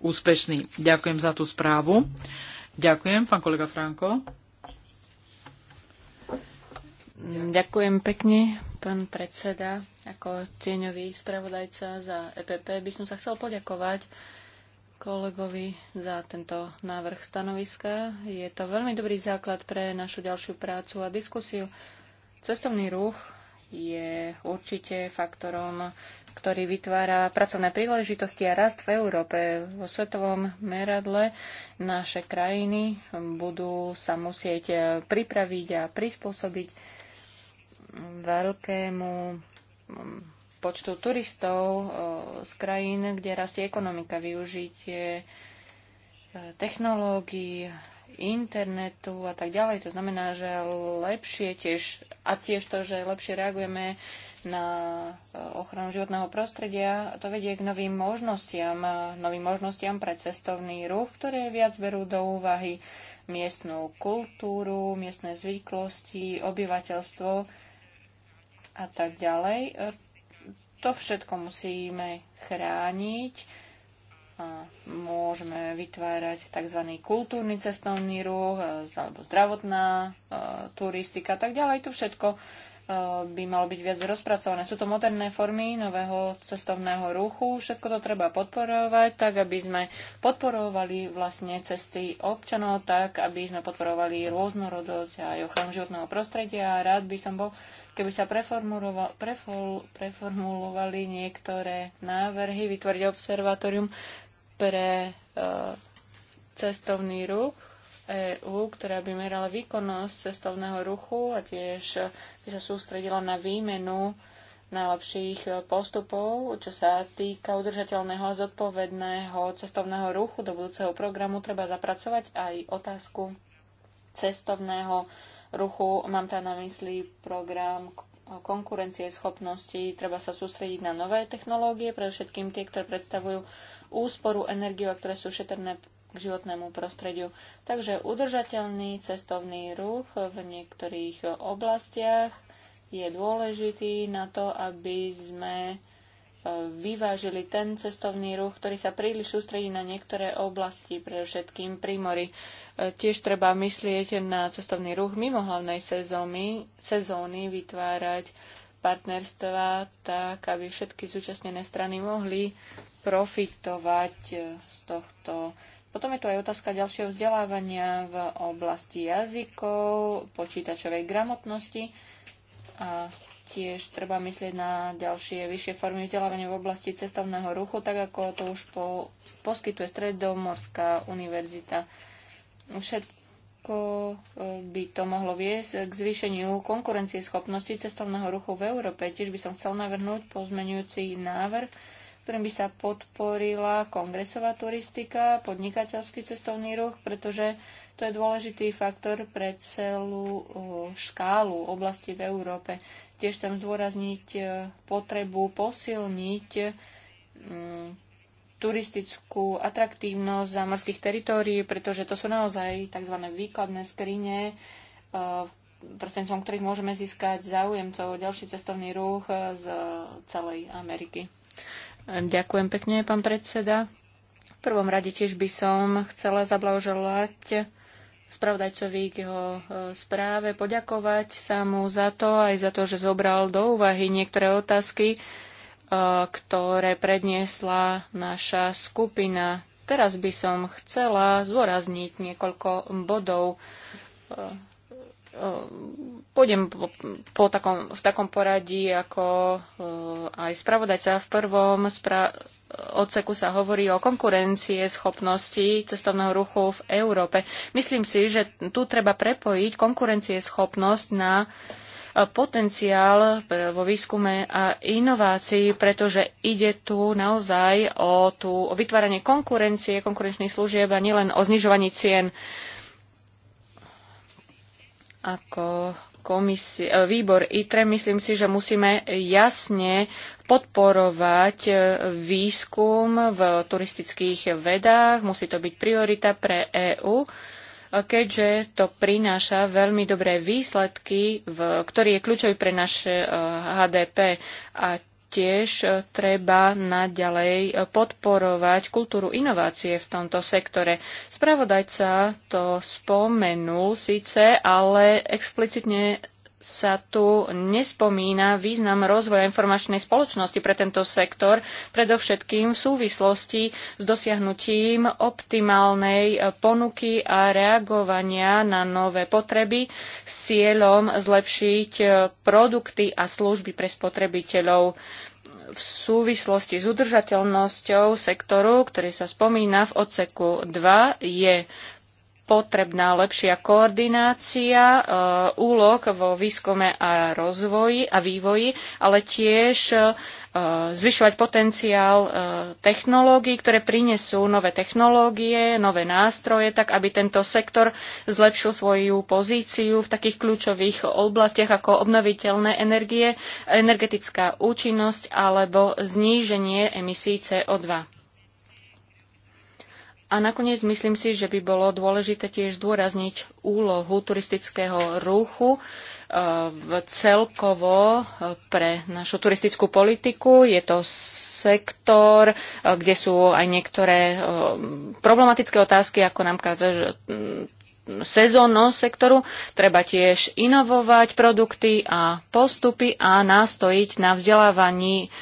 úspešný. Ďakujem za tú správu. Ďakujem, pán kolega Franko. Ďakujem pekne, pán predseda. Ako tieňový spravodajca za EPP by som sa chcel poďakovať kolegovi za tento návrh stanoviska. Je to veľmi dobrý základ pre našu ďalšiu prácu a diskusiu. Cestovný ruch je určite faktorom, ktorý vytvára pracovné príležitosti a rast v Európe. Vo svetovom meradle naše krajiny budú sa musieť pripraviť a prispôsobiť veľkému mm, počtu turistov z krajín, kde rastie ekonomika, využitie e, technológií, internetu a tak ďalej. To znamená, že lepšie tiež, a tiež to, že lepšie reagujeme na e, ochranu životného prostredia, to vedie k novým možnostiam, novým možnostiam pre cestovný ruch, ktoré viac berú do úvahy miestnú kultúru, miestne zvyklosti, obyvateľstvo, a tak ďalej. E, to všetko musíme chrániť. A môžeme vytvárať tzv. kultúrny cestovný ruch e, alebo zdravotná e, turistika a tak ďalej. To všetko Eh, by malo byť viac rozpracované. Sú to moderné formy nového cestovného ruchu, všetko to treba podporovať, tak aby sme podporovali vlastne cesty občanov, tak aby sme podporovali rôznorodosť a aj ochranu životného prostredia. A rád by som bol, keby sa preformulovali niektoré návrhy, vytvoriť observatórium pre eh, cestovný ruch EÚ, ktorá by merala výkonnosť cestovného ruchu a tiež by sa sústredila na výmenu najlepších postupov, čo sa týka udržateľného a zodpovedného cestovného ruchu do budúceho programu, treba zapracovať aj otázku cestovného ruchu. Mám tam na mysli program konkurencie schopnosti, treba sa sústrediť na nové technológie, predovšetkým tie, ktoré predstavujú úsporu energiu a ktoré sú šetrné k životnému prostrediu. Takže udržateľný cestovný ruch v niektorých oblastiach je dôležitý na to, aby sme e, vyvážili ten cestovný ruch, ktorý sa príliš sústredí na niektoré oblasti, predovšetkým prímory. E, tiež treba myslieť na cestovný ruch mimo hlavnej sezóny, sezóny vytvárať partnerstva tak, aby všetky zúčastnené strany mohli profitovať e, z tohto potom je tu aj otázka ďalšieho vzdelávania v oblasti jazykov, počítačovej gramotnosti a tiež treba myslieť na ďalšie vyššie formy vzdelávania v oblasti cestovného ruchu, tak ako to už po, poskytuje Stredomorská univerzita. Všetko e, by to mohlo viesť k zvýšeniu konkurencieschopnosti cestovného ruchu v Európe. Tiež by som chcel navrhnúť pozmenujúci návrh, ktorým by sa podporila kongresová turistika, podnikateľský cestovný ruch, pretože to je dôležitý faktor pre celú e, škálu oblasti v Európe. Tiež chcem zdôrazniť e, potrebu posilniť turistickú atraktívnosť zámorských teritórií, pretože to sú naozaj tzv. výkladné skrine, e, prostredníctvom ktorých môžeme získať záujemcov ďalší cestovný ruch z celej Ameriky. Ďakujem pekne, pán predseda. V prvom rade tiež by som chcela zablahoželať spravodajcovi k jeho e, správe, poďakovať sa mu za to, aj za to, že zobral do úvahy niektoré otázky, e, ktoré predniesla naša skupina. Teraz by som chcela zdôrazniť niekoľko bodov e, pôjdem po, po takom, v takom poradí, ako eh, aj spravodajca v prvom spra- odseku sa hovorí o konkurencie schopnosti cestovného ruchu v Európe. Myslím si, že tu treba prepojiť schopnosť na eh, potenciál vo výskume a inovácii, pretože ide tu naozaj o, tú, o vytváranie konkurencie, konkurenčných služieb a nielen o znižovaní cien. Uh, ako e, výbor ITRE, myslím si, že musíme jasne podporovať e, výskum v turistických vedách. Musí to byť priorita pre EÚ, keďže to prináša veľmi dobré výsledky, v, ktorý je kľúčový pre naše e, HDP. A tiež e, treba naďalej e, podporovať kultúru inovácie v tomto sektore. Spravodajca to spomenul síce, ale explicitne sa tu nespomína význam rozvoja informačnej spoločnosti pre tento sektor, predovšetkým v súvislosti s dosiahnutím optimálnej ponuky a reagovania na nové potreby s cieľom zlepšiť produkty a služby pre spotrebiteľov v súvislosti s udržateľnosťou sektoru, ktorý sa spomína v odseku 2, je potrebná lepšia koordinácia e, úloh vo výskume a rozvoji a vývoji, ale tiež e, zvyšovať potenciál e, technológií, ktoré prinesú nové technológie, nové nástroje, tak aby tento sektor zlepšil svoju pozíciu v takých kľúčových oblastiach ako obnoviteľné energie, energetická účinnosť alebo zníženie emisí CO2. A nakoniec myslím si, že by bolo dôležité tiež zdôrazniť úlohu turistického ruchu e, v celkovo e, pre našu turistickú politiku. Je to sektor, e, kde sú aj niektoré problematické otázky, ako nám sezónnosť sektoru. Treba tiež inovovať produkty a postupy a nástojiť na vzdelávaní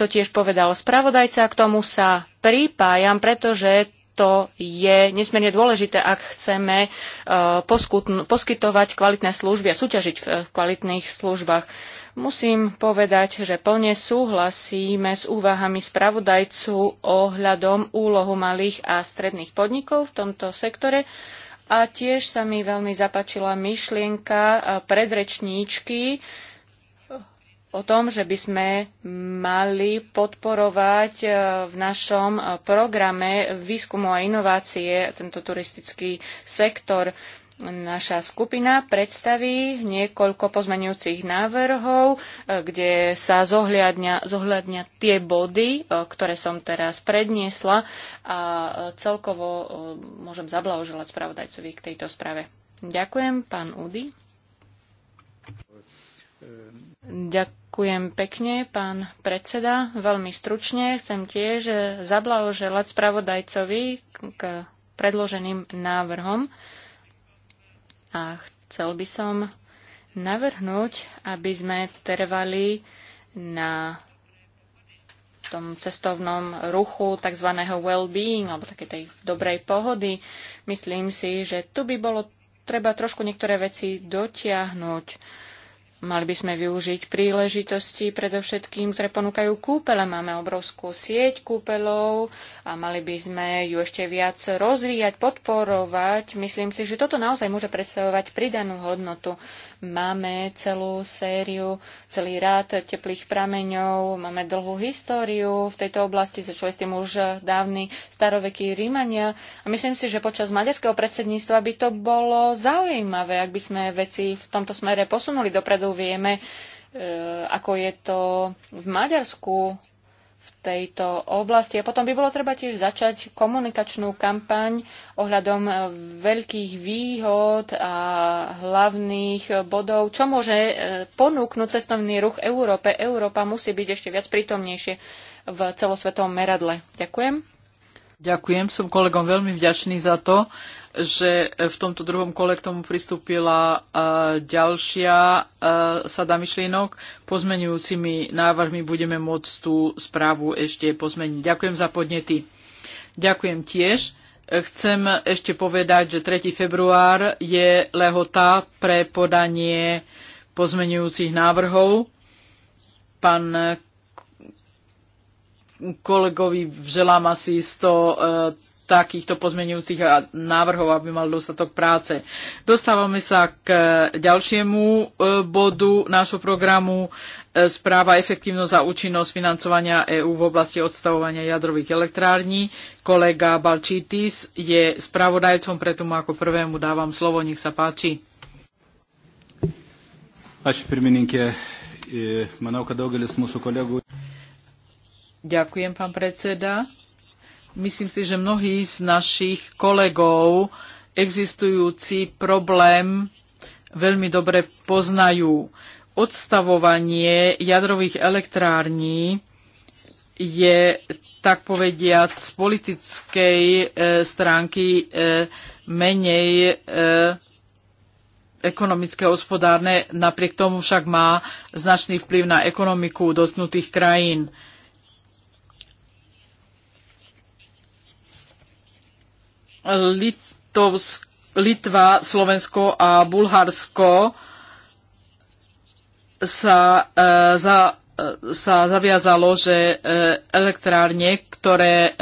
to tiež povedal spravodajca, k tomu sa pripájam, pretože to je nesmierne dôležité, ak chceme e, poskytovať kvalitné služby a súťažiť v e, kvalitných službách. Musím povedať, že plne súhlasíme s úvahami spravodajcu ohľadom úlohu malých a stredných podnikov v tomto sektore. A tiež sa mi veľmi zapačila myšlienka e, predrečníčky, o tom, že by sme mali podporovať e, v našom e, programe výskumu a inovácie tento turistický sektor. Naša skupina predstaví niekoľko pozmenujúcich návrhov, e, kde sa zohľadňa, zohľadňa tie body, ktoré som teraz predniesla a celkovo môžem zablahoželať spravodajcovi k tejto sprave. Ďakujem, pán Udy. Ďakujem pekne, pán predseda. Veľmi stručne chcem tiež zablahoželať spravodajcovi k predloženým návrhom a chcel by som navrhnúť, aby sme trvali na tom cestovnom ruchu tzv. well-being alebo takej tej dobrej pohody. Myslím si, že tu by bolo treba trošku niektoré veci dotiahnuť Mali by sme využiť príležitosti, predovšetkým, ktoré ponúkajú kúpele. Máme obrovskú sieť kúpelov a mali by sme ju ešte viac rozvíjať, podporovať. Myslím si, že toto naozaj môže predstavovať pridanú hodnotu Máme celú sériu, celý rád teplých prameňov, máme dlhú históriu v tejto oblasti, začali s tým už dávni starovekí Rímania a myslím si, že počas maďarského predsedníctva by to bolo zaujímavé, ak by sme veci v tomto smere posunuli dopredu. Vieme, e, ako je to v Maďarsku v tejto oblasti. A potom by bolo treba tiež začať komunikačnú kampaň ohľadom e, veľkých výhod a hlavných bodov, čo môže e, ponúknuť cestovný ruch Európe. Európa musí byť ešte viac prítomnejšie v celosvetovom meradle. Ďakujem. Ďakujem, som kolegom veľmi vďačný za to, že v tomto druhom kole k tomu pristúpila e, ďalšia e, sada myšlienok. Pozmenujúcimi návrhmi budeme môcť tú správu ešte pozmeniť. Ďakujem za podnety. Ďakujem tiež. Chcem ešte povedať, že 3. február je lehota pre podanie pozmenujúcich návrhov. Pán kolegovi želám asi 100 e, takýchto pozmenujúcich návrhov, aby mal dostatok práce. Dostávame sa k ďalšiemu e, bodu nášho programu e, správa efektívnosť a účinnosť financovania EÚ v oblasti odstavovania jadrových elektrární. Kolega Balčítis je spravodajcom, preto mu ako prvému dávam slovo, nech sa páči. Aš pirmininkė, manau, kad daugelis mūsų kolegų Ďakujem, pán predseda. Myslím si, že mnohí z našich kolegov existujúci problém veľmi dobre poznajú. Odstavovanie jadrových elektrární je tak povediať z politickej e, stránky e, menej e, ekonomické, hospodárne, napriek tomu však má značný vplyv na ekonomiku dotknutých krajín. E, Litovsk, Litva, Slovensko a Bulharsko sa, e, za, e, sa zaviazalo, že e, elektrárne, ktoré e,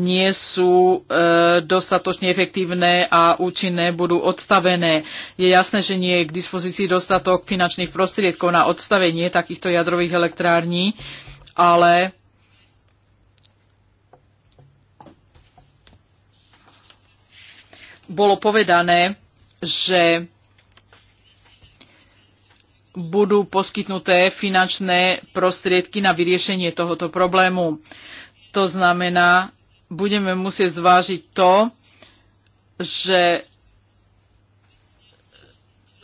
nie sú e, dostatočne efektívne a účinné, budú odstavené. Je jasné, že nie je k dispozícii dostatok finančných prostriedkov na odstavenie takýchto jadrových elektrární, ale bolo povedané, že budú poskytnuté finančné prostriedky na vyriešenie tohoto problému. To znamená, budeme musieť zvážiť to, že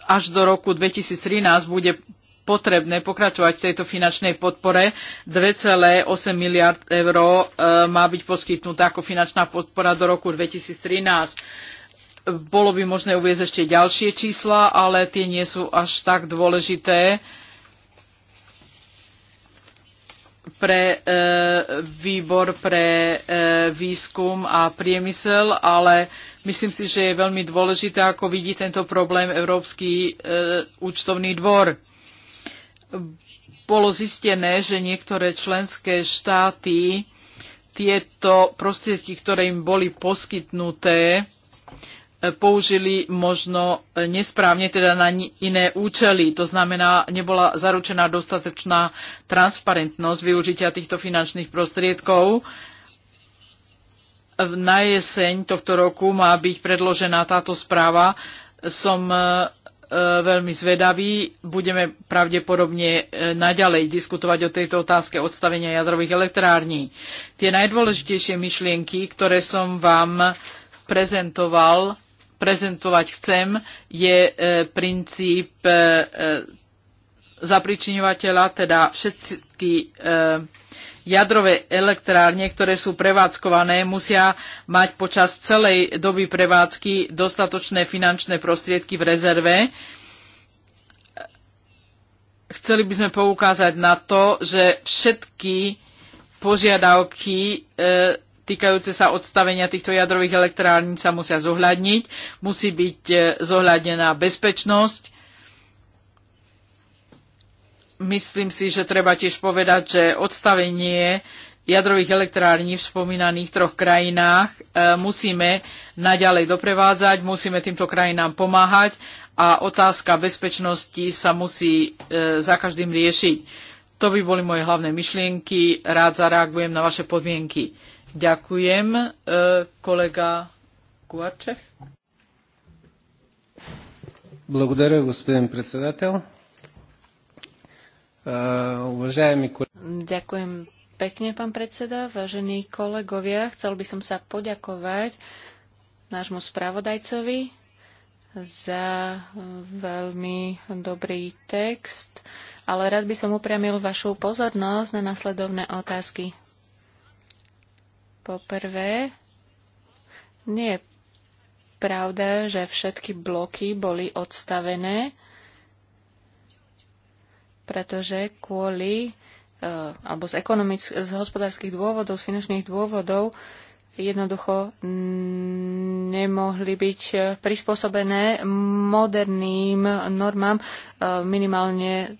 až do roku 2013 bude potrebné pokračovať v tejto finančnej podpore. 2,8 miliard eur e, má byť poskytnutá ako finančná podpora do roku 2013 bolo by možné uvieť ešte ďalšie čísla, ale tie nie sú až tak dôležité pre e, výbor pre e, výskum a priemysel, ale myslím si, že je veľmi dôležité, ako vidí tento problém Európsky e, účtovný dvor. Bolo zistené, že niektoré členské štáty tieto prostriedky, ktoré im boli poskytnuté, použili možno nesprávne, teda na iné účely. To znamená, nebola zaručená dostatočná transparentnosť využitia týchto finančných prostriedkov. Na jeseň tohto roku má byť predložená táto správa. Som e, e, veľmi zvedavý. Budeme pravdepodobne e, naďalej diskutovať o tejto otázke odstavenia jadrových elektrární. Tie najdôležitejšie myšlienky, ktoré som vám prezentoval, prezentovať chcem, je e, princíp e, e, zapričinovateľa, teda všetky jadrové elektrárne, ktoré sú prevádzkované, musia mať počas celej doby prevádzky dostatočné finančné prostriedky v rezerve. Chceli by sme poukázať na to, že všetky požiadavky e, týkajúce sa odstavenia týchto jadrových elektrární sa musia zohľadniť. Musí byť e, zohľadnená bezpečnosť. Myslím si, že treba tiež povedať, že odstavenie jadrových elektrární v spomínaných troch krajinách e, musíme naďalej doprevádzať, musíme týmto krajinám pomáhať a otázka bezpečnosti sa musí e, za každým riešiť. To by boli moje hlavné myšlienky. Rád zareagujem na vaše podmienky. Ďakujem, e, kolega Благодаря, господин председател. Уважаеми Ďakujem pekne, pán predseda, vážení kolegovia. Chcel by som sa poďakovať nášmu spravodajcovi za veľmi dobrý text, ale rád by som upriamil vašu pozornosť na nasledovné otázky. Poprvé, nie je pravda, že všetky bloky boli odstavené, pretože kvôli e, alebo z, z hospodárskych dôvodov, z finančných dôvodov jednoducho nemohli byť prispôsobené moderným normám e, minimálne e,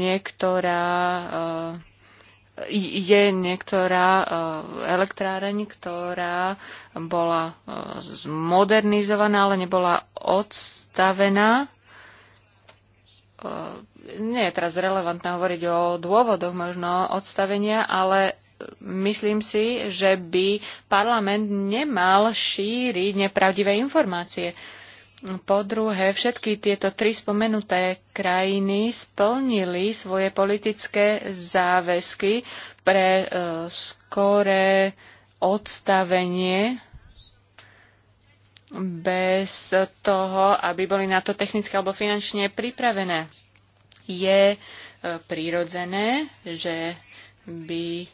niektorá je niektorá eh, elektráreň, ktorá bola eh, zmodernizovaná, ale nebola odstavená. Eh, nie je teraz relevantné hovoriť o dôvodoch možno odstavenia, ale myslím si, že by parlament nemal šíriť nepravdivé informácie po druhé, všetky tieto tri spomenuté krajiny splnili svoje politické záväzky pre e, skoré odstavenie bez toho, aby boli na to technicky alebo finančne pripravené. Je e, prirodzené, že by e,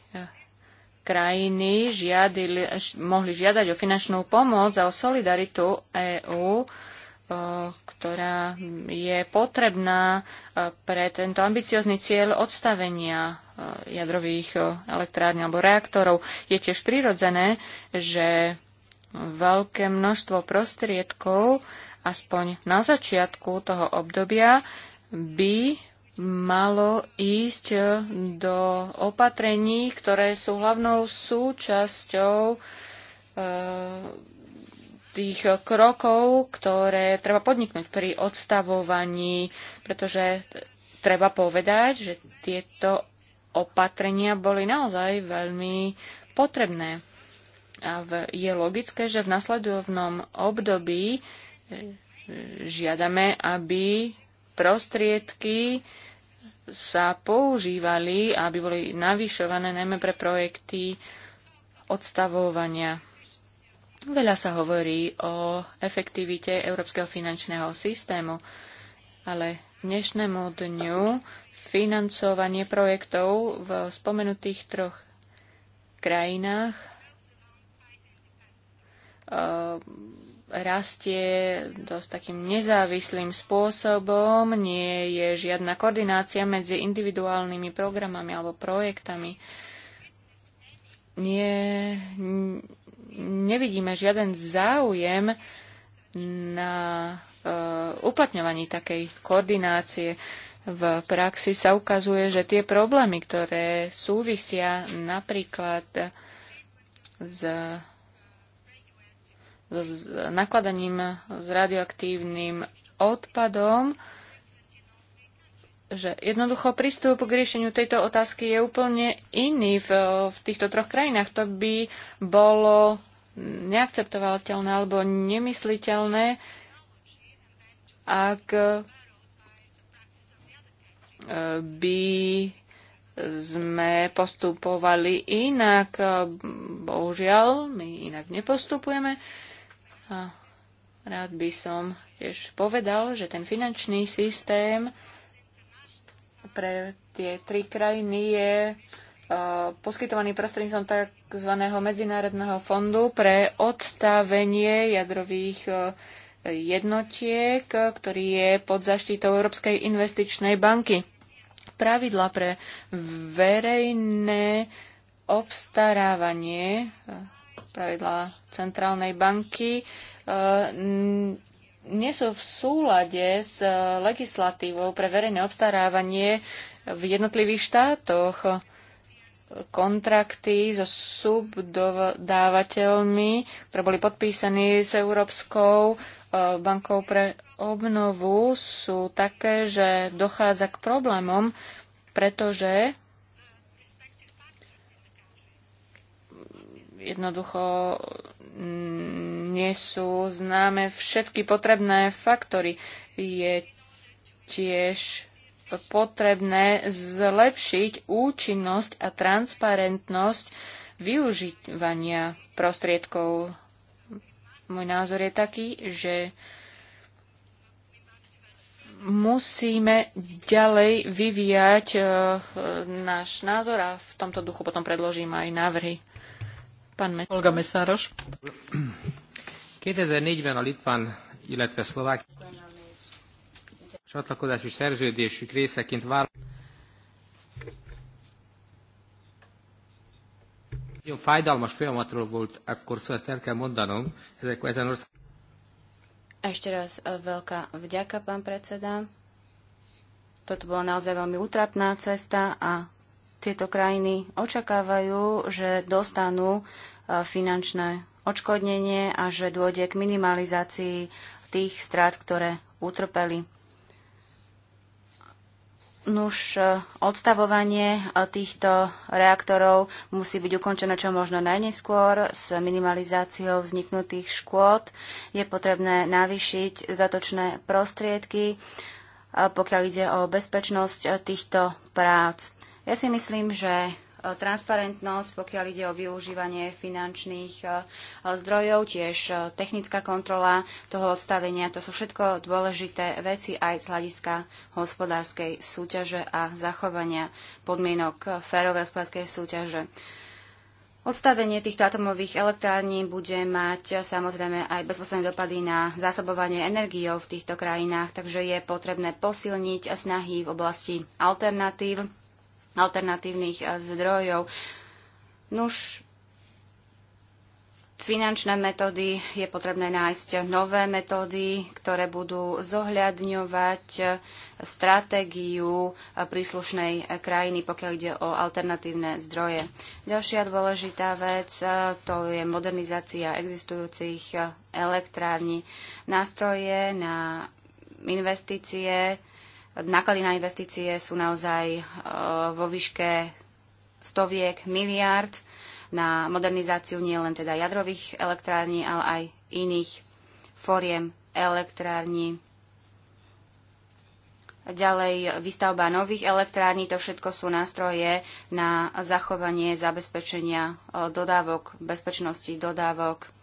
krajiny žiadili, mohli žiadať o finančnú pomoc a o solidaritu EÚ, E, ktorá je potrebná e, pre tento ambiciózny cieľ odstavenia e, jadrových elektrární alebo reaktorov. Je tiež prirodzené, že veľké množstvo prostriedkov, aspoň na začiatku toho obdobia, by malo ísť do opatrení, ktoré sú hlavnou súčasťou e, tých krokov, ktoré treba podniknúť pri odstavovaní, pretože treba povedať, že tieto opatrenia boli naozaj veľmi potrebné. A v, je logické, že v nasledovnom období e, žiadame, aby prostriedky sa používali, aby boli navyšované najmä pre projekty odstavovania Veľa sa hovorí o efektivite európskeho finančného systému, ale dnešnému dňu financovanie projektov v spomenutých troch krajinách eh, rastie dosť takým nezávislým spôsobom, nie je žiadna koordinácia medzi individuálnymi programami alebo projektami. Nie, nevidíme žiaden záujem na e, uplatňovaní takej koordinácie. V praxi sa ukazuje, že tie problémy, ktoré súvisia napríklad s, s nakladaním s radioaktívnym odpadom, že jednoducho prístup k riešeniu tejto otázky je úplne iný v, v týchto troch krajinách. To by bolo neakceptovateľné alebo nemysliteľné, ak e, by sme postupovali inak. Bohužiaľ, my inak nepostupujeme. A rád by som tiež povedal, že ten finančný systém pre tie tri krajiny je e, poskytovaný prostredníctvom tzv. Medzinárodného fondu pre odstavenie jadrových e, jednotiek, ktorý je pod zaštitou Európskej investičnej banky. Pravidla pre verejné obstarávanie, e, pravidla Centrálnej banky, nie sú v súlade s eh, legislatívou pre verejné obstarávanie v jednotlivých štátoch. Kontrakty so subdodávateľmi, ktoré boli podpísané s Európskou eh, bankou pre obnovu, sú také, že dochádza k problémom, pretože jednoducho mm, nie sú známe všetky potrebné faktory. Je tiež potrebné zlepšiť účinnosť a transparentnosť využívania prostriedkov. Môj názor je taký, že musíme ďalej vyvíjať e, náš názor a v tomto duchu potom predložím aj návrhy. Pán Me- Olga Mesároš. 2004-ben a Litván, illetve Szlovák csatlakozási szerződésük részeként vállalt. Nagyon fájdalmas folyamatról volt akkor szóval ezt el kell mondanom. Ezek, ezen ország... Ešte raz eh, veľká vďaka, pán predseda. Toto bola naozaj veľmi utrapná cesta a tieto krajiny očakávajú, že dostanú eh, finančné odškodnenie a že dôjde k minimalizácii tých strát, ktoré utrpeli. Nuž e, odstavovanie e, týchto reaktorov musí byť ukončené čo možno najneskôr s minimalizáciou vzniknutých škôd. Je potrebné navýšiť dodatočné prostriedky, e, pokiaľ ide o bezpečnosť týchto prác. Ja si myslím, že E, transparentnosť, pokiaľ ide o využívanie finančných e, zdrojov, tiež e, technická kontrola toho odstavenia. To sú všetko dôležité veci aj z hľadiska hospodárskej súťaže a zachovania podmienok férovej hospodárskej súťaže. Odstavenie týchto atomových elektrární bude mať samozrejme aj bezposledné dopady na zásobovanie energiou v týchto krajinách, takže je potrebné posilniť snahy v oblasti alternatív alternatívnych eh, zdrojov. Nuž, finančné metódy je potrebné nájsť nové metódy, ktoré budú zohľadňovať eh, stratégiu eh, príslušnej krajiny, pokiaľ ide o alternatívne zdroje. Ďalšia dôležitá vec to je modernizácia existujúcich elektrární. Nástroje na investície náklady na investície sú naozaj e, vo výške stoviek miliárd na modernizáciu nielen teda jadrových elektrární, ale aj iných fóriem elektrární. Ďalej výstavba nových elektrární, to všetko sú nástroje na zachovanie zabezpečenia e, dodávok, bezpečnosti dodávok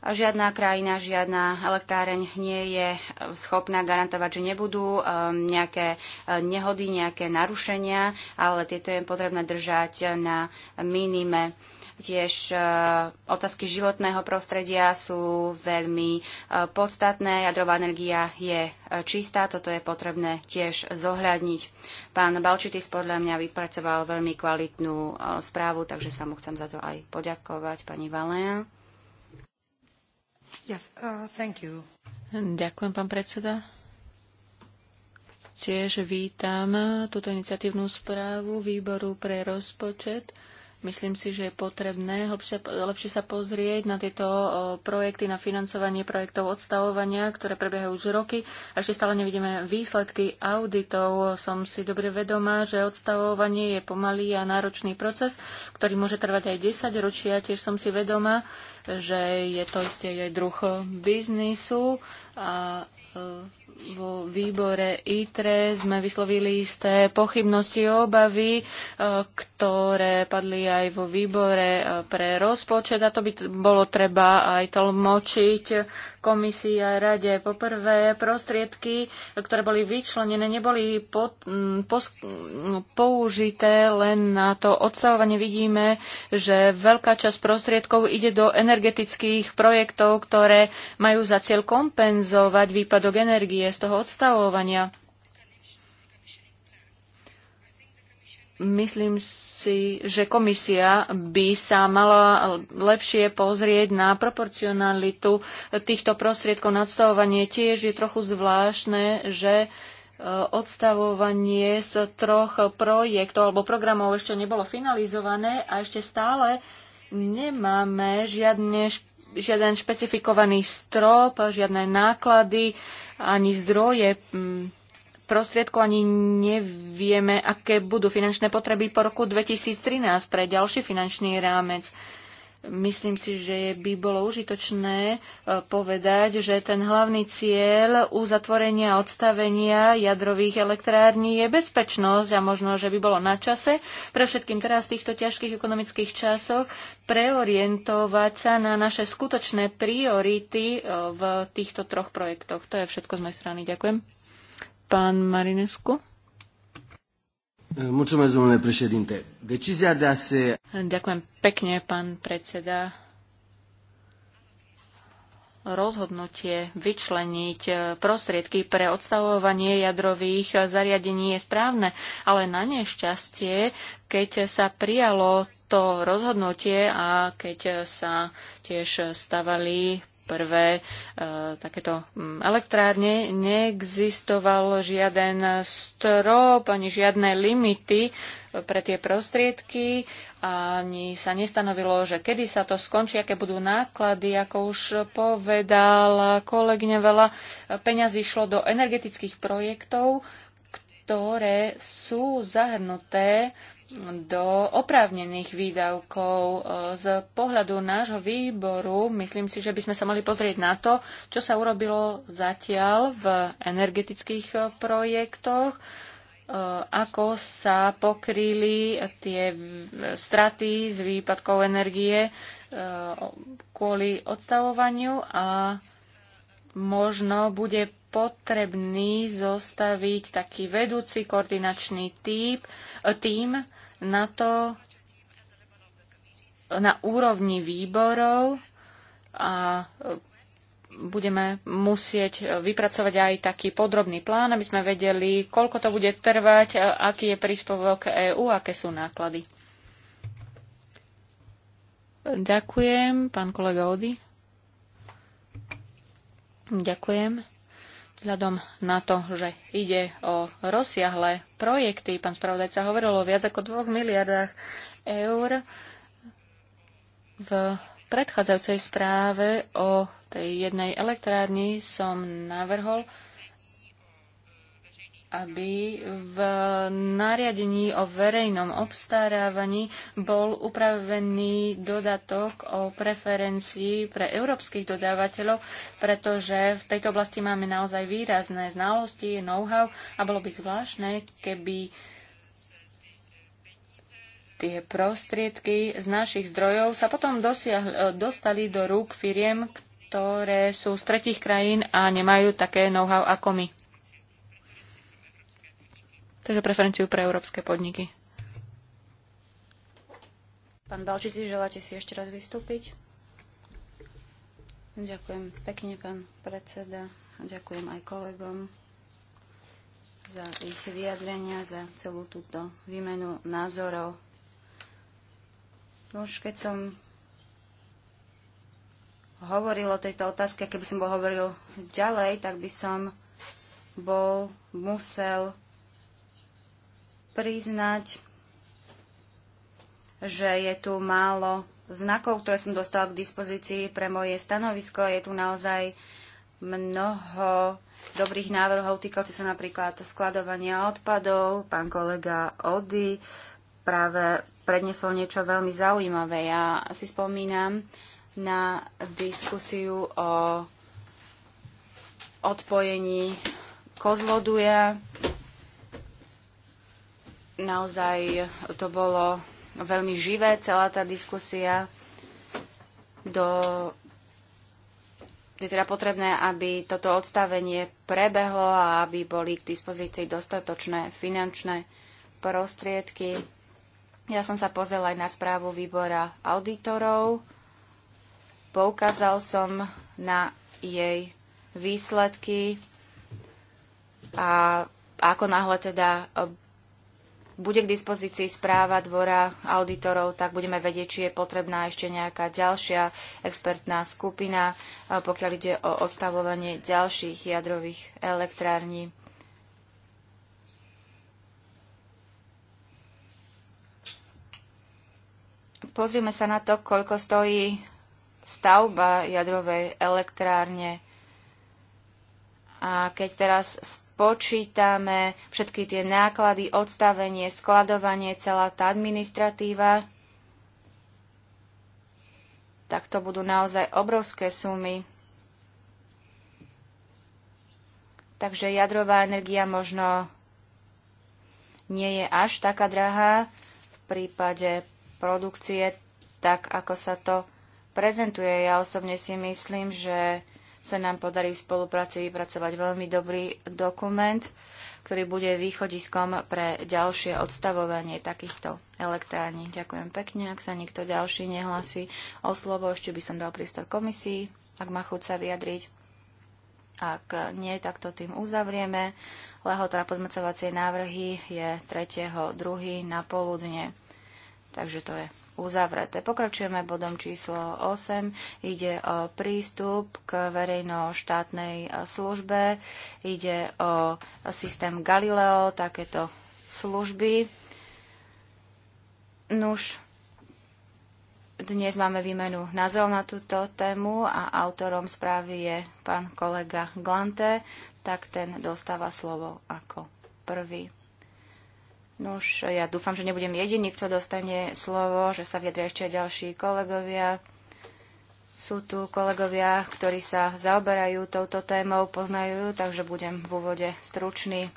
Žiadna krajina, žiadna elektráreň nie je eh, schopná garantovať, že nebudú eh, nejaké eh, nehody, nejaké narušenia, ale tieto je potrebné držať na minime. Tiež otázky životného prostredia sú veľmi podstatné. Jadrová energia je čistá, toto je potrebné tiež zohľadniť. Pán Balčitis podľa mňa vypracoval veľmi kvalitnú správu, takže sa mu chcem za to aj poďakovať, pani Valéa. Uh, Ďakujem, pán predseda. Tiež vítam túto iniciatívnu správu Výboru pre rozpočet Myslím si, že je potrebné lepšie, lepšie sa pozrieť na tieto projekty, na financovanie projektov odstavovania, ktoré prebiehajú už roky a ešte stále nevidíme výsledky auditov. Som si dobre vedomá, že odstavovanie je pomalý a náročný proces, ktorý môže trvať aj 10 ročia. Tiež som si vedomá, že je to isté aj druh biznisu a e, vo výbore ITRE sme vyslovili isté pochybnosti a obavy, e, ktoré padli aj vo výbore e, pre rozpočet a to by bolo treba aj tlmočiť komisii a rade. Poprvé, prostriedky, ktoré boli vyčlenené, neboli po, pos, použité len na to odstavovanie. Vidíme, že veľká časť prostriedkov ide do energetických projektov, ktoré majú za cieľ kompenzovať výpadok energie z toho odstavovania. Myslím si, že komisia by sa mala lepšie pozrieť na proporcionalitu týchto prostriedkov na odstavovanie. Tiež je trochu zvláštne, že e, odstavovanie z troch projektov alebo programov ešte nebolo finalizované a ešte stále nemáme žiadne žiaden špecifikovaný strop, žiadne náklady ani zdroje prostriedkov, ani nevieme, aké budú finančné potreby po roku 2013 pre ďalší finančný rámec. Myslím si, že by bolo užitočné e, povedať, že ten hlavný cieľ uzatvorenia a odstavenia jadrových elektrární je bezpečnosť a možno, že by bolo na čase pre všetkým teraz v týchto ťažkých ekonomických časoch preorientovať sa na naše skutočné priority e, v týchto troch projektoch. To je všetko z mojej strany. Ďakujem. Pán Marinescu. Eh, mulțumesc, domnule președinte. Decizia de a se... Ďakujem pekne, pán predseda. Rozhodnutie vyčleniť eh, prostriedky pre odstavovanie jadrových zariadení je správne, ale na nešťastie, keď sa prijalo to rozhodnutie a keď sa tiež stavali prvé e, takéto mm, elektrárne, neexistoval žiaden strop ani žiadne limity e, pre tie prostriedky ani sa nestanovilo, že kedy sa to skončí, aké budú náklady, ako už povedal kolegyňa veľa peňazí išlo do energetických projektov, ktoré sú zahrnuté do oprávnených výdavkov. E, z pohľadu nášho výboru myslím si, že by sme sa mali pozrieť na to, čo sa urobilo zatiaľ v energetických e, projektoch, e, ako sa pokryli tie straty z výpadkov energie kvôli odstavovaniu a možno bude potrebný zostaviť taký vedúci koordinačný tým, na to na úrovni výborov a budeme musieť vypracovať aj taký podrobný plán, aby sme vedeli, koľko to bude trvať, aký je príspevok EÚ, aké sú náklady. Ďakujem, pán kolega Ody. Ďakujem vzhľadom na to, že ide o rozsiahle projekty, pán spravodajca hovoril o viac ako 2 miliardách eur v predchádzajúcej správe o tej jednej elektrárni som navrhol, aby v nariadení o verejnom obstarávaní bol upravený dodatok o preferencii pre európskych dodávateľov, pretože v tejto oblasti máme naozaj výrazné znalosti, know-how a bolo by zvláštne, keby tie prostriedky z našich zdrojov sa potom dosiahli, e, dostali do rúk firiem, ktoré sú z tretich krajín a nemajú také know-how ako my. Takže preferenciu pre európske podniky. Pán Balčici, želáte si ešte raz vystúpiť? Ďakujem pekne, pán predseda. A ďakujem aj kolegom za ich vyjadrenia, za celú túto výmenu názorov. Už keď som hovoril o tejto otázke, keby som bol hovoril ďalej, tak by som bol musel priznať, že je tu málo znakov, ktoré som dostala k dispozícii pre moje stanovisko. Je tu naozaj mnoho dobrých návrhov týkajúci sa napríklad skladovania odpadov. Pán kolega Ody práve prednesol niečo veľmi zaujímavé. Ja si spomínam na diskusiu o odpojení kozloduja Naozaj to bolo veľmi živé, celá tá diskusia. Do, je teda potrebné, aby toto odstavenie prebehlo a aby boli k dispozícii dostatočné finančné prostriedky. Ja som sa pozrela aj na správu výbora auditorov. Poukázal som na jej výsledky a ako náhle teda bude k dispozícii správa dvora auditorov, tak budeme vedieť, či je potrebná ešte nejaká ďalšia expertná skupina, pokiaľ ide o odstavovanie ďalších jadrových elektrární. Pozrime sa na to, koľko stojí stavba jadrovej elektrárne. A keď teraz počítame všetky tie náklady, odstavenie, skladovanie, celá tá administratíva, tak to budú naozaj obrovské sumy. Takže jadrová energia možno nie je až taká drahá v prípade produkcie, tak ako sa to prezentuje. Ja osobne si myslím, že sa nám podarí v spolupráci vypracovať veľmi dobrý dokument, ktorý bude východiskom pre ďalšie odstavovanie takýchto elektrární. Ďakujem pekne, ak sa nikto ďalší nehlasí o slovo, ešte by som dal priestor komisii, ak má chuť sa vyjadriť. Ak nie, tak to tým uzavrieme. Lehota na podmacovacie návrhy je 3.2. na poludne. Takže to je uzavreté. Pokračujeme bodom číslo 8. Ide o prístup k verejno-štátnej e, službe. Ide o systém Galileo, takéto služby. Nuž, dnes máme výmenu názov na túto tému a autorom správy je pán kolega Glante, tak ten dostáva slovo ako prvý už ja dúfam, že nebudem jediný, kto dostane slovo, že sa vyjadria ešte aj ďalší kolegovia. Sú tu kolegovia, ktorí sa zaoberajú touto témou, poznajú, takže budem v úvode stručný.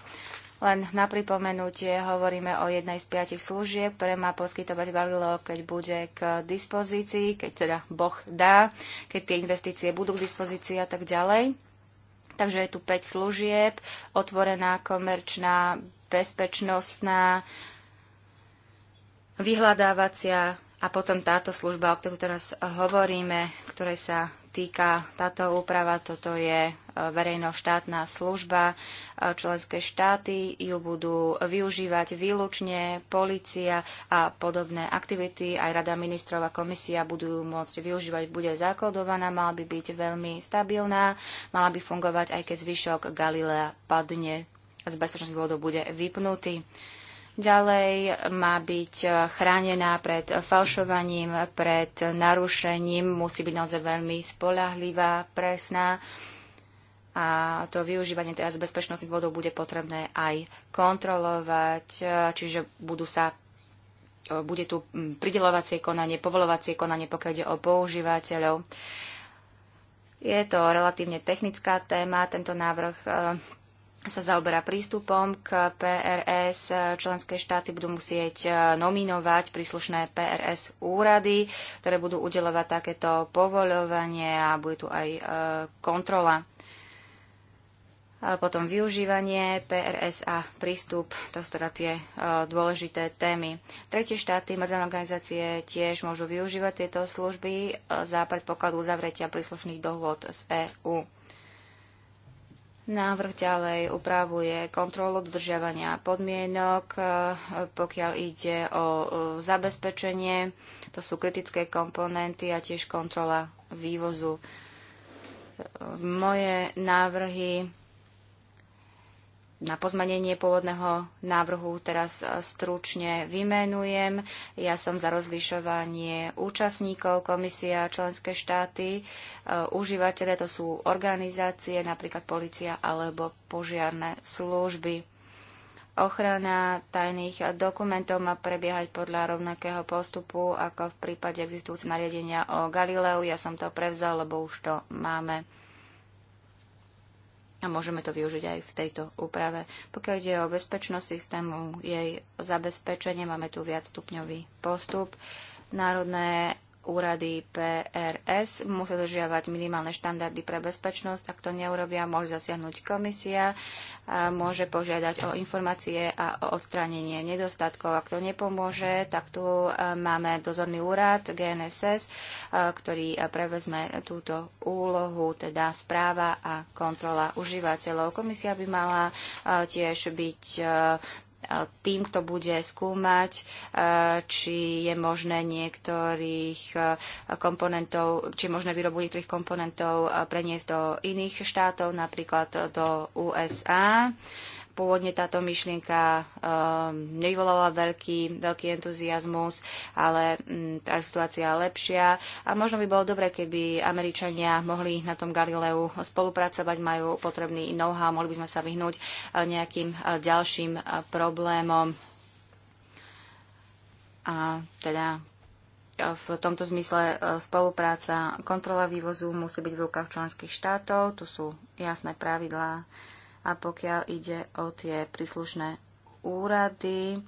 Len na pripomenutie hovoríme o jednej z piatich služieb, ktoré má poskytovať Valilo, keď bude k dispozícii, keď teda Boh dá, keď tie investície budú k dispozícii a tak ďalej. Takže je tu 5 služieb, otvorená, komerčná, bezpečnostná, vyhľadávacia a potom táto služba, o ktorú teraz hovoríme, ktorej sa týka táto úprava, toto je e, verejnoštátna služba. E, členské štáty ju budú využívať výlučne, policia a podobné aktivity. Aj Rada ministrov a komisia budú môcť využívať, bude zakodovaná, mala by byť veľmi stabilná, mala by fungovať, aj keď zvyšok Galilea padne z bezpečnostných dôvodov bude vypnutý. Ďalej má byť chránená pred falšovaním, pred narušením, musí byť naozaj veľmi spolahlivá, presná a to využívanie teraz bezpečnostných dôvodov bude potrebné aj kontrolovať, čiže budú sa bude tu pridelovacie konanie, povolovacie konanie, pokiaľ ide o používateľov. Je to relatívne technická téma, tento návrh sa zaoberá prístupom k PRS. Členské štáty budú musieť e, nominovať príslušné PRS úrady, ktoré budú udelovať takéto povoľovanie a bude tu aj e, kontrola. A potom využívanie PRS a prístup, to sú teda tie e, dôležité témy. Tretie štáty, medzinárodné organizácie tiež môžu využívať tieto služby za predpokladu uzavretia príslušných dohôd z EÚ. Návrh ďalej upravuje kontrolu dodržiavania podmienok, e, pokiaľ ide o e, zabezpečenie, to sú kritické komponenty a tiež kontrola vývozu. E, moje návrhy na pozmanenie pôvodného návrhu teraz e, stručne vymenujem. Ja som za rozlišovanie účastníkov, komisia, členské štáty, e, užívateľe, to sú organizácie, napríklad policia alebo požiarne služby. Ochrana tajných dokumentov má prebiehať podľa rovnakého postupu ako v prípade existujúce nariadenia o Galileu. Ja som to prevzal, lebo už to máme a môžeme to využiť aj v tejto úprave. Pokiaľ ide o bezpečnosť systému, jej zabezpečenie, máme tu viacstupňový postup. Národné úrady PRS musia dodržiavať minimálne štandardy pre bezpečnosť. Ak to neurobia, môže zasiahnuť komisia, môže požiadať o informácie a o odstránenie nedostatkov. Ak to nepomôže, tak tu e, máme dozorný úrad GNSS, e, ktorý e, prevezme túto úlohu, teda správa a kontrola užívateľov. Komisia by mala tiež byť tým, kto bude skúmať, e, či je možné niektorých e, komponentov, či možné výrobu niektorých komponentov e, preniesť do iných štátov, napríklad do USA Pôvodne táto myšlienka um, nevyvolala veľký, veľký entuziasmus, ale um, tá situácia je lepšia a možno by bolo dobre, keby Američania mohli na tom Galileu spolupracovať, majú potrebný know-how, mohli by sme sa vyhnúť e, nejakým e, ďalším e, problémom. A teda v tomto zmysle spolupráca, kontrola vývozu musí byť v rukách členských štátov, tu sú jasné pravidlá a pokiaľ ide o tie príslušné úrady,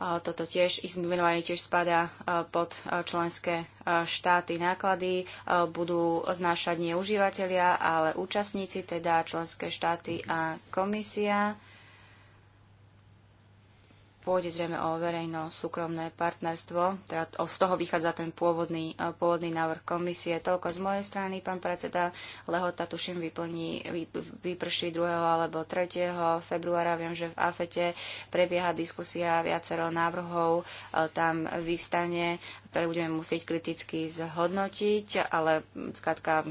toto tiež, ich tiež spada e, pod e, členské e, štáty. Náklady budú znášať nie užívateľia, ale účastníci, teda členské štáty a komisia pôjde zrejme o verejno-súkromné partnerstvo, teda z toho vychádza ten pôvodný, e, pôvodný návrh komisie. Toľko z mojej strany, pán predseda, lehota tuším vyplní, vy, vyprší 2. alebo 3. februára. Viem, že v AFETE prebieha diskusia viacero návrhov, e, tam vyvstane ktoré budeme musieť kriticky zhodnotiť, ale skrátka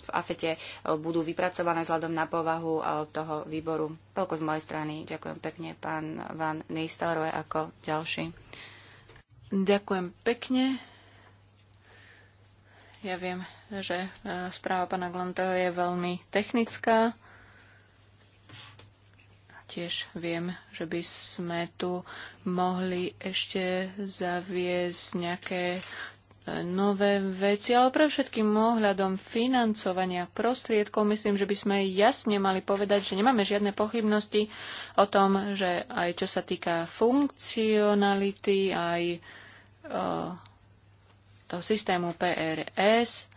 v AFETE budú vypracované vzhľadom na povahu eh, toho výboru. Toľko z mojej strany. Ďakujem pekne, pán Van Nistelrooy, ako ďalší. Ďakujem pekne. Ja viem, že eh, správa pána Glantého je veľmi technická. Tiež viem, že by sme tu mohli ešte zaviesť nejaké e, nové veci, ale pre všetkým ohľadom financovania prostriedkov myslím, že by sme jasne mali povedať, že nemáme žiadne pochybnosti o tom, že aj čo sa týka funkcionality, aj o, e, toho systému PRS,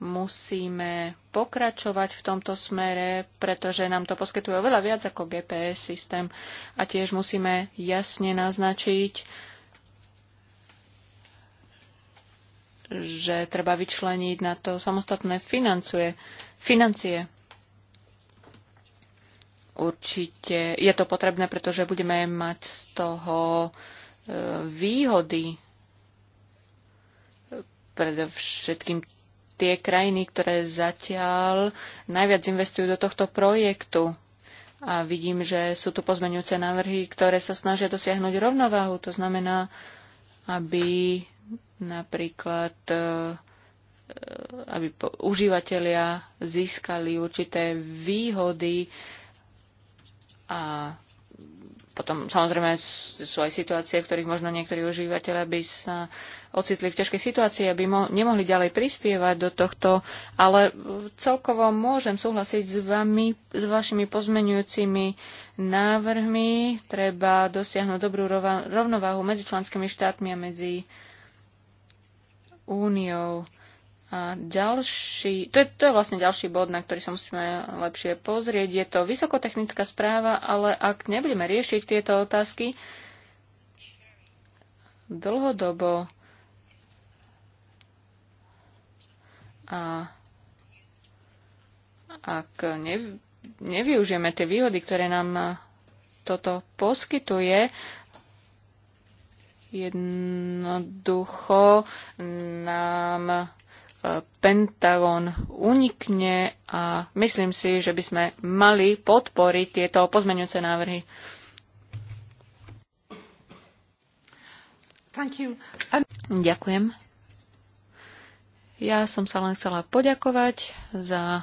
musíme pokračovať v tomto smere, pretože nám to poskytuje oveľa viac ako GPS systém a tiež musíme jasne naznačiť, že treba vyčleniť na to samostatné financie. financie. Určite je to potrebné, pretože budeme mať z toho e, výhody predovšetkým tie krajiny, ktoré zatiaľ najviac investujú do tohto projektu. A vidím, že sú tu pozmeňujúce návrhy, ktoré sa snažia dosiahnuť rovnováhu. To znamená, aby napríklad e, e, aby užívateľia získali určité výhody a potom samozrejme sú aj situácie, v ktorých možno niektorí užívateľe by sa ocitli v ťažkej situácii, aby mo- nemohli ďalej prispievať do tohto, ale celkovo môžem súhlasiť s vami, s vašimi pozmenujúcimi návrhmi. Treba dosiahnuť dobrú rovnováhu medzi členskými štátmi a medzi úniou a ďalší, to je, to je vlastne ďalší bod, na ktorý sa musíme lepšie pozrieť. Je to vysokotechnická správa, ale ak nebudeme riešiť tieto otázky dlhodobo a ak nev, nevyužijeme tie výhody, ktoré nám toto poskytuje, jednoducho nám Pentagon unikne a myslím si, že by sme mali podporiť tieto pozmeňujúce návrhy. Um... Ďakujem. Ja som sa len chcela poďakovať za e,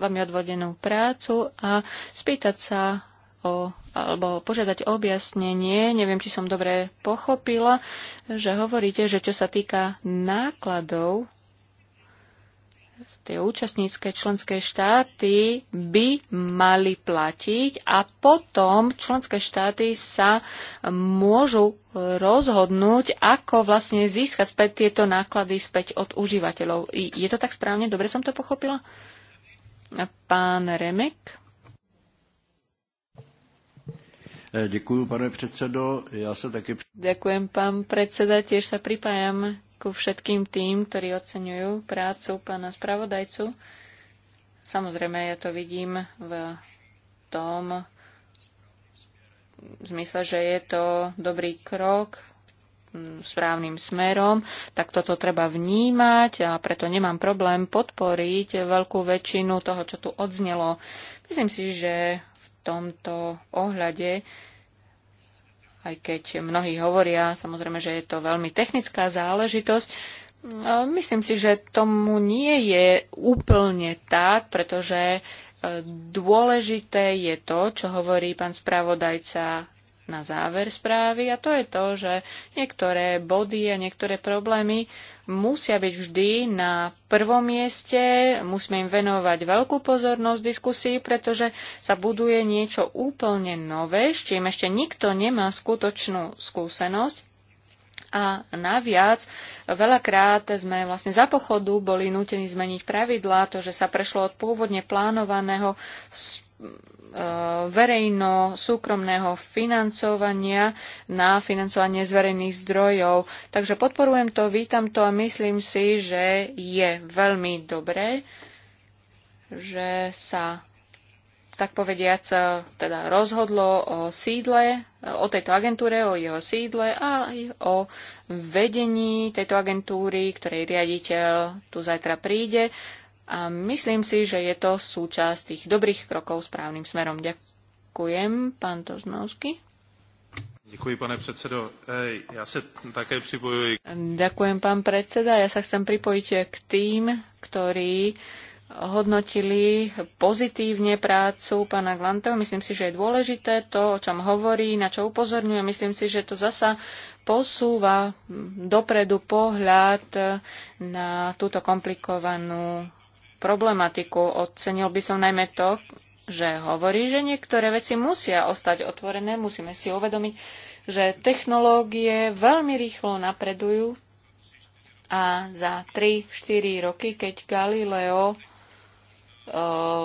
vami odvodenú prácu a spýtať sa o, alebo požiadať objasnenie. Neviem, či som dobre pochopila, že hovoríte, že čo sa týka nákladov tie účastnícke členské štáty by mali platiť a potom členské štáty sa môžu rozhodnúť, ako vlastne získať späť tieto náklady späť od užívateľov. Je to tak správne? Dobre som to pochopila? Pán Remek? Ďakujem, pane predsedo. Ja sa také... Ďakujem, pán predseda. Tiež sa pripájam ku všetkým tým, ktorí oceňujú prácu pána spravodajcu. Samozrejme, ja to vidím v tom v zmysle, že je to dobrý krok správnym smerom, tak toto treba vnímať a preto nemám problém podporiť veľkú väčšinu toho, čo tu odznelo. Myslím si, že v tomto ohľade aj keď mnohí hovoria, samozrejme, že je to veľmi technická záležitosť. Myslím si, že tomu nie je úplne tak, pretože e, dôležité je to, čo hovorí pán spravodajca na záver správy a to je to, že niektoré body a niektoré problémy musia byť vždy na prvom mieste, musíme im venovať veľkú pozornosť diskusii, pretože sa buduje niečo úplne nové, s čím ešte nikto nemá skutočnú skúsenosť. A naviac, veľakrát sme vlastne za pochodu boli nútení zmeniť pravidlá, to, že sa prešlo od pôvodne plánovaného E, verejno-súkromného financovania na financovanie z verejných zdrojov. Takže podporujem to, vítam to a myslím si, že je veľmi dobré, že sa tak povediac teda rozhodlo o sídle, o tejto agentúre, o jeho sídle a aj o vedení tejto agentúry, ktorej riaditeľ tu zajtra príde a myslím si, že je to súčasť tých dobrých krokov správnym smerom. Ďakujem, pán Toznovský. Ďakujem, pane predsedo. Ja sa také pripojujem. Ďakujem, pán predseda. Ja sa chcem pripojiť k tým, ktorí hodnotili pozitívne prácu pána Glanteho. Myslím si, že je dôležité to, o čom hovorí, na čo upozorňuje. Myslím si, že to zasa posúva dopredu pohľad na túto komplikovanú problematiku. Ocenil by som najmä to, že hovorí, že niektoré veci musia ostať otvorené, musíme si uvedomiť, že technológie veľmi rýchlo napredujú a za 3-4 roky, keď Galileo e,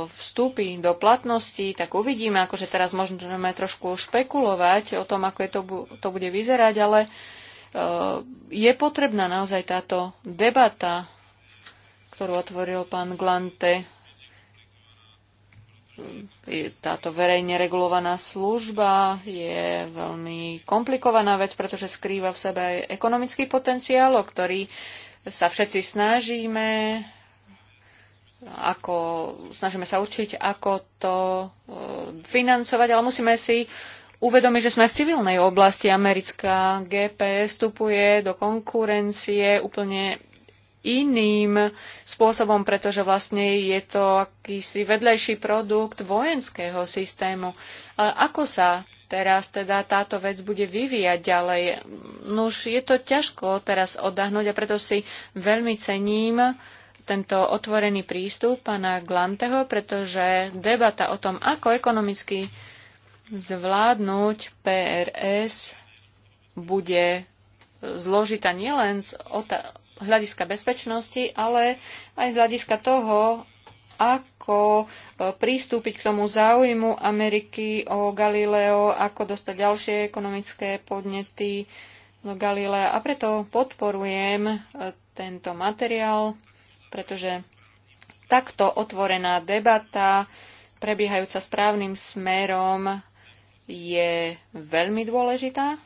vstúpi do platnosti, tak uvidíme, akože teraz môžeme trošku špekulovať o tom, ako je to, to bude vyzerať, ale e, je potrebná naozaj táto debata ktorú otvoril pán Glante. Táto verejne regulovaná služba je veľmi komplikovaná vec, pretože skrýva v sebe aj ekonomický potenciál, o ktorý sa všetci snažíme, ako, snažíme sa určiť, ako to e, financovať, ale musíme si uvedomiť, že sme v civilnej oblasti. Americká GPS vstupuje do konkurencie úplne iným spôsobom, pretože vlastne je to akýsi vedlejší produkt vojenského systému. Ale ako sa teraz teda táto vec bude vyvíjať ďalej? Nuž no je to ťažko teraz odahnuť a preto si veľmi cením tento otvorený prístup pána Glanteho, pretože debata o tom, ako ekonomicky zvládnuť PRS, bude zložitá nielen z hľadiska bezpečnosti, ale aj z hľadiska toho, ako e, pristúpiť k tomu záujmu Ameriky o Galileo, ako dostať ďalšie ekonomické podnety do Galilea. A preto podporujem e, tento materiál, pretože takto otvorená debata, prebiehajúca správnym smerom, je veľmi dôležitá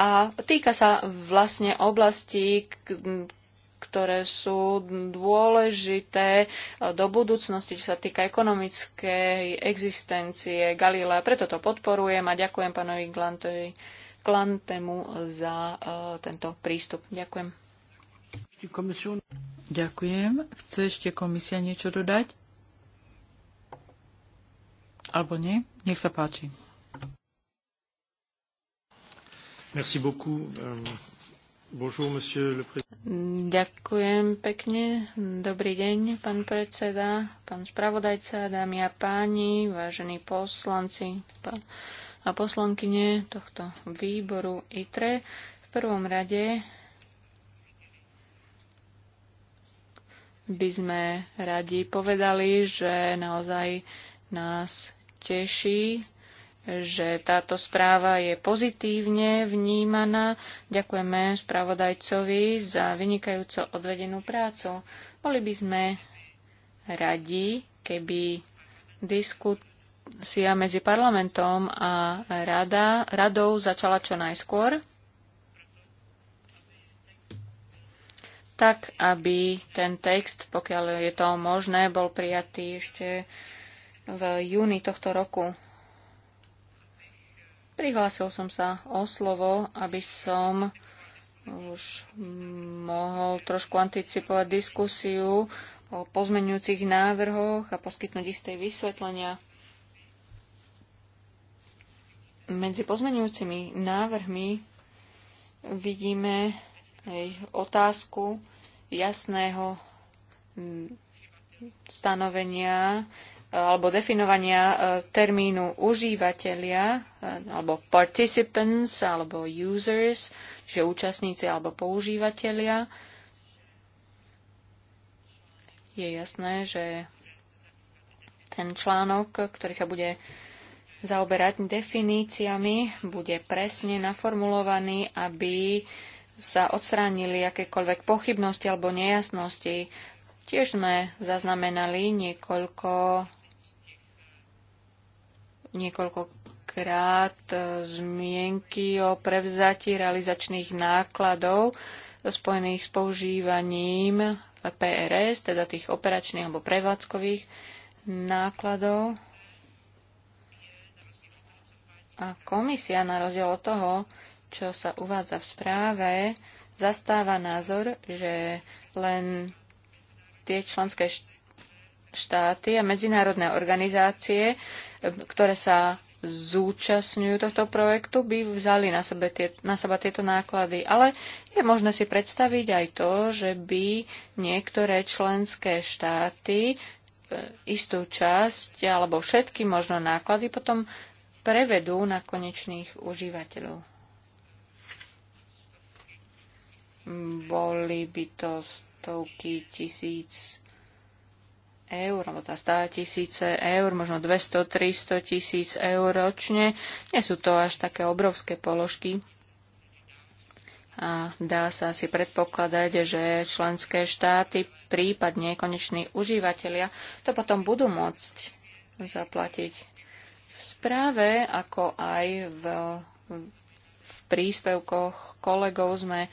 a týka sa vlastne oblastí, ktoré sú dôležité e, do budúcnosti, čo sa týka ekonomickej existencie Galilea. Preto to podporujem a ďakujem pánovi Glantovi, Klantemu za e, tento prístup. Ďakujem. Ďakujem. Chce ešte komisia niečo dodať? Alebo nie? Nech sa páči. Euh, Ďakujem pekne. Dobrý deň, pán predseda, pán spravodajca, dámy a páni, vážení poslanci a poslankyne tohto výboru ITRE. V prvom rade by sme radi povedali, že naozaj nás teší že táto správa je pozitívne vnímaná. Ďakujeme spravodajcovi za vynikajúco odvedenú prácu. Boli by sme radi, keby diskusia medzi parlamentom a rada, radou začala čo najskôr, tak aby ten text, pokiaľ je to možné, bol prijatý ešte v júni tohto roku. Prihlásil som sa o slovo, aby som už mohol trošku anticipovať diskusiu o pozmenujúcich návrhoch a poskytnúť isté vysvetlenia. Medzi pozmeňujúcimi návrhmi vidíme aj otázku jasného stanovenia alebo definovania e, termínu užívateľia e, alebo participants alebo users, čiže účastníci alebo používateľia. Je jasné, že ten článok, ktorý sa bude zaoberať definíciami, bude presne naformulovaný, aby sa odstránili akékoľvek pochybnosti alebo nejasnosti. Tiež sme zaznamenali niekoľko niekoľkokrát e, zmienky o prevzati realizačných nákladov spojených s používaním PRS, teda tých operačných alebo prevádzkových nákladov. A komisia, na rozdiel od toho, čo sa uvádza v správe, zastáva názor, že len tie členské štáty, štáty a medzinárodné organizácie, eh, ktoré sa zúčastňujú tohto projektu, by vzali na, sebe tie, na seba tieto náklady. Ale je možné si predstaviť aj to, že by niektoré členské štáty eh, istú časť alebo všetky možno náklady potom prevedú na konečných užívateľov. Boli by to stovky tisíc eur, alebo tá teda 100 tisíce eur, možno 200, 300 tisíc eur ročne. Nie sú to až také obrovské položky. A dá sa asi predpokladať, že členské štáty, prípadne koneční užívateľia, to potom budú môcť zaplatiť. V správe, ako aj v, v príspevkoch kolegov sme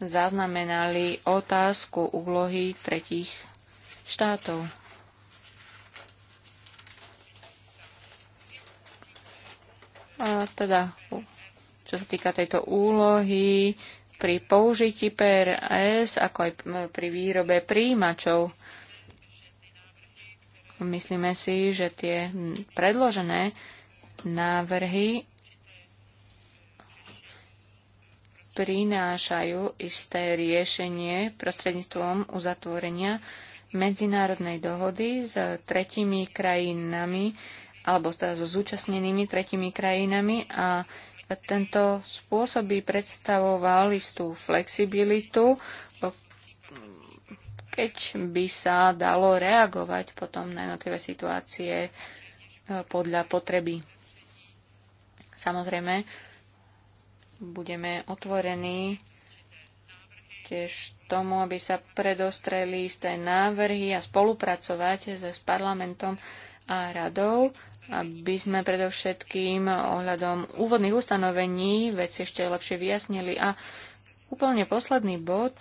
zaznamenali otázku úlohy tretích štátov. teda, čo sa týka tejto úlohy pri použití PRS, ako aj pri výrobe príjimačov. Myslíme si, že tie predložené návrhy prinášajú isté riešenie prostredníctvom uzatvorenia medzinárodnej dohody s tretimi krajinami, alebo teda so zúčastnenými tretimi krajinami a tento spôsob by predstavoval istú flexibilitu, keď by sa dalo reagovať potom na jednotlivé situácie e, podľa potreby. Samozrejme, budeme otvorení tiež tomu, aby sa predostreli isté návrhy a spolupracovať s parlamentom a radou, aby sme predovšetkým ohľadom úvodných ustanovení veci ešte lepšie vyjasnili. A úplne posledný bod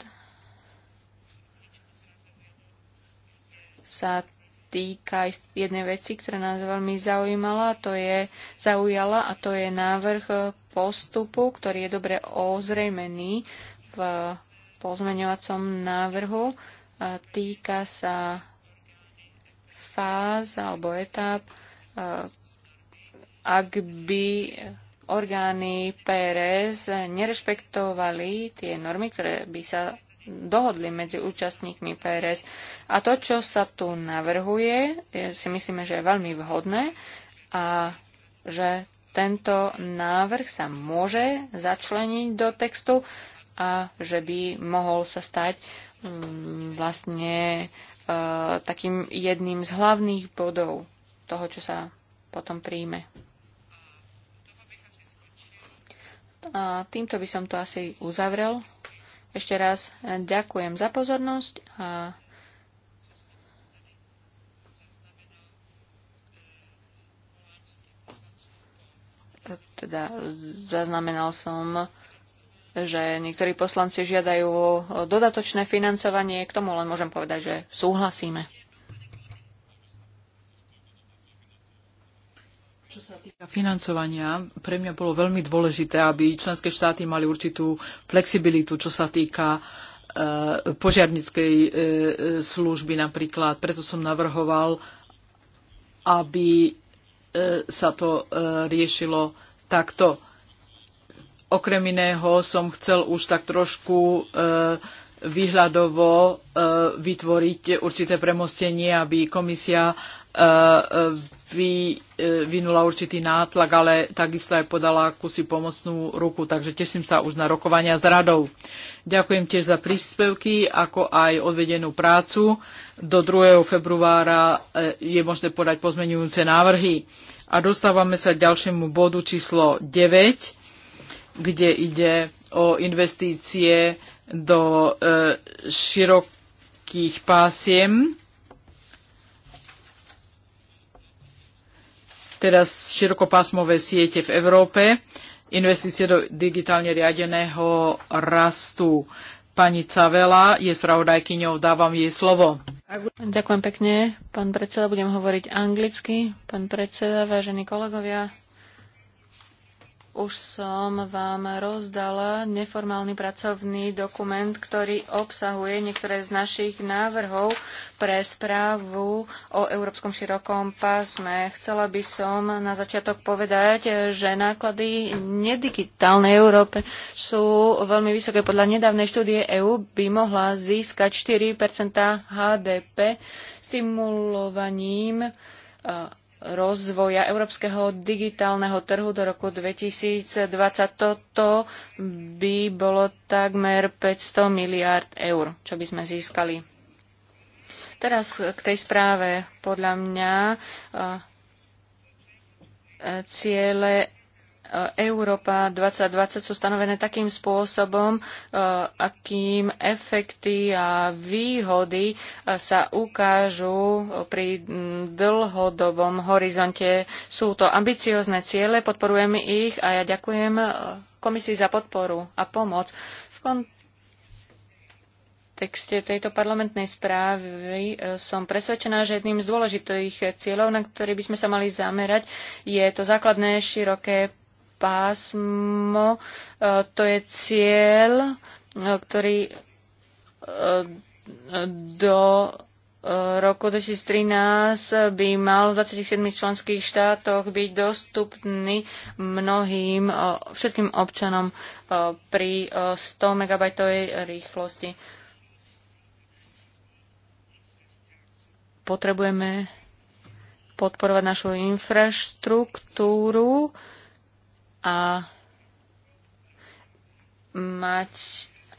sa týka jednej veci, ktorá nás veľmi zaujímala, to je, zaujala a to je návrh postupu, ktorý je dobre ozrejmený v pozmeňovacom návrhu. Týka sa fáz alebo etáp, eh, ak by orgány PRS nerešpektovali tie normy, ktoré by sa dohodli medzi účastníkmi PRS. A to, čo sa tu navrhuje, si myslíme, že je veľmi vhodné a že tento návrh sa môže začleniť do textu a že by mohol sa stať mm, vlastne Eh, takým jedným z hlavných bodov toho, čo sa potom príjme. A týmto by som to asi uzavrel. Ešte raz ďakujem za pozornosť a teda zaznamenal som že niektorí poslanci žiadajú dodatočné financovanie. K tomu len môžem povedať, že súhlasíme. Čo sa týka financovania, pre mňa bolo veľmi dôležité, aby členské štáty mali určitú flexibilitu, čo sa týka e, požiarnickej e, služby napríklad. Preto som navrhoval, aby e, sa to riešilo takto. Okrem iného som chcel už tak trošku e, výhľadovo e, vytvoriť určité premostenie, aby komisia e, vyvinula určitý nátlak, ale takisto aj podala kusy pomocnú ruku, takže teším sa už na rokovania s radou. Ďakujem tiež za príspevky, ako aj odvedenú prácu. Do 2. februára je možné podať pozmenujúce návrhy. A dostávame sa k ďalšiemu bodu číslo 9 kde ide o investície do e, širokých pásiem. Teraz širokopásmové siete v Európe, investície do digitálne riadeného rastu. Pani Cavela je spravodajkyňou, dávam jej slovo. Ďakujem pekne, pán predseda, budem hovoriť anglicky. Pán predseda, vážení kolegovia, už som vám rozdala neformálny pracovný dokument, ktorý obsahuje niektoré z našich návrhov pre správu o Európskom širokom pásme. Chcela by som na začiatok povedať, že náklady nedigitálnej Európe sú veľmi vysoké. Podľa nedávnej štúdie EÚ by mohla získať 4 HDP stimulovaním rozvoja európskeho digitálneho trhu do roku 2020. Toto by bolo takmer 500 miliárd eur, čo by sme získali. Teraz k tej správe. Podľa mňa eh, ciele E, Európa 2020 sú stanovené takým spôsobom, e, akým efekty a výhody e, sa ukážu pri dlhodobom horizonte. Sú to ambiciozne ciele, podporujem ich a ja ďakujem komisii za podporu a pomoc. V kontexte tejto parlamentnej správy som presvedčená, že jedným z dôležitých cieľov, na ktorý by sme sa mali zamerať, je to základné široké pásmo. E, to je cieľ, e, ktorý e, do roku 2013 by mal v 27 členských štátoch byť dostupný mnohým, všetkým občanom pri 100 MB rýchlosti. Potrebujeme podporovať našu infraštruktúru, a mať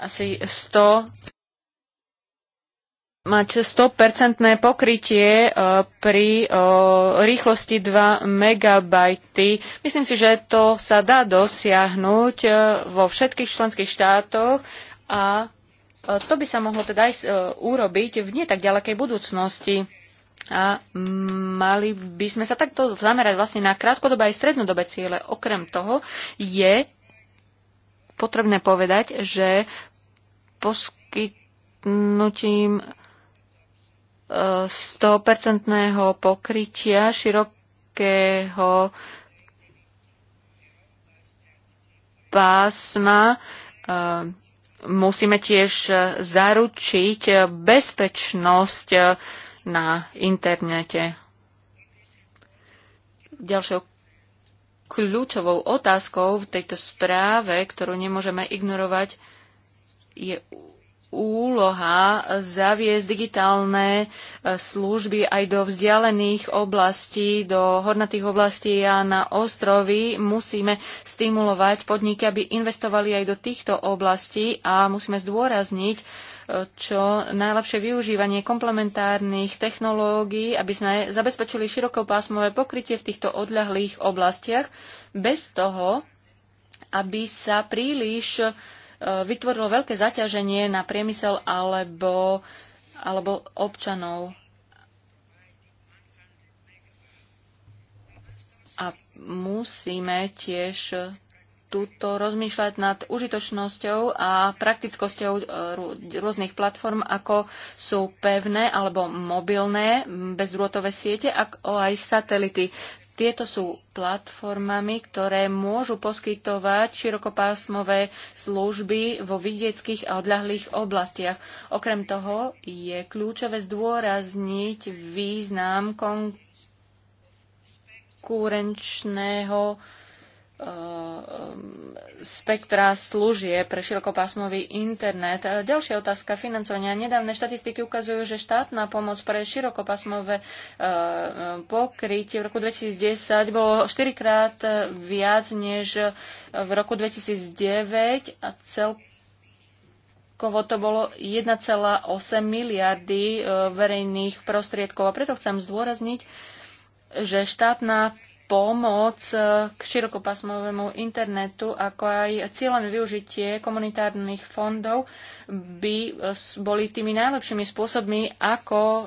asi 100 mať 100% pokrytie e, pri e, rýchlosti 2 MB. Myslím si, že to sa dá dosiahnuť e, vo všetkých členských štátoch a to by sa mohlo teda aj urobiť v nie tak ďalekej budúcnosti. A mali by sme sa takto zamerať vlastne na krátkodobé aj strednodobé ciele. Okrem toho je potrebné povedať, že poskytnutím 100% e, pokrytia širokého pásma e, musíme tiež zaručiť bezpečnosť e, na internete. Ďalšou kľúčovou otázkou v tejto správe, ktorú nemôžeme ignorovať, je úloha zaviesť digitálne e, služby aj do vzdialených oblastí, do hornatých oblastí a na ostrovy. Musíme stimulovať podniky, aby investovali aj do týchto oblastí a musíme zdôrazniť, e, čo najlepšie využívanie komplementárnych technológií, aby sme zabezpečili širokopásmové pokrytie v týchto odľahlých oblastiach, bez toho, aby sa príliš vytvorilo veľké zaťaženie na priemysel alebo, alebo občanov. A musíme tiež túto rozmýšľať nad užitočnosťou a praktickosťou e, rôznych platform, ako sú pevné alebo mobilné bezdrôtové siete, ako aj satelity. Tieto sú platformami, ktoré môžu poskytovať širokopásmové služby vo vidieckých a odľahlých oblastiach. Okrem toho je kľúčové zdôrazniť význam konkurenčného Um, spektra služie pre širokopásmový internet. Ďalšia otázka financovania. Nedávne štatistiky ukazujú, že štátna pomoc pre širokopásmové uh, pokrytie v roku 2010 bolo 4 krát uh, viac než v roku 2009 a celkovo to bolo 1,8 miliardy uh, verejných prostriedkov. A preto chcem zdôrazniť, že štátna pomoc e, k širokopasmovému internetu, ako aj cieľené využitie komunitárnych fondov by e, boli tými najlepšími spôsobmi, ako e,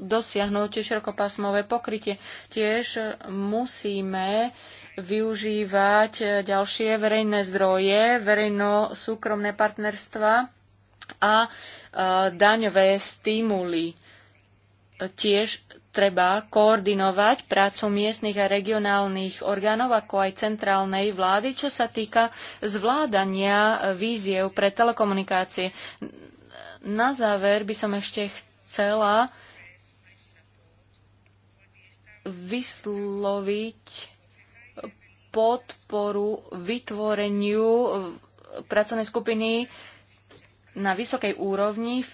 dosiahnuť širokopásmové pokrytie. Tiež musíme využívať ďalšie verejné zdroje, verejno-súkromné partnerstva a daňové stimuly. Tiež treba koordinovať prácu miestnych a regionálnych orgánov, ako aj centrálnej vlády, čo sa týka zvládania víziev pre telekomunikácie. Na záver by som ešte chcela vysloviť podporu vytvoreniu pracovnej skupiny na vysokej úrovni v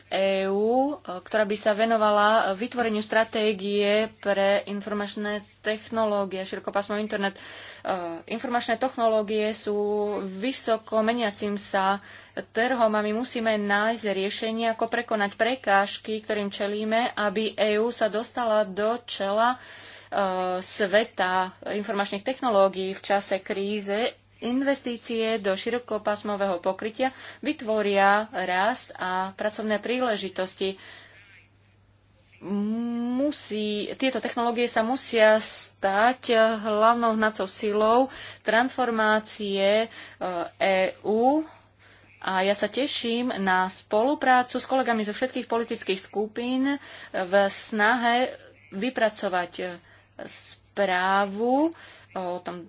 EÚ, e, ktorá by sa venovala vytvoreniu stratégie pre informačné technológie, širokopásmový internet. E, informačné technológie sú vysoko meniacim sa trhom a my musíme nájsť riešenie, ako prekonať prekážky, ktorým čelíme, aby EÚ sa dostala do čela e, sveta informačných technológií v čase kríze Investície do širokopásmového pokrytia vytvoria rast a pracovné príležitosti. Musí, tieto technológie sa musia stať hlavnou hnacou silou transformácie EÚ e a ja sa teším na spoluprácu s kolegami zo všetkých politických skupín v snahe vypracovať správu o tom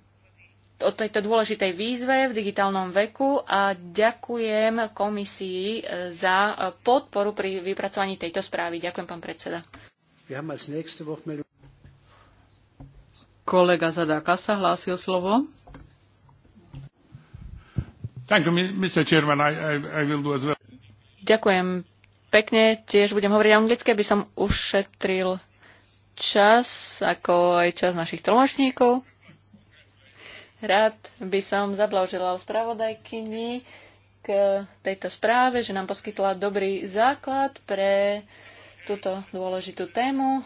o tejto dôležitej výzve v digitálnom veku a ďakujem komisii e, za e, podporu pri vypracovaní tejto správy. Ďakujem, pán predseda. Kolega Zadáka sa hlásil slovo. Ďakujem pekne, tiež budem hovoriť anglicky, aby som ušetril čas, ako aj čas našich tlmočníkov. Rád by som zablahoželal spravodajkyni k tejto správe, že nám poskytla dobrý základ pre túto dôležitú tému.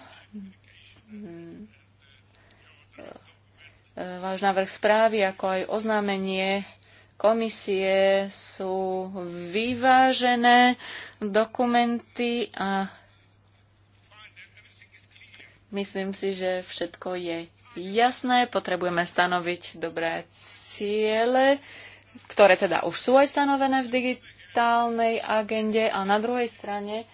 Váš návrh správy, ako aj oznámenie komisie sú vyvážené dokumenty a myslím si, že všetko je jasné, potrebujeme stanoviť dobré ciele, ktoré teda už sú aj stanovené v digitálnej agende a na druhej strane e,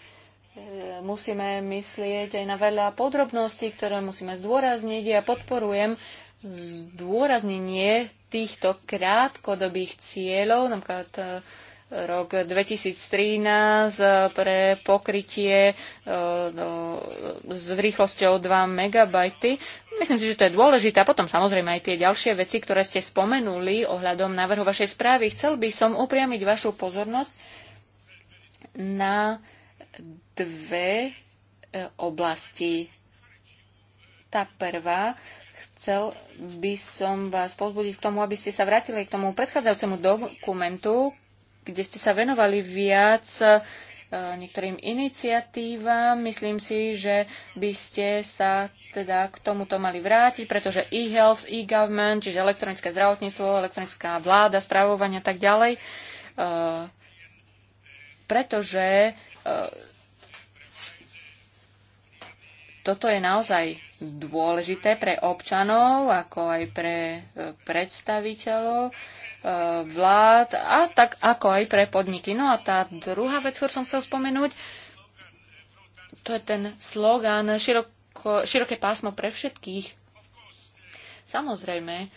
musíme myslieť aj na veľa podrobností, ktoré musíme zdôrazniť. Ja podporujem zdôraznenie týchto krátkodobých cieľov, napríklad e, rok 2013 eh, pre pokrytie eh, no, s rýchlosťou 2 MB. Myslím si, že to je dôležité. A potom samozrejme aj tie ďalšie veci, ktoré ste spomenuli ohľadom návrhu vašej správy. Chcel by som upriamiť vašu pozornosť na dve eh, oblasti. Tá prvá, chcel by som vás pozbudiť k tomu, aby ste sa vrátili k tomu predchádzajúcemu dokumentu, kde ste sa venovali viac e, niektorým iniciatívam. Myslím si, že by ste sa teda k tomuto mali vrátiť, pretože e-health, e-government, čiže elektronické zdravotníctvo, elektronická vláda, správovanie a tak ďalej, e, pretože e, toto je naozaj dôležité pre občanov, ako aj pre predstaviteľov E, vlád a tak ako aj pre podniky. No a tá druhá vec, ktorú som chcel spomenúť, to je ten slogán široko, široké pásmo pre všetkých. Samozrejme,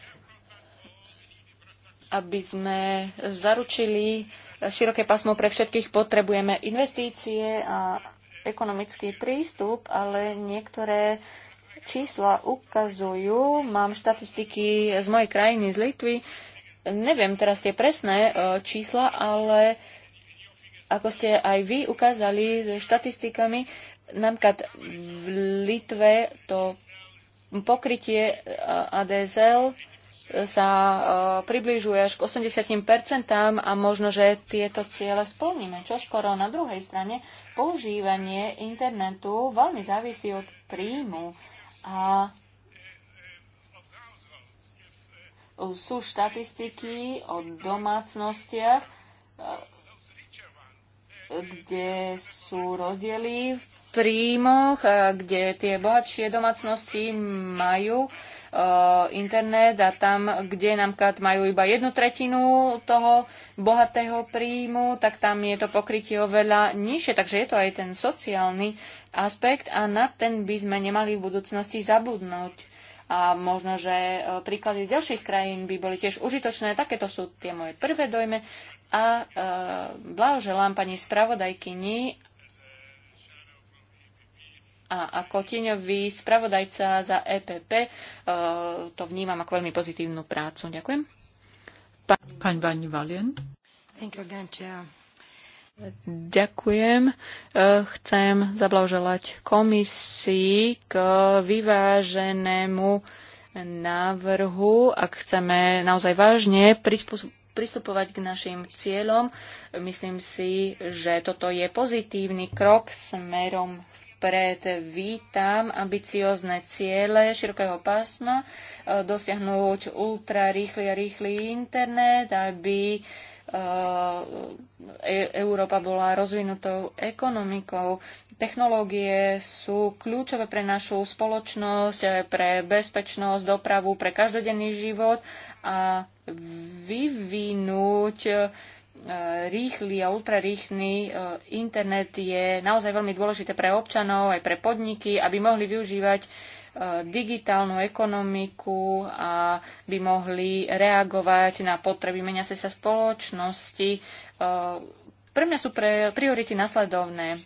aby sme zaručili široké pásmo pre všetkých, potrebujeme investície a ekonomický prístup, ale niektoré čísla ukazujú, mám štatistiky z mojej krajiny, z Litvy, neviem teraz tie presné e, čísla, ale ako ste aj vy ukázali so štatistikami, napríklad v Litve to pokrytie e, ADSL e, sa približuje až k 80% a možno, že tieto ciele splníme. Čo skoro na druhej strane používanie internetu veľmi závisí od príjmu a sú štatistiky o domácnostiach, eh, kde sú rozdiely v príjmoch, eh, kde tie bohatšie domácnosti majú eh, internet a tam, kde napríklad majú iba jednu tretinu toho bohatého príjmu, tak tam je to pokrytie oveľa nižšie. Takže je to aj ten sociálny aspekt a na ten by sme nemali v budúcnosti zabudnúť a možno, že e, príklady z ďalších krajín by boli tiež užitočné. Takéto sú tie moje prvé dojme a e, blahoželám pani spravodajkyni a ako tieňový spravodajca za EPP e, to vnímam ako veľmi pozitívnu prácu. Ďakujem. Pán Pani Valien. Thank you again, Chair. Ďakujem. E, chcem zablahoželať komisii k vyváženému návrhu, ak chceme naozaj vážne pristupovať k našim cieľom. Myslím si, že toto je pozitívny krok smerom vpred. Vítam ambiciozne ciele širokého pásma, e, dosiahnuť ultra rýchly a rýchly internet, aby E, e, Európa bola rozvinutou ekonomikou. Technológie sú kľúčové pre našu spoločnosť, e, pre bezpečnosť, dopravu, pre každodenný život a vyvinúť rýchly a ultrarýchly internet je naozaj veľmi dôležité pre občanov, aj pre podniky, aby mohli využívať digitálnu ekonomiku a by mohli reagovať na potreby meniacej sa spoločnosti. E, pre mňa sú pre priority nasledovné.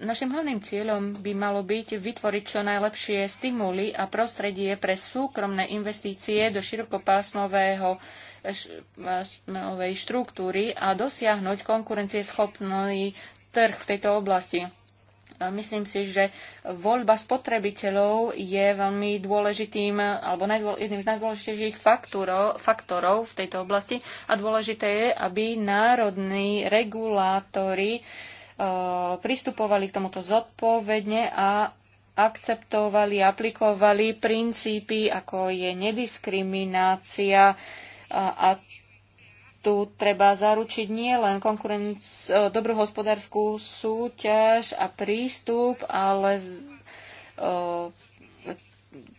Našim hlavným cieľom by malo byť vytvoriť čo najlepšie stimuly a prostredie pre súkromné investície do širokopásmového štruktúry a dosiahnuť konkurencieschopný trh v tejto oblasti. Myslím si, že voľba spotrebiteľov je veľmi dôležitým, alebo jedným z najdôležitejších faktúrov, faktorov v tejto oblasti a dôležité je, aby národní regulátori e, pristupovali k tomuto zodpovedne a akceptovali, aplikovali princípy, ako je nediskriminácia a tu treba zaručiť nielen e, dobrú hospodárskú súťaž a prístup, ale o, e,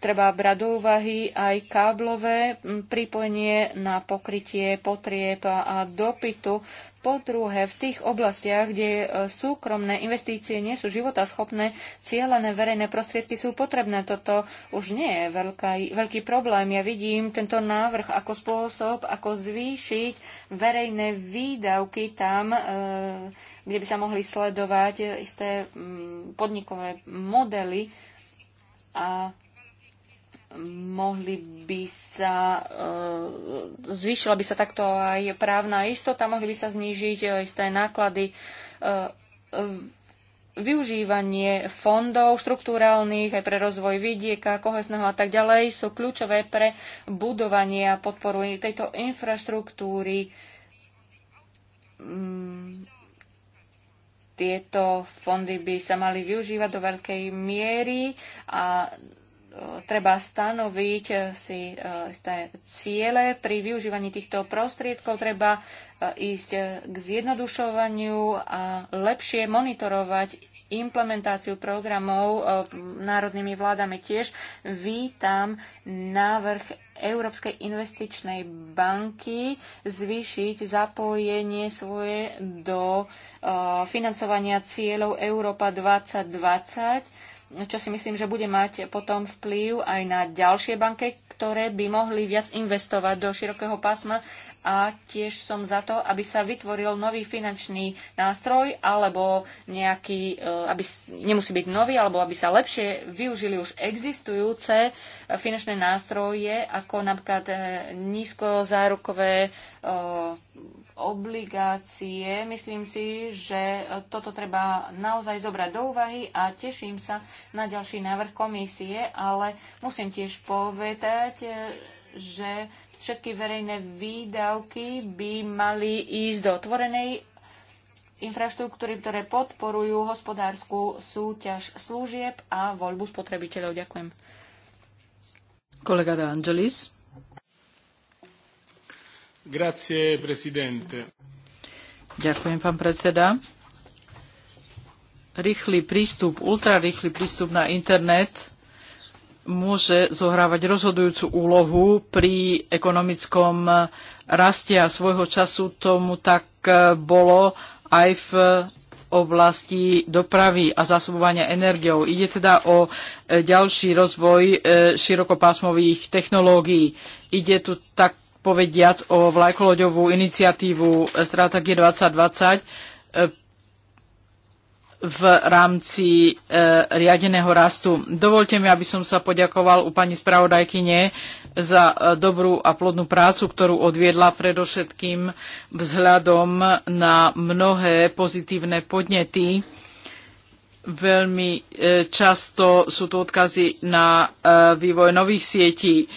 treba brať do úvahy aj káblové pripojenie na pokrytie potrieb a dopytu. Po druhé, v tých oblastiach, kde e, súkromné investície nie sú životaschopné, cieľené verejné prostriedky sú potrebné. Toto už nie je veľká, veľký problém. Ja vidím tento návrh ako spôsob, ako zvýšiť verejné výdavky tam, e, kde by sa mohli sledovať e, isté mm, podnikové modely a mohli by sa, e, zvýšila by sa takto aj právna istota, mohli by sa znížiť e, isté náklady e, využívanie fondov štruktúrálnych aj pre rozvoj vidieka, kohesného a tak ďalej sú kľúčové pre budovanie a podporu tejto infraštruktúry. Mm, tieto fondy by sa mali využívať do veľkej miery a treba stanoviť eh, si eh, isté ciele pri využívaní týchto prostriedkov, treba eh, ísť k zjednodušovaniu a lepšie monitorovať implementáciu programov národnými vládami tiež. Vítam návrh Európskej investičnej banky zvýšiť zapojenie svoje do financovania cieľov Európa 2020 čo si myslím, že bude mať potom vplyv aj na ďalšie banky, ktoré by mohli viac investovať do širokého pásma a tiež som za to, aby sa vytvoril nový finančný nástroj alebo nejaký, e, aby nemusí byť nový, alebo aby sa lepšie využili už existujúce finančné nástroje, ako napríklad e, nízkozárukové e, obligácie. Myslím si, že toto treba naozaj zobrať do úvahy a teším sa na ďalší návrh komisie, ale musím tiež povedať, že všetky verejné výdavky by mali ísť do otvorenej infraštruktúry, ktoré podporujú hospodárskú súťaž služieb a voľbu spotrebiteľov. Ďakujem. Kolega De Angelis. Ďakujem, pán predseda. Rýchly prístup, ultrarýchly prístup na internet môže zohrávať rozhodujúcu úlohu pri ekonomickom raste a svojho času tomu tak eh, bolo aj v oblasti dopravy a zásobovania energiou. Ide teda o eh, ďalší rozvoj eh, širokopásmových technológií. Ide tu tak povediac o vlajkoloďovú iniciatívu Stratégie 2020 e, v rámci e, riadeného rastu. Dovolte mi, aby som sa poďakoval u pani spravodajkyne za e, dobrú a plodnú prácu, ktorú odviedla predovšetkým vzhľadom na mnohé pozitívne podnety veľmi často sú tu odkazy na vývoj nových sietí.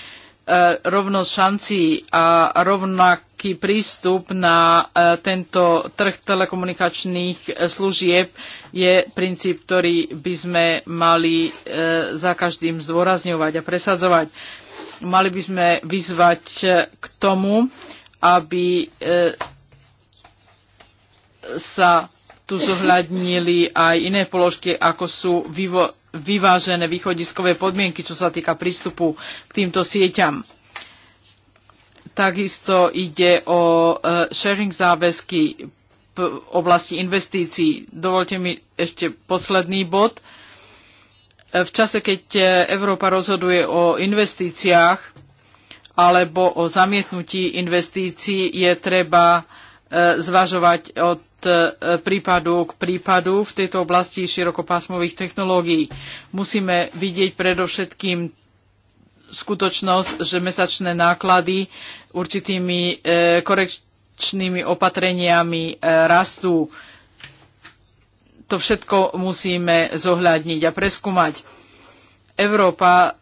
E, rovnosť šancí a rovnaký prístup na e, tento trh telekomunikačných e, služieb je princíp, ktorý by sme mali za každým zdôrazňovať a presadzovať. Mali by sme vyzvať k tomu, aby sa tu zohľadnili aj iné položky, ako sú vývo- vyvážené východiskové podmienky, čo sa týka prístupu k týmto sieťam. Takisto ide o e, sharing záväzky v oblasti investícií. Dovolte mi ešte posledný bod. E, v čase, keď e, Európa rozhoduje o investíciách alebo o zamietnutí investícií, je treba zvažovať o E, prípadu k prípadu v tejto oblasti širokopásmových technológií. Musíme vidieť predovšetkým skutočnosť, že mesačné náklady určitými e, korekčnými opatreniami e, rastú. To všetko musíme zohľadniť a preskúmať. Európa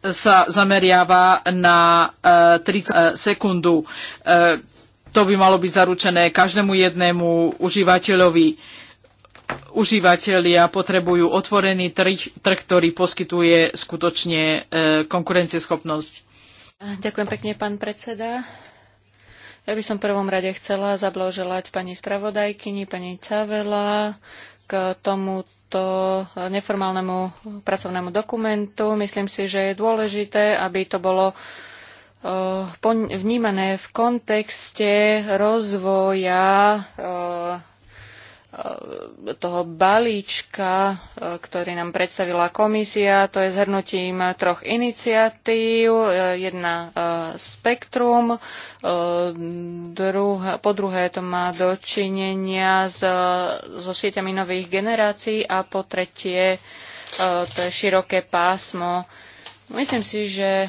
sa zameriava na 30 e, e, sekundu. E, to by malo byť zaručené každému jednému užívateľovi. Užívateľia potrebujú otvorený trh, trh ktorý poskytuje skutočne konkurencieschopnosť. Ďakujem pekne, pán predseda. Ja by som v prvom rade chcela zabloželať pani spravodajkyni, pani Cavela k tomuto neformálnemu pracovnému dokumentu. Myslím si, že je dôležité, aby to bolo e, vnímané v kontexte rozvoja e, E, toho balíčka, e, ktorý nám predstavila komisia. To je zhrnutím troch iniciatív. E, jedna spektrum, druhá, po druhé to má dočinenia s, so sieťami nových generácií a po tretie to je široké pásmo. Myslím si, že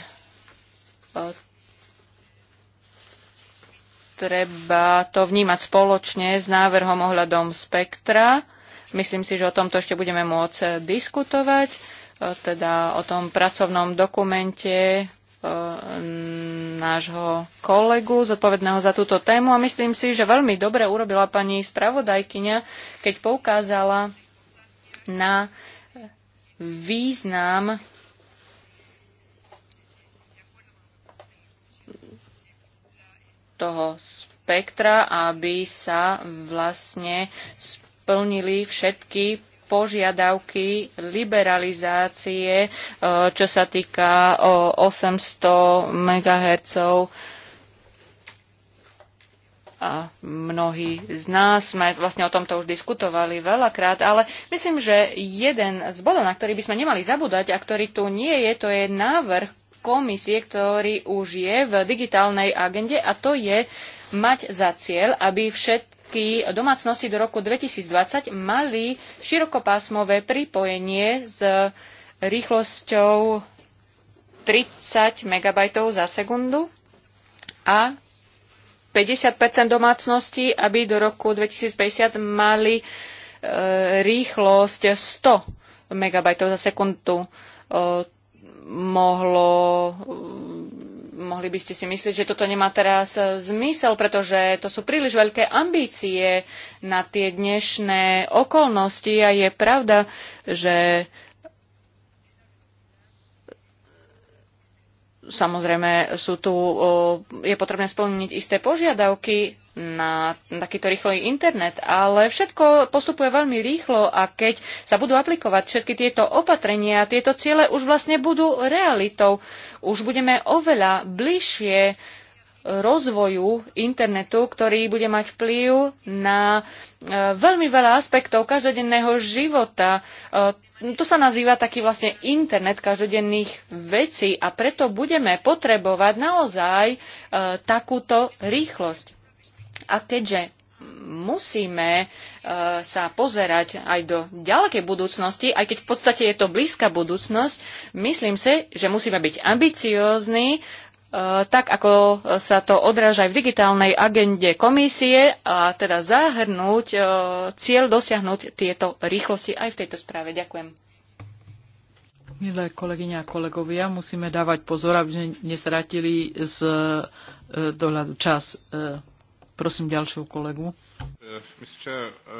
treba to vnímať spoločne s návrhom ohľadom spektra. Myslím si, že o tomto ešte budeme môcť diskutovať, e, teda o tom pracovnom dokumente e, nášho kolegu zodpovedného za túto tému a myslím si, že veľmi dobre urobila pani spravodajkyňa, keď poukázala na význam toho spektra, aby sa vlastne splnili všetky požiadavky liberalizácie, e, čo sa týka 800 MHz. A mnohí z nás sme vlastne o tomto už diskutovali veľakrát, ale myslím, že jeden z bodov, na ktorý by sme nemali zabúdať a ktorý tu nie je, to je návrh komisie, ktorý už je v digitálnej agende a to je mať za cieľ, aby všetky domácnosti do roku 2020 mali širokopásmové pripojenie s rýchlosťou 30 MB za sekundu a 50 domácností, aby do roku 2050 mali e, rýchlosť 100 MB za sekundu. E, mohlo, mohli by ste si myslieť, že toto nemá teraz zmysel, pretože to sú príliš veľké ambície na tie dnešné okolnosti a je pravda, že samozrejme sú tu, je potrebné splniť isté požiadavky, na takýto rýchly internet, ale všetko postupuje veľmi rýchlo a keď sa budú aplikovať všetky tieto opatrenia, tieto ciele už vlastne budú realitou. Už budeme oveľa bližšie rozvoju internetu, ktorý bude mať vplyv na e, veľmi veľa aspektov každodenného života. E, to sa nazýva taký vlastne internet každodenných vecí a preto budeme potrebovať naozaj e, takúto rýchlosť. A keďže musíme e, sa pozerať aj do ďalekej budúcnosti, aj keď v podstate je to blízka budúcnosť, myslím si, že musíme byť ambiciózni, e, tak ako sa to odráža aj v digitálnej agende komisie a teda zahrnúť e, cieľ dosiahnuť tieto rýchlosti aj v tejto správe. Ďakujem. Milé kolegyne a kolegovia, musíme dávať pozor, aby sme nestratili z dohľadu čas. Prosím ďalšiu kolegu. Eh,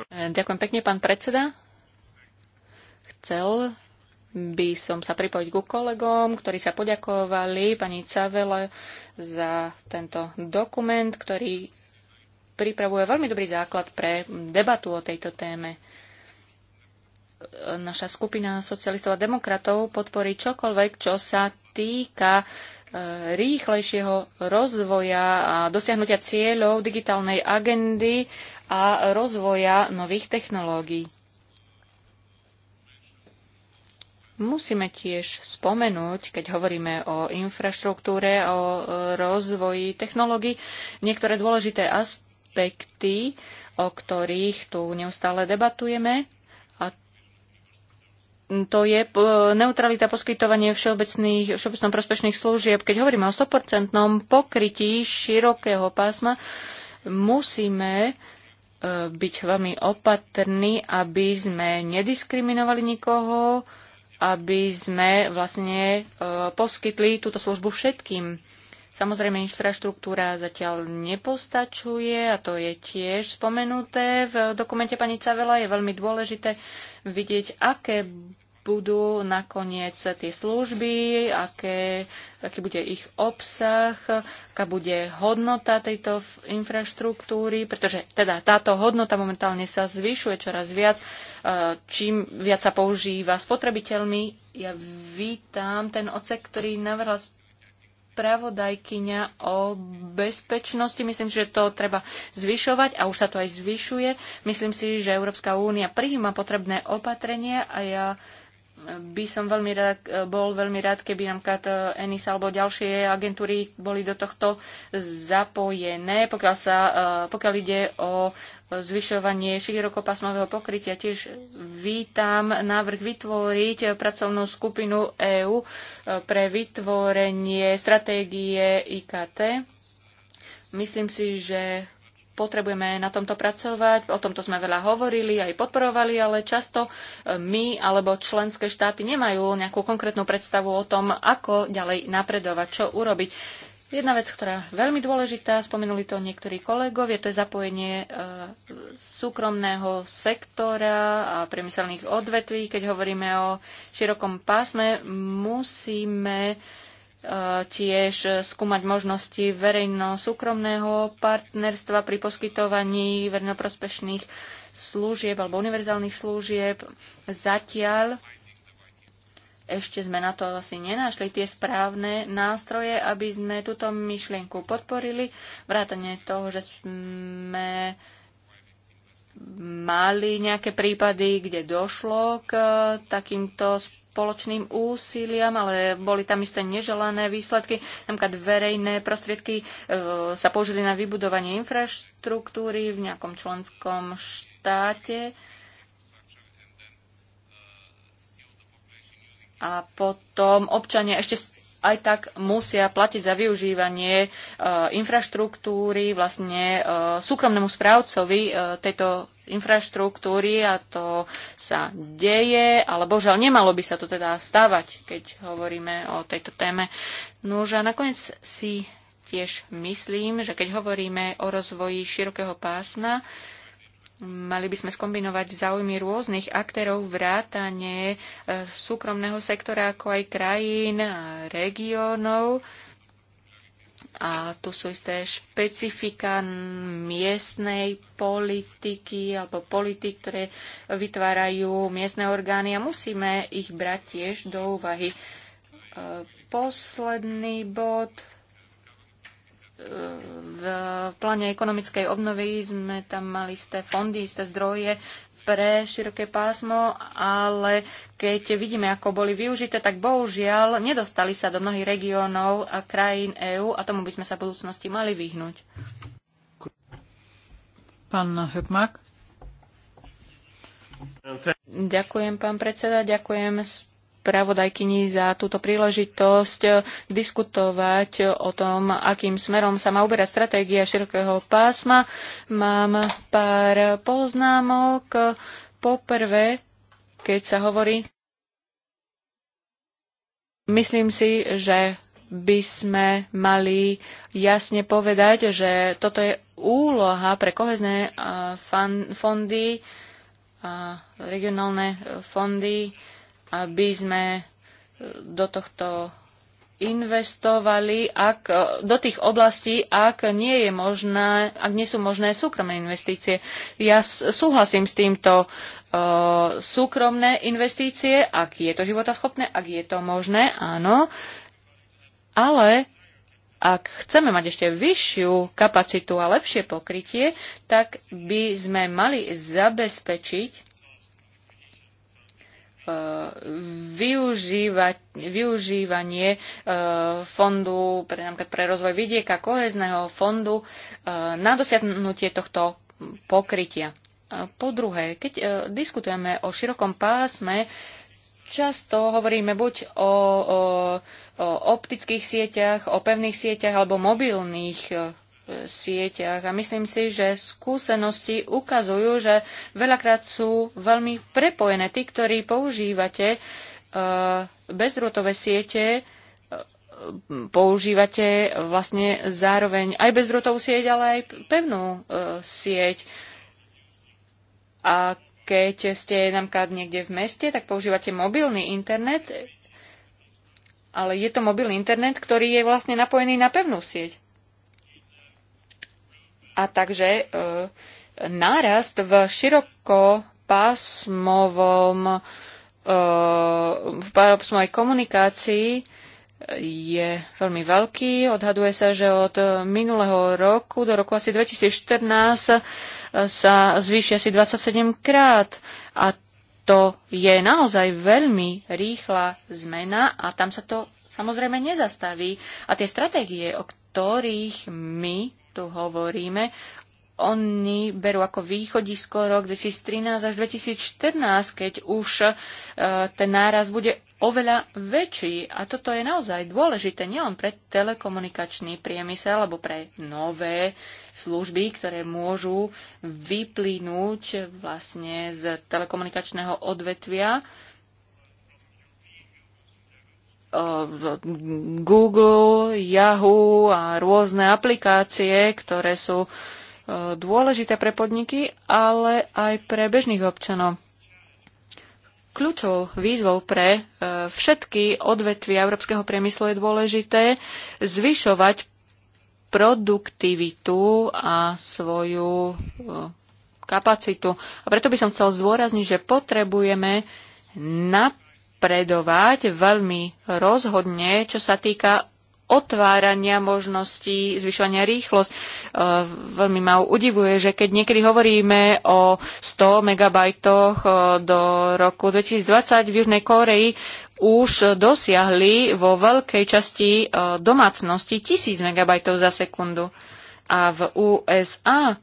eh, ďakujem pekne, pán predseda. Chcel by som sa pripojiť ku kolegom, ktorí sa poďakovali pani Cavele za tento dokument, ktorý pripravuje veľmi dobrý základ pre debatu o tejto téme. Naša skupina socialistov a demokratov podporí čokoľvek, čo sa týka E, rýchlejšieho rozvoja a dosiahnutia cieľov digitálnej agendy a rozvoja nových technológií. Musíme tiež spomenúť, keď hovoríme o infraštruktúre, o e, rozvoji technológií, niektoré dôležité aspekty, o ktorých tu neustále debatujeme, to je e, neutralita poskytovanie všeobecných, všeobecno prospešných služieb. Keď hovoríme o 100% pokrytí širokého pásma, musíme e, byť veľmi opatrní, aby sme nediskriminovali nikoho, aby sme vlastne e, poskytli túto službu všetkým. Samozrejme, infraštruktúra zatiaľ nepostačuje a to je tiež spomenuté v dokumente pani Cavela. Je veľmi dôležité vidieť, aké budú nakoniec tie služby, aké, aký bude ich obsah, aká bude hodnota tejto infraštruktúry, pretože teda táto hodnota momentálne sa zvyšuje čoraz viac, e, čím viac sa používa spotrebiteľmi. Ja vítam ten ocek, ktorý navrhla spravodajkyňa o bezpečnosti. Myslím, že to treba zvyšovať a už sa to aj zvyšuje. Myslím si, že Európska únia prijíma potrebné opatrenia a ja uh, by som veľmi rád, bol veľmi rád, keby nám KAT, ENIS alebo ďalšie agentúry boli do tohto zapojené, pokiaľ, sa, eh, pokiaľ ide o zvyšovanie širokopasmového pokrytia. Tiež vítam návrh vytvoriť pracovnú skupinu EÚ eh, pre vytvorenie stratégie IKT. Myslím si, že potrebujeme na tomto pracovať, o tomto sme veľa hovorili, aj podporovali, ale často e, my alebo členské štáty nemajú nejakú konkrétnu predstavu o tom, ako ďalej napredovať, čo urobiť. Jedna vec, ktorá je veľmi dôležitá, spomenuli to niektorí kolegovia, to je zapojenie e, súkromného sektora a priemyselných odvetví. Keď hovoríme o širokom pásme, musíme tiež skúmať možnosti verejno-súkromného partnerstva pri poskytovaní verejnoprospešných služieb alebo univerzálnych služieb. Zatiaľ ešte sme na to asi nenašli tie správne nástroje, aby sme túto myšlienku podporili. Vrátane toho, že sme mali nejaké prípady, kde došlo k takýmto spoločným spoločným úsiliam, ale boli tam isté neželané výsledky. Napríklad verejné prostriedky e, sa použili na vybudovanie infraštruktúry v nejakom členskom štáte. A potom občania ešte aj tak musia platiť za využívanie e, infraštruktúry vlastne e, súkromnému správcovi tejto infraštruktúry a to sa deje, ale bohužiaľ nemalo by sa to teda stávať, keď hovoríme o tejto téme. No a nakoniec si tiež myslím, že keď hovoríme o rozvoji širokého pásma, Mali by sme skombinovať záujmy rôznych aktérov vrátane e, súkromného sektora, ako aj krajín a regiónov a tu sú isté špecifika miestnej politiky alebo politik, ktoré vytvárajú miestne orgány a musíme ich brať tiež do úvahy. E, posledný bod e, v pláne ekonomickej obnovy sme tam mali isté fondy, isté zdroje pre široké pásmo, ale keď vidíme, ako boli využité, tak bohužiaľ nedostali sa do mnohých regiónov a krajín EÚ a tomu by sme sa v budúcnosti mali vyhnúť. Pán Höpmark. Ďakujem, pán predseda, ďakujem spravodajkyni za túto príležitosť eh, diskutovať eh, o tom, akým smerom sa má uberať stratégia širokého pásma. Mám pár poznámok. Poprvé, keď sa hovorí, myslím si, že by sme mali jasne povedať, že toto je úloha pre kohezné eh, fondy a regionálne fondy aby sme e, do tohto investovali ak, e, do tých oblastí, ak, nie je možné, ak nie sú možné súkromné investície. Ja súhlasím s týmto uh, súkromné investície, ak je to životaschopné, ak je to možné, áno. Ale ak chceme mať ešte vyššiu kapacitu a lepšie pokrytie, tak by sme mali zabezpečiť Eh, využívanie eh, fondu pre, napríklad pre rozvoj vidieka, kohezného fondu eh, na dosiahnutie tohto pokrytia. Po druhé, keď diskutujeme o širokom pásme, často hovoríme buď o, o, o optických sieťach, o pevných sieťach alebo mobilných sieťach. A myslím si, že skúsenosti ukazujú, že veľakrát sú veľmi prepojené. Tí, ktorí používate e, bezrotové siete, e, používate vlastne zároveň aj bezrotovú sieť, ale aj pevnú e, sieť. A keď ste napríklad niekde v meste, tak používate mobilný internet, ale je to mobilný internet, ktorý je vlastne napojený na pevnú sieť. A takže e, nárast v širokopásmovom e, v pásmovej komunikácii je veľmi veľký. Odhaduje sa, že od minulého roku do roku asi 2014 e, sa zvýši asi 27 krát. A to je naozaj veľmi rýchla zmena a tam sa to samozrejme nezastaví. A tie stratégie, o ktorých my tu hovoríme, oni berú ako východisko rok 2013 až 2014, keď už e, ten náraz bude oveľa väčší. A toto je naozaj dôležité nielen pre telekomunikačný priemysel, alebo pre nové služby, ktoré môžu vyplynúť vlastne z telekomunikačného odvetvia, Google, Yahoo a rôzne aplikácie, ktoré sú e, dôležité pre podniky, ale aj pre bežných občanov. Kľúčovou výzvou pre e, všetky odvetvia európskeho priemyslu je dôležité zvyšovať produktivitu a svoju e, kapacitu. A preto by som chcel zdôrazniť, že potrebujeme nap- napredovať veľmi rozhodne, čo sa týka otvárania možností, zvyšovania rýchlosť. E, veľmi ma udivuje, že keď niekedy hovoríme o 100 megabajtoch e, do roku 2020 v Južnej Koreji, už dosiahli vo veľkej časti e, domácnosti 1000 megabajtov za sekundu. A v USA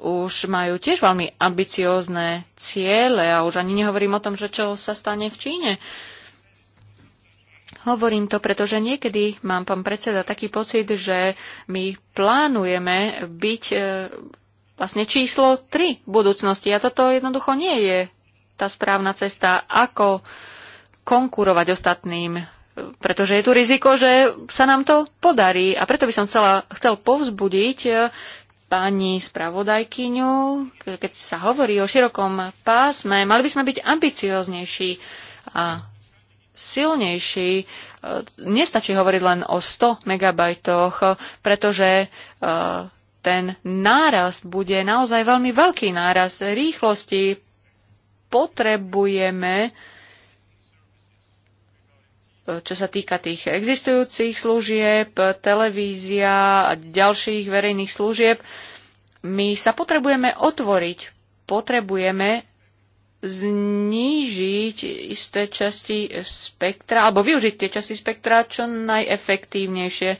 už majú tiež veľmi ambiciózne ciele a už ani nehovorím o tom, že čo sa stane v Číne. Hovorím to, pretože niekedy mám, pán predseda, taký pocit, že my plánujeme byť e, vlastne číslo 3 v budúcnosti a toto jednoducho nie je tá správna cesta, ako konkurovať ostatným pretože je tu riziko, že sa nám to podarí. A preto by som chcela, chcel povzbudiť e, pani spravodajkyňu, keď sa hovorí o širokom pásme, mali by sme byť ambicioznejší a silnejší. E, nestačí hovoriť len o 100 megabajtoch, pretože e, ten nárast bude naozaj veľmi veľký nárast rýchlosti. Potrebujeme čo sa týka tých existujúcich služieb, televízia a ďalších verejných služieb, my sa potrebujeme otvoriť, potrebujeme znížiť isté časti spektra, alebo využiť tie časti spektra čo najefektívnejšie.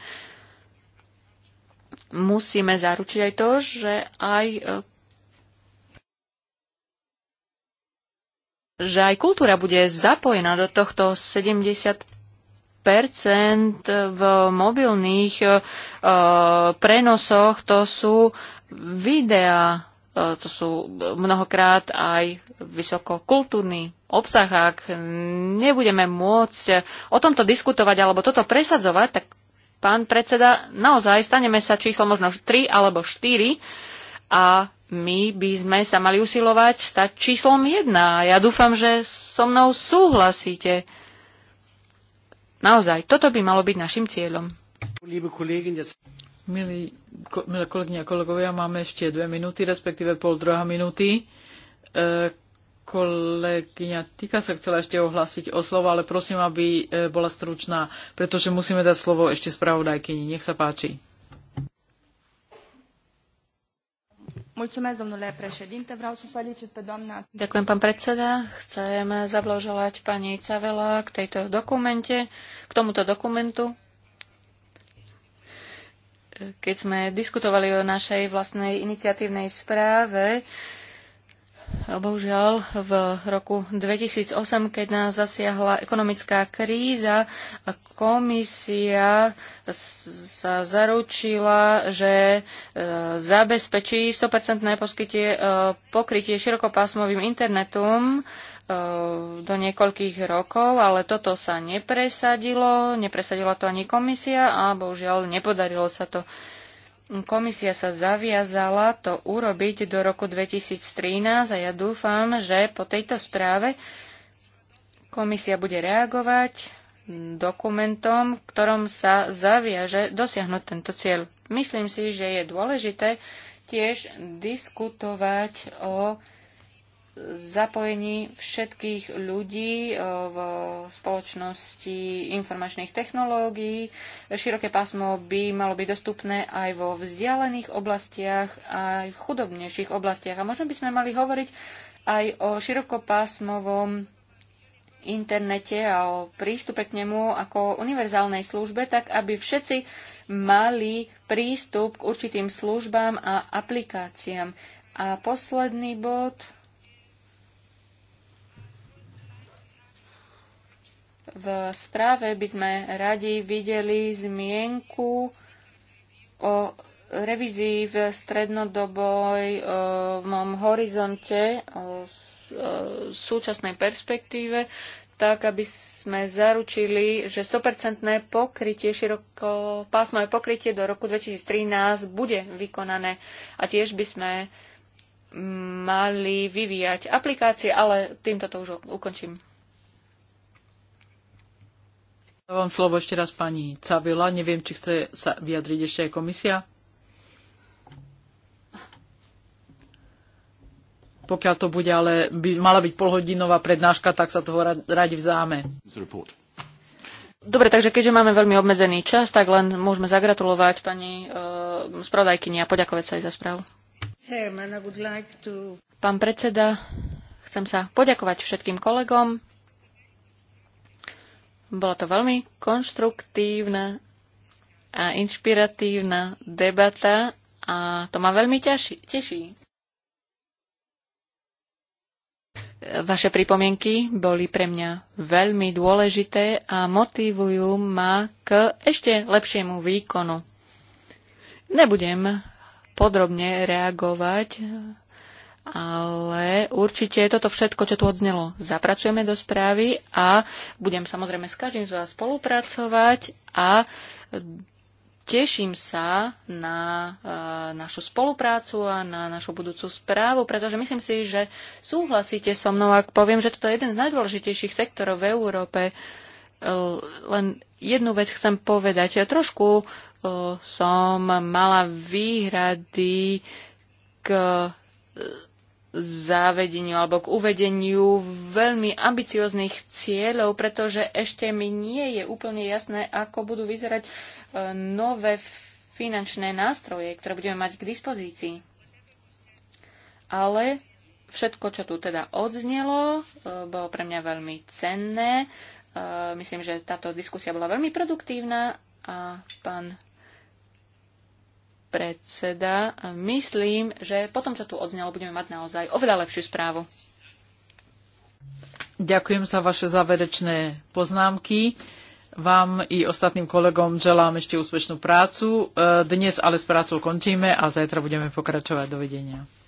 Musíme zaručiť aj to, že aj že aj kultúra bude zapojená do tohto 70 v mobilných e, prenosoch to sú videá, e, to sú mnohokrát aj vysokokultúrny obsah. Ak nebudeme môcť o tomto diskutovať alebo toto presadzovať, tak pán predseda, naozaj staneme sa číslo možno 3 alebo 4 a my by sme sa mali usilovať stať číslom jedna. Ja dúfam, že so mnou súhlasíte. Naozaj, toto by malo byť našim cieľom. Milí, ko, milé kolegyne a kolegovia, máme ešte dve minúty, respektíve pol druhá minúty. E, kolegyňa Tika sa chcela ešte ohlásiť o slovo, ale prosím, aby e, bola stručná, pretože musíme dať slovo ešte spravodajkyni. Nech sa páči. Mulțumesc, domnule președinte. Vreau să felicit pe doamna... Ďakujem, pán predseda. Chcem zablahoželať pani Cavela k tejto dokumente, k tomuto dokumentu. Keď sme diskutovali o našej vlastnej iniciatívnej správe, Bohužiaľ, v roku 2008, keď nás zasiahla ekonomická kríza, komisia sa zaručila, že e, zabezpečí 100% poskytie e, pokrytie širokopásmovým internetom e, do niekoľkých rokov, ale toto sa nepresadilo, nepresadila to ani komisia a bohužiaľ nepodarilo sa to Komisia sa zaviazala to urobiť do roku 2013 a ja dúfam, že po tejto správe komisia bude reagovať dokumentom, ktorom sa zaviaže dosiahnuť tento cieľ. Myslím si, že je dôležité tiež diskutovať o zapojení všetkých ľudí e, v spoločnosti informačných technológií. Široké pásmo by malo byť dostupné aj vo vzdialených oblastiach, aj v chudobnejších oblastiach. A možno by sme mali hovoriť aj o širokopásmovom internete a o prístupe k nemu ako univerzálnej službe, tak aby všetci mali prístup k určitým službám a aplikáciám. A posledný bod, V správe by sme radi videli zmienku o revízii v strednodobojnom eh, horizonte, o eh, eh, súčasnej perspektíve, tak, aby sme zaručili, že 100% pokrytie, široko pásmové pokrytie do roku 2013 bude vykonané a tiež by sme mali vyvíjať aplikácie, ale týmto to už ukončím. Dávam slovo ešte raz pani Cavila. Neviem, či chce sa vyjadriť ešte aj komisia. Pokiaľ to bude ale by, mala byť polhodinová prednáška, tak sa toho radi vzáme. Dobre, takže keďže máme veľmi obmedzený čas, tak len môžeme zagratulovať pani e, spravodajkyni a poďakovať sa aj za správu. Pán predseda, chcem sa poďakovať všetkým kolegom, bola to veľmi konštruktívna a inšpiratívna debata a to ma veľmi ťaši, teší. Vaše pripomienky boli pre mňa veľmi dôležité a motivujú ma k ešte lepšiemu výkonu. Nebudem podrobne reagovať ale určite toto všetko, čo tu odznelo, zapracujeme do správy a budem samozrejme s každým z vás spolupracovať a teším sa na e, našu spoluprácu a na našu budúcu správu, pretože myslím si, že súhlasíte so mnou, ak poviem, že toto je jeden z najdôležitejších sektorov v Európe. E, len jednu vec chcem povedať. Ja trošku e, som mala výhrady k e, závedeniu alebo k uvedeniu veľmi ambicióznych cieľov, pretože ešte mi nie je úplne jasné, ako budú vyzerať e, nové finančné nástroje, ktoré budeme mať k dispozícii. Ale všetko, čo tu teda odznelo, e, bolo pre mňa veľmi cenné. E, myslím, že táto diskusia bola veľmi produktívna a pán predseda. Myslím, že potom, čo tu odznelo, budeme mať naozaj oveľa lepšiu správu. Ďakujem za vaše záverečné poznámky. Vám i ostatným kolegom želám ešte úspešnú prácu. E, dnes ale s prácou končíme a zajtra budeme pokračovať. Dovidenia.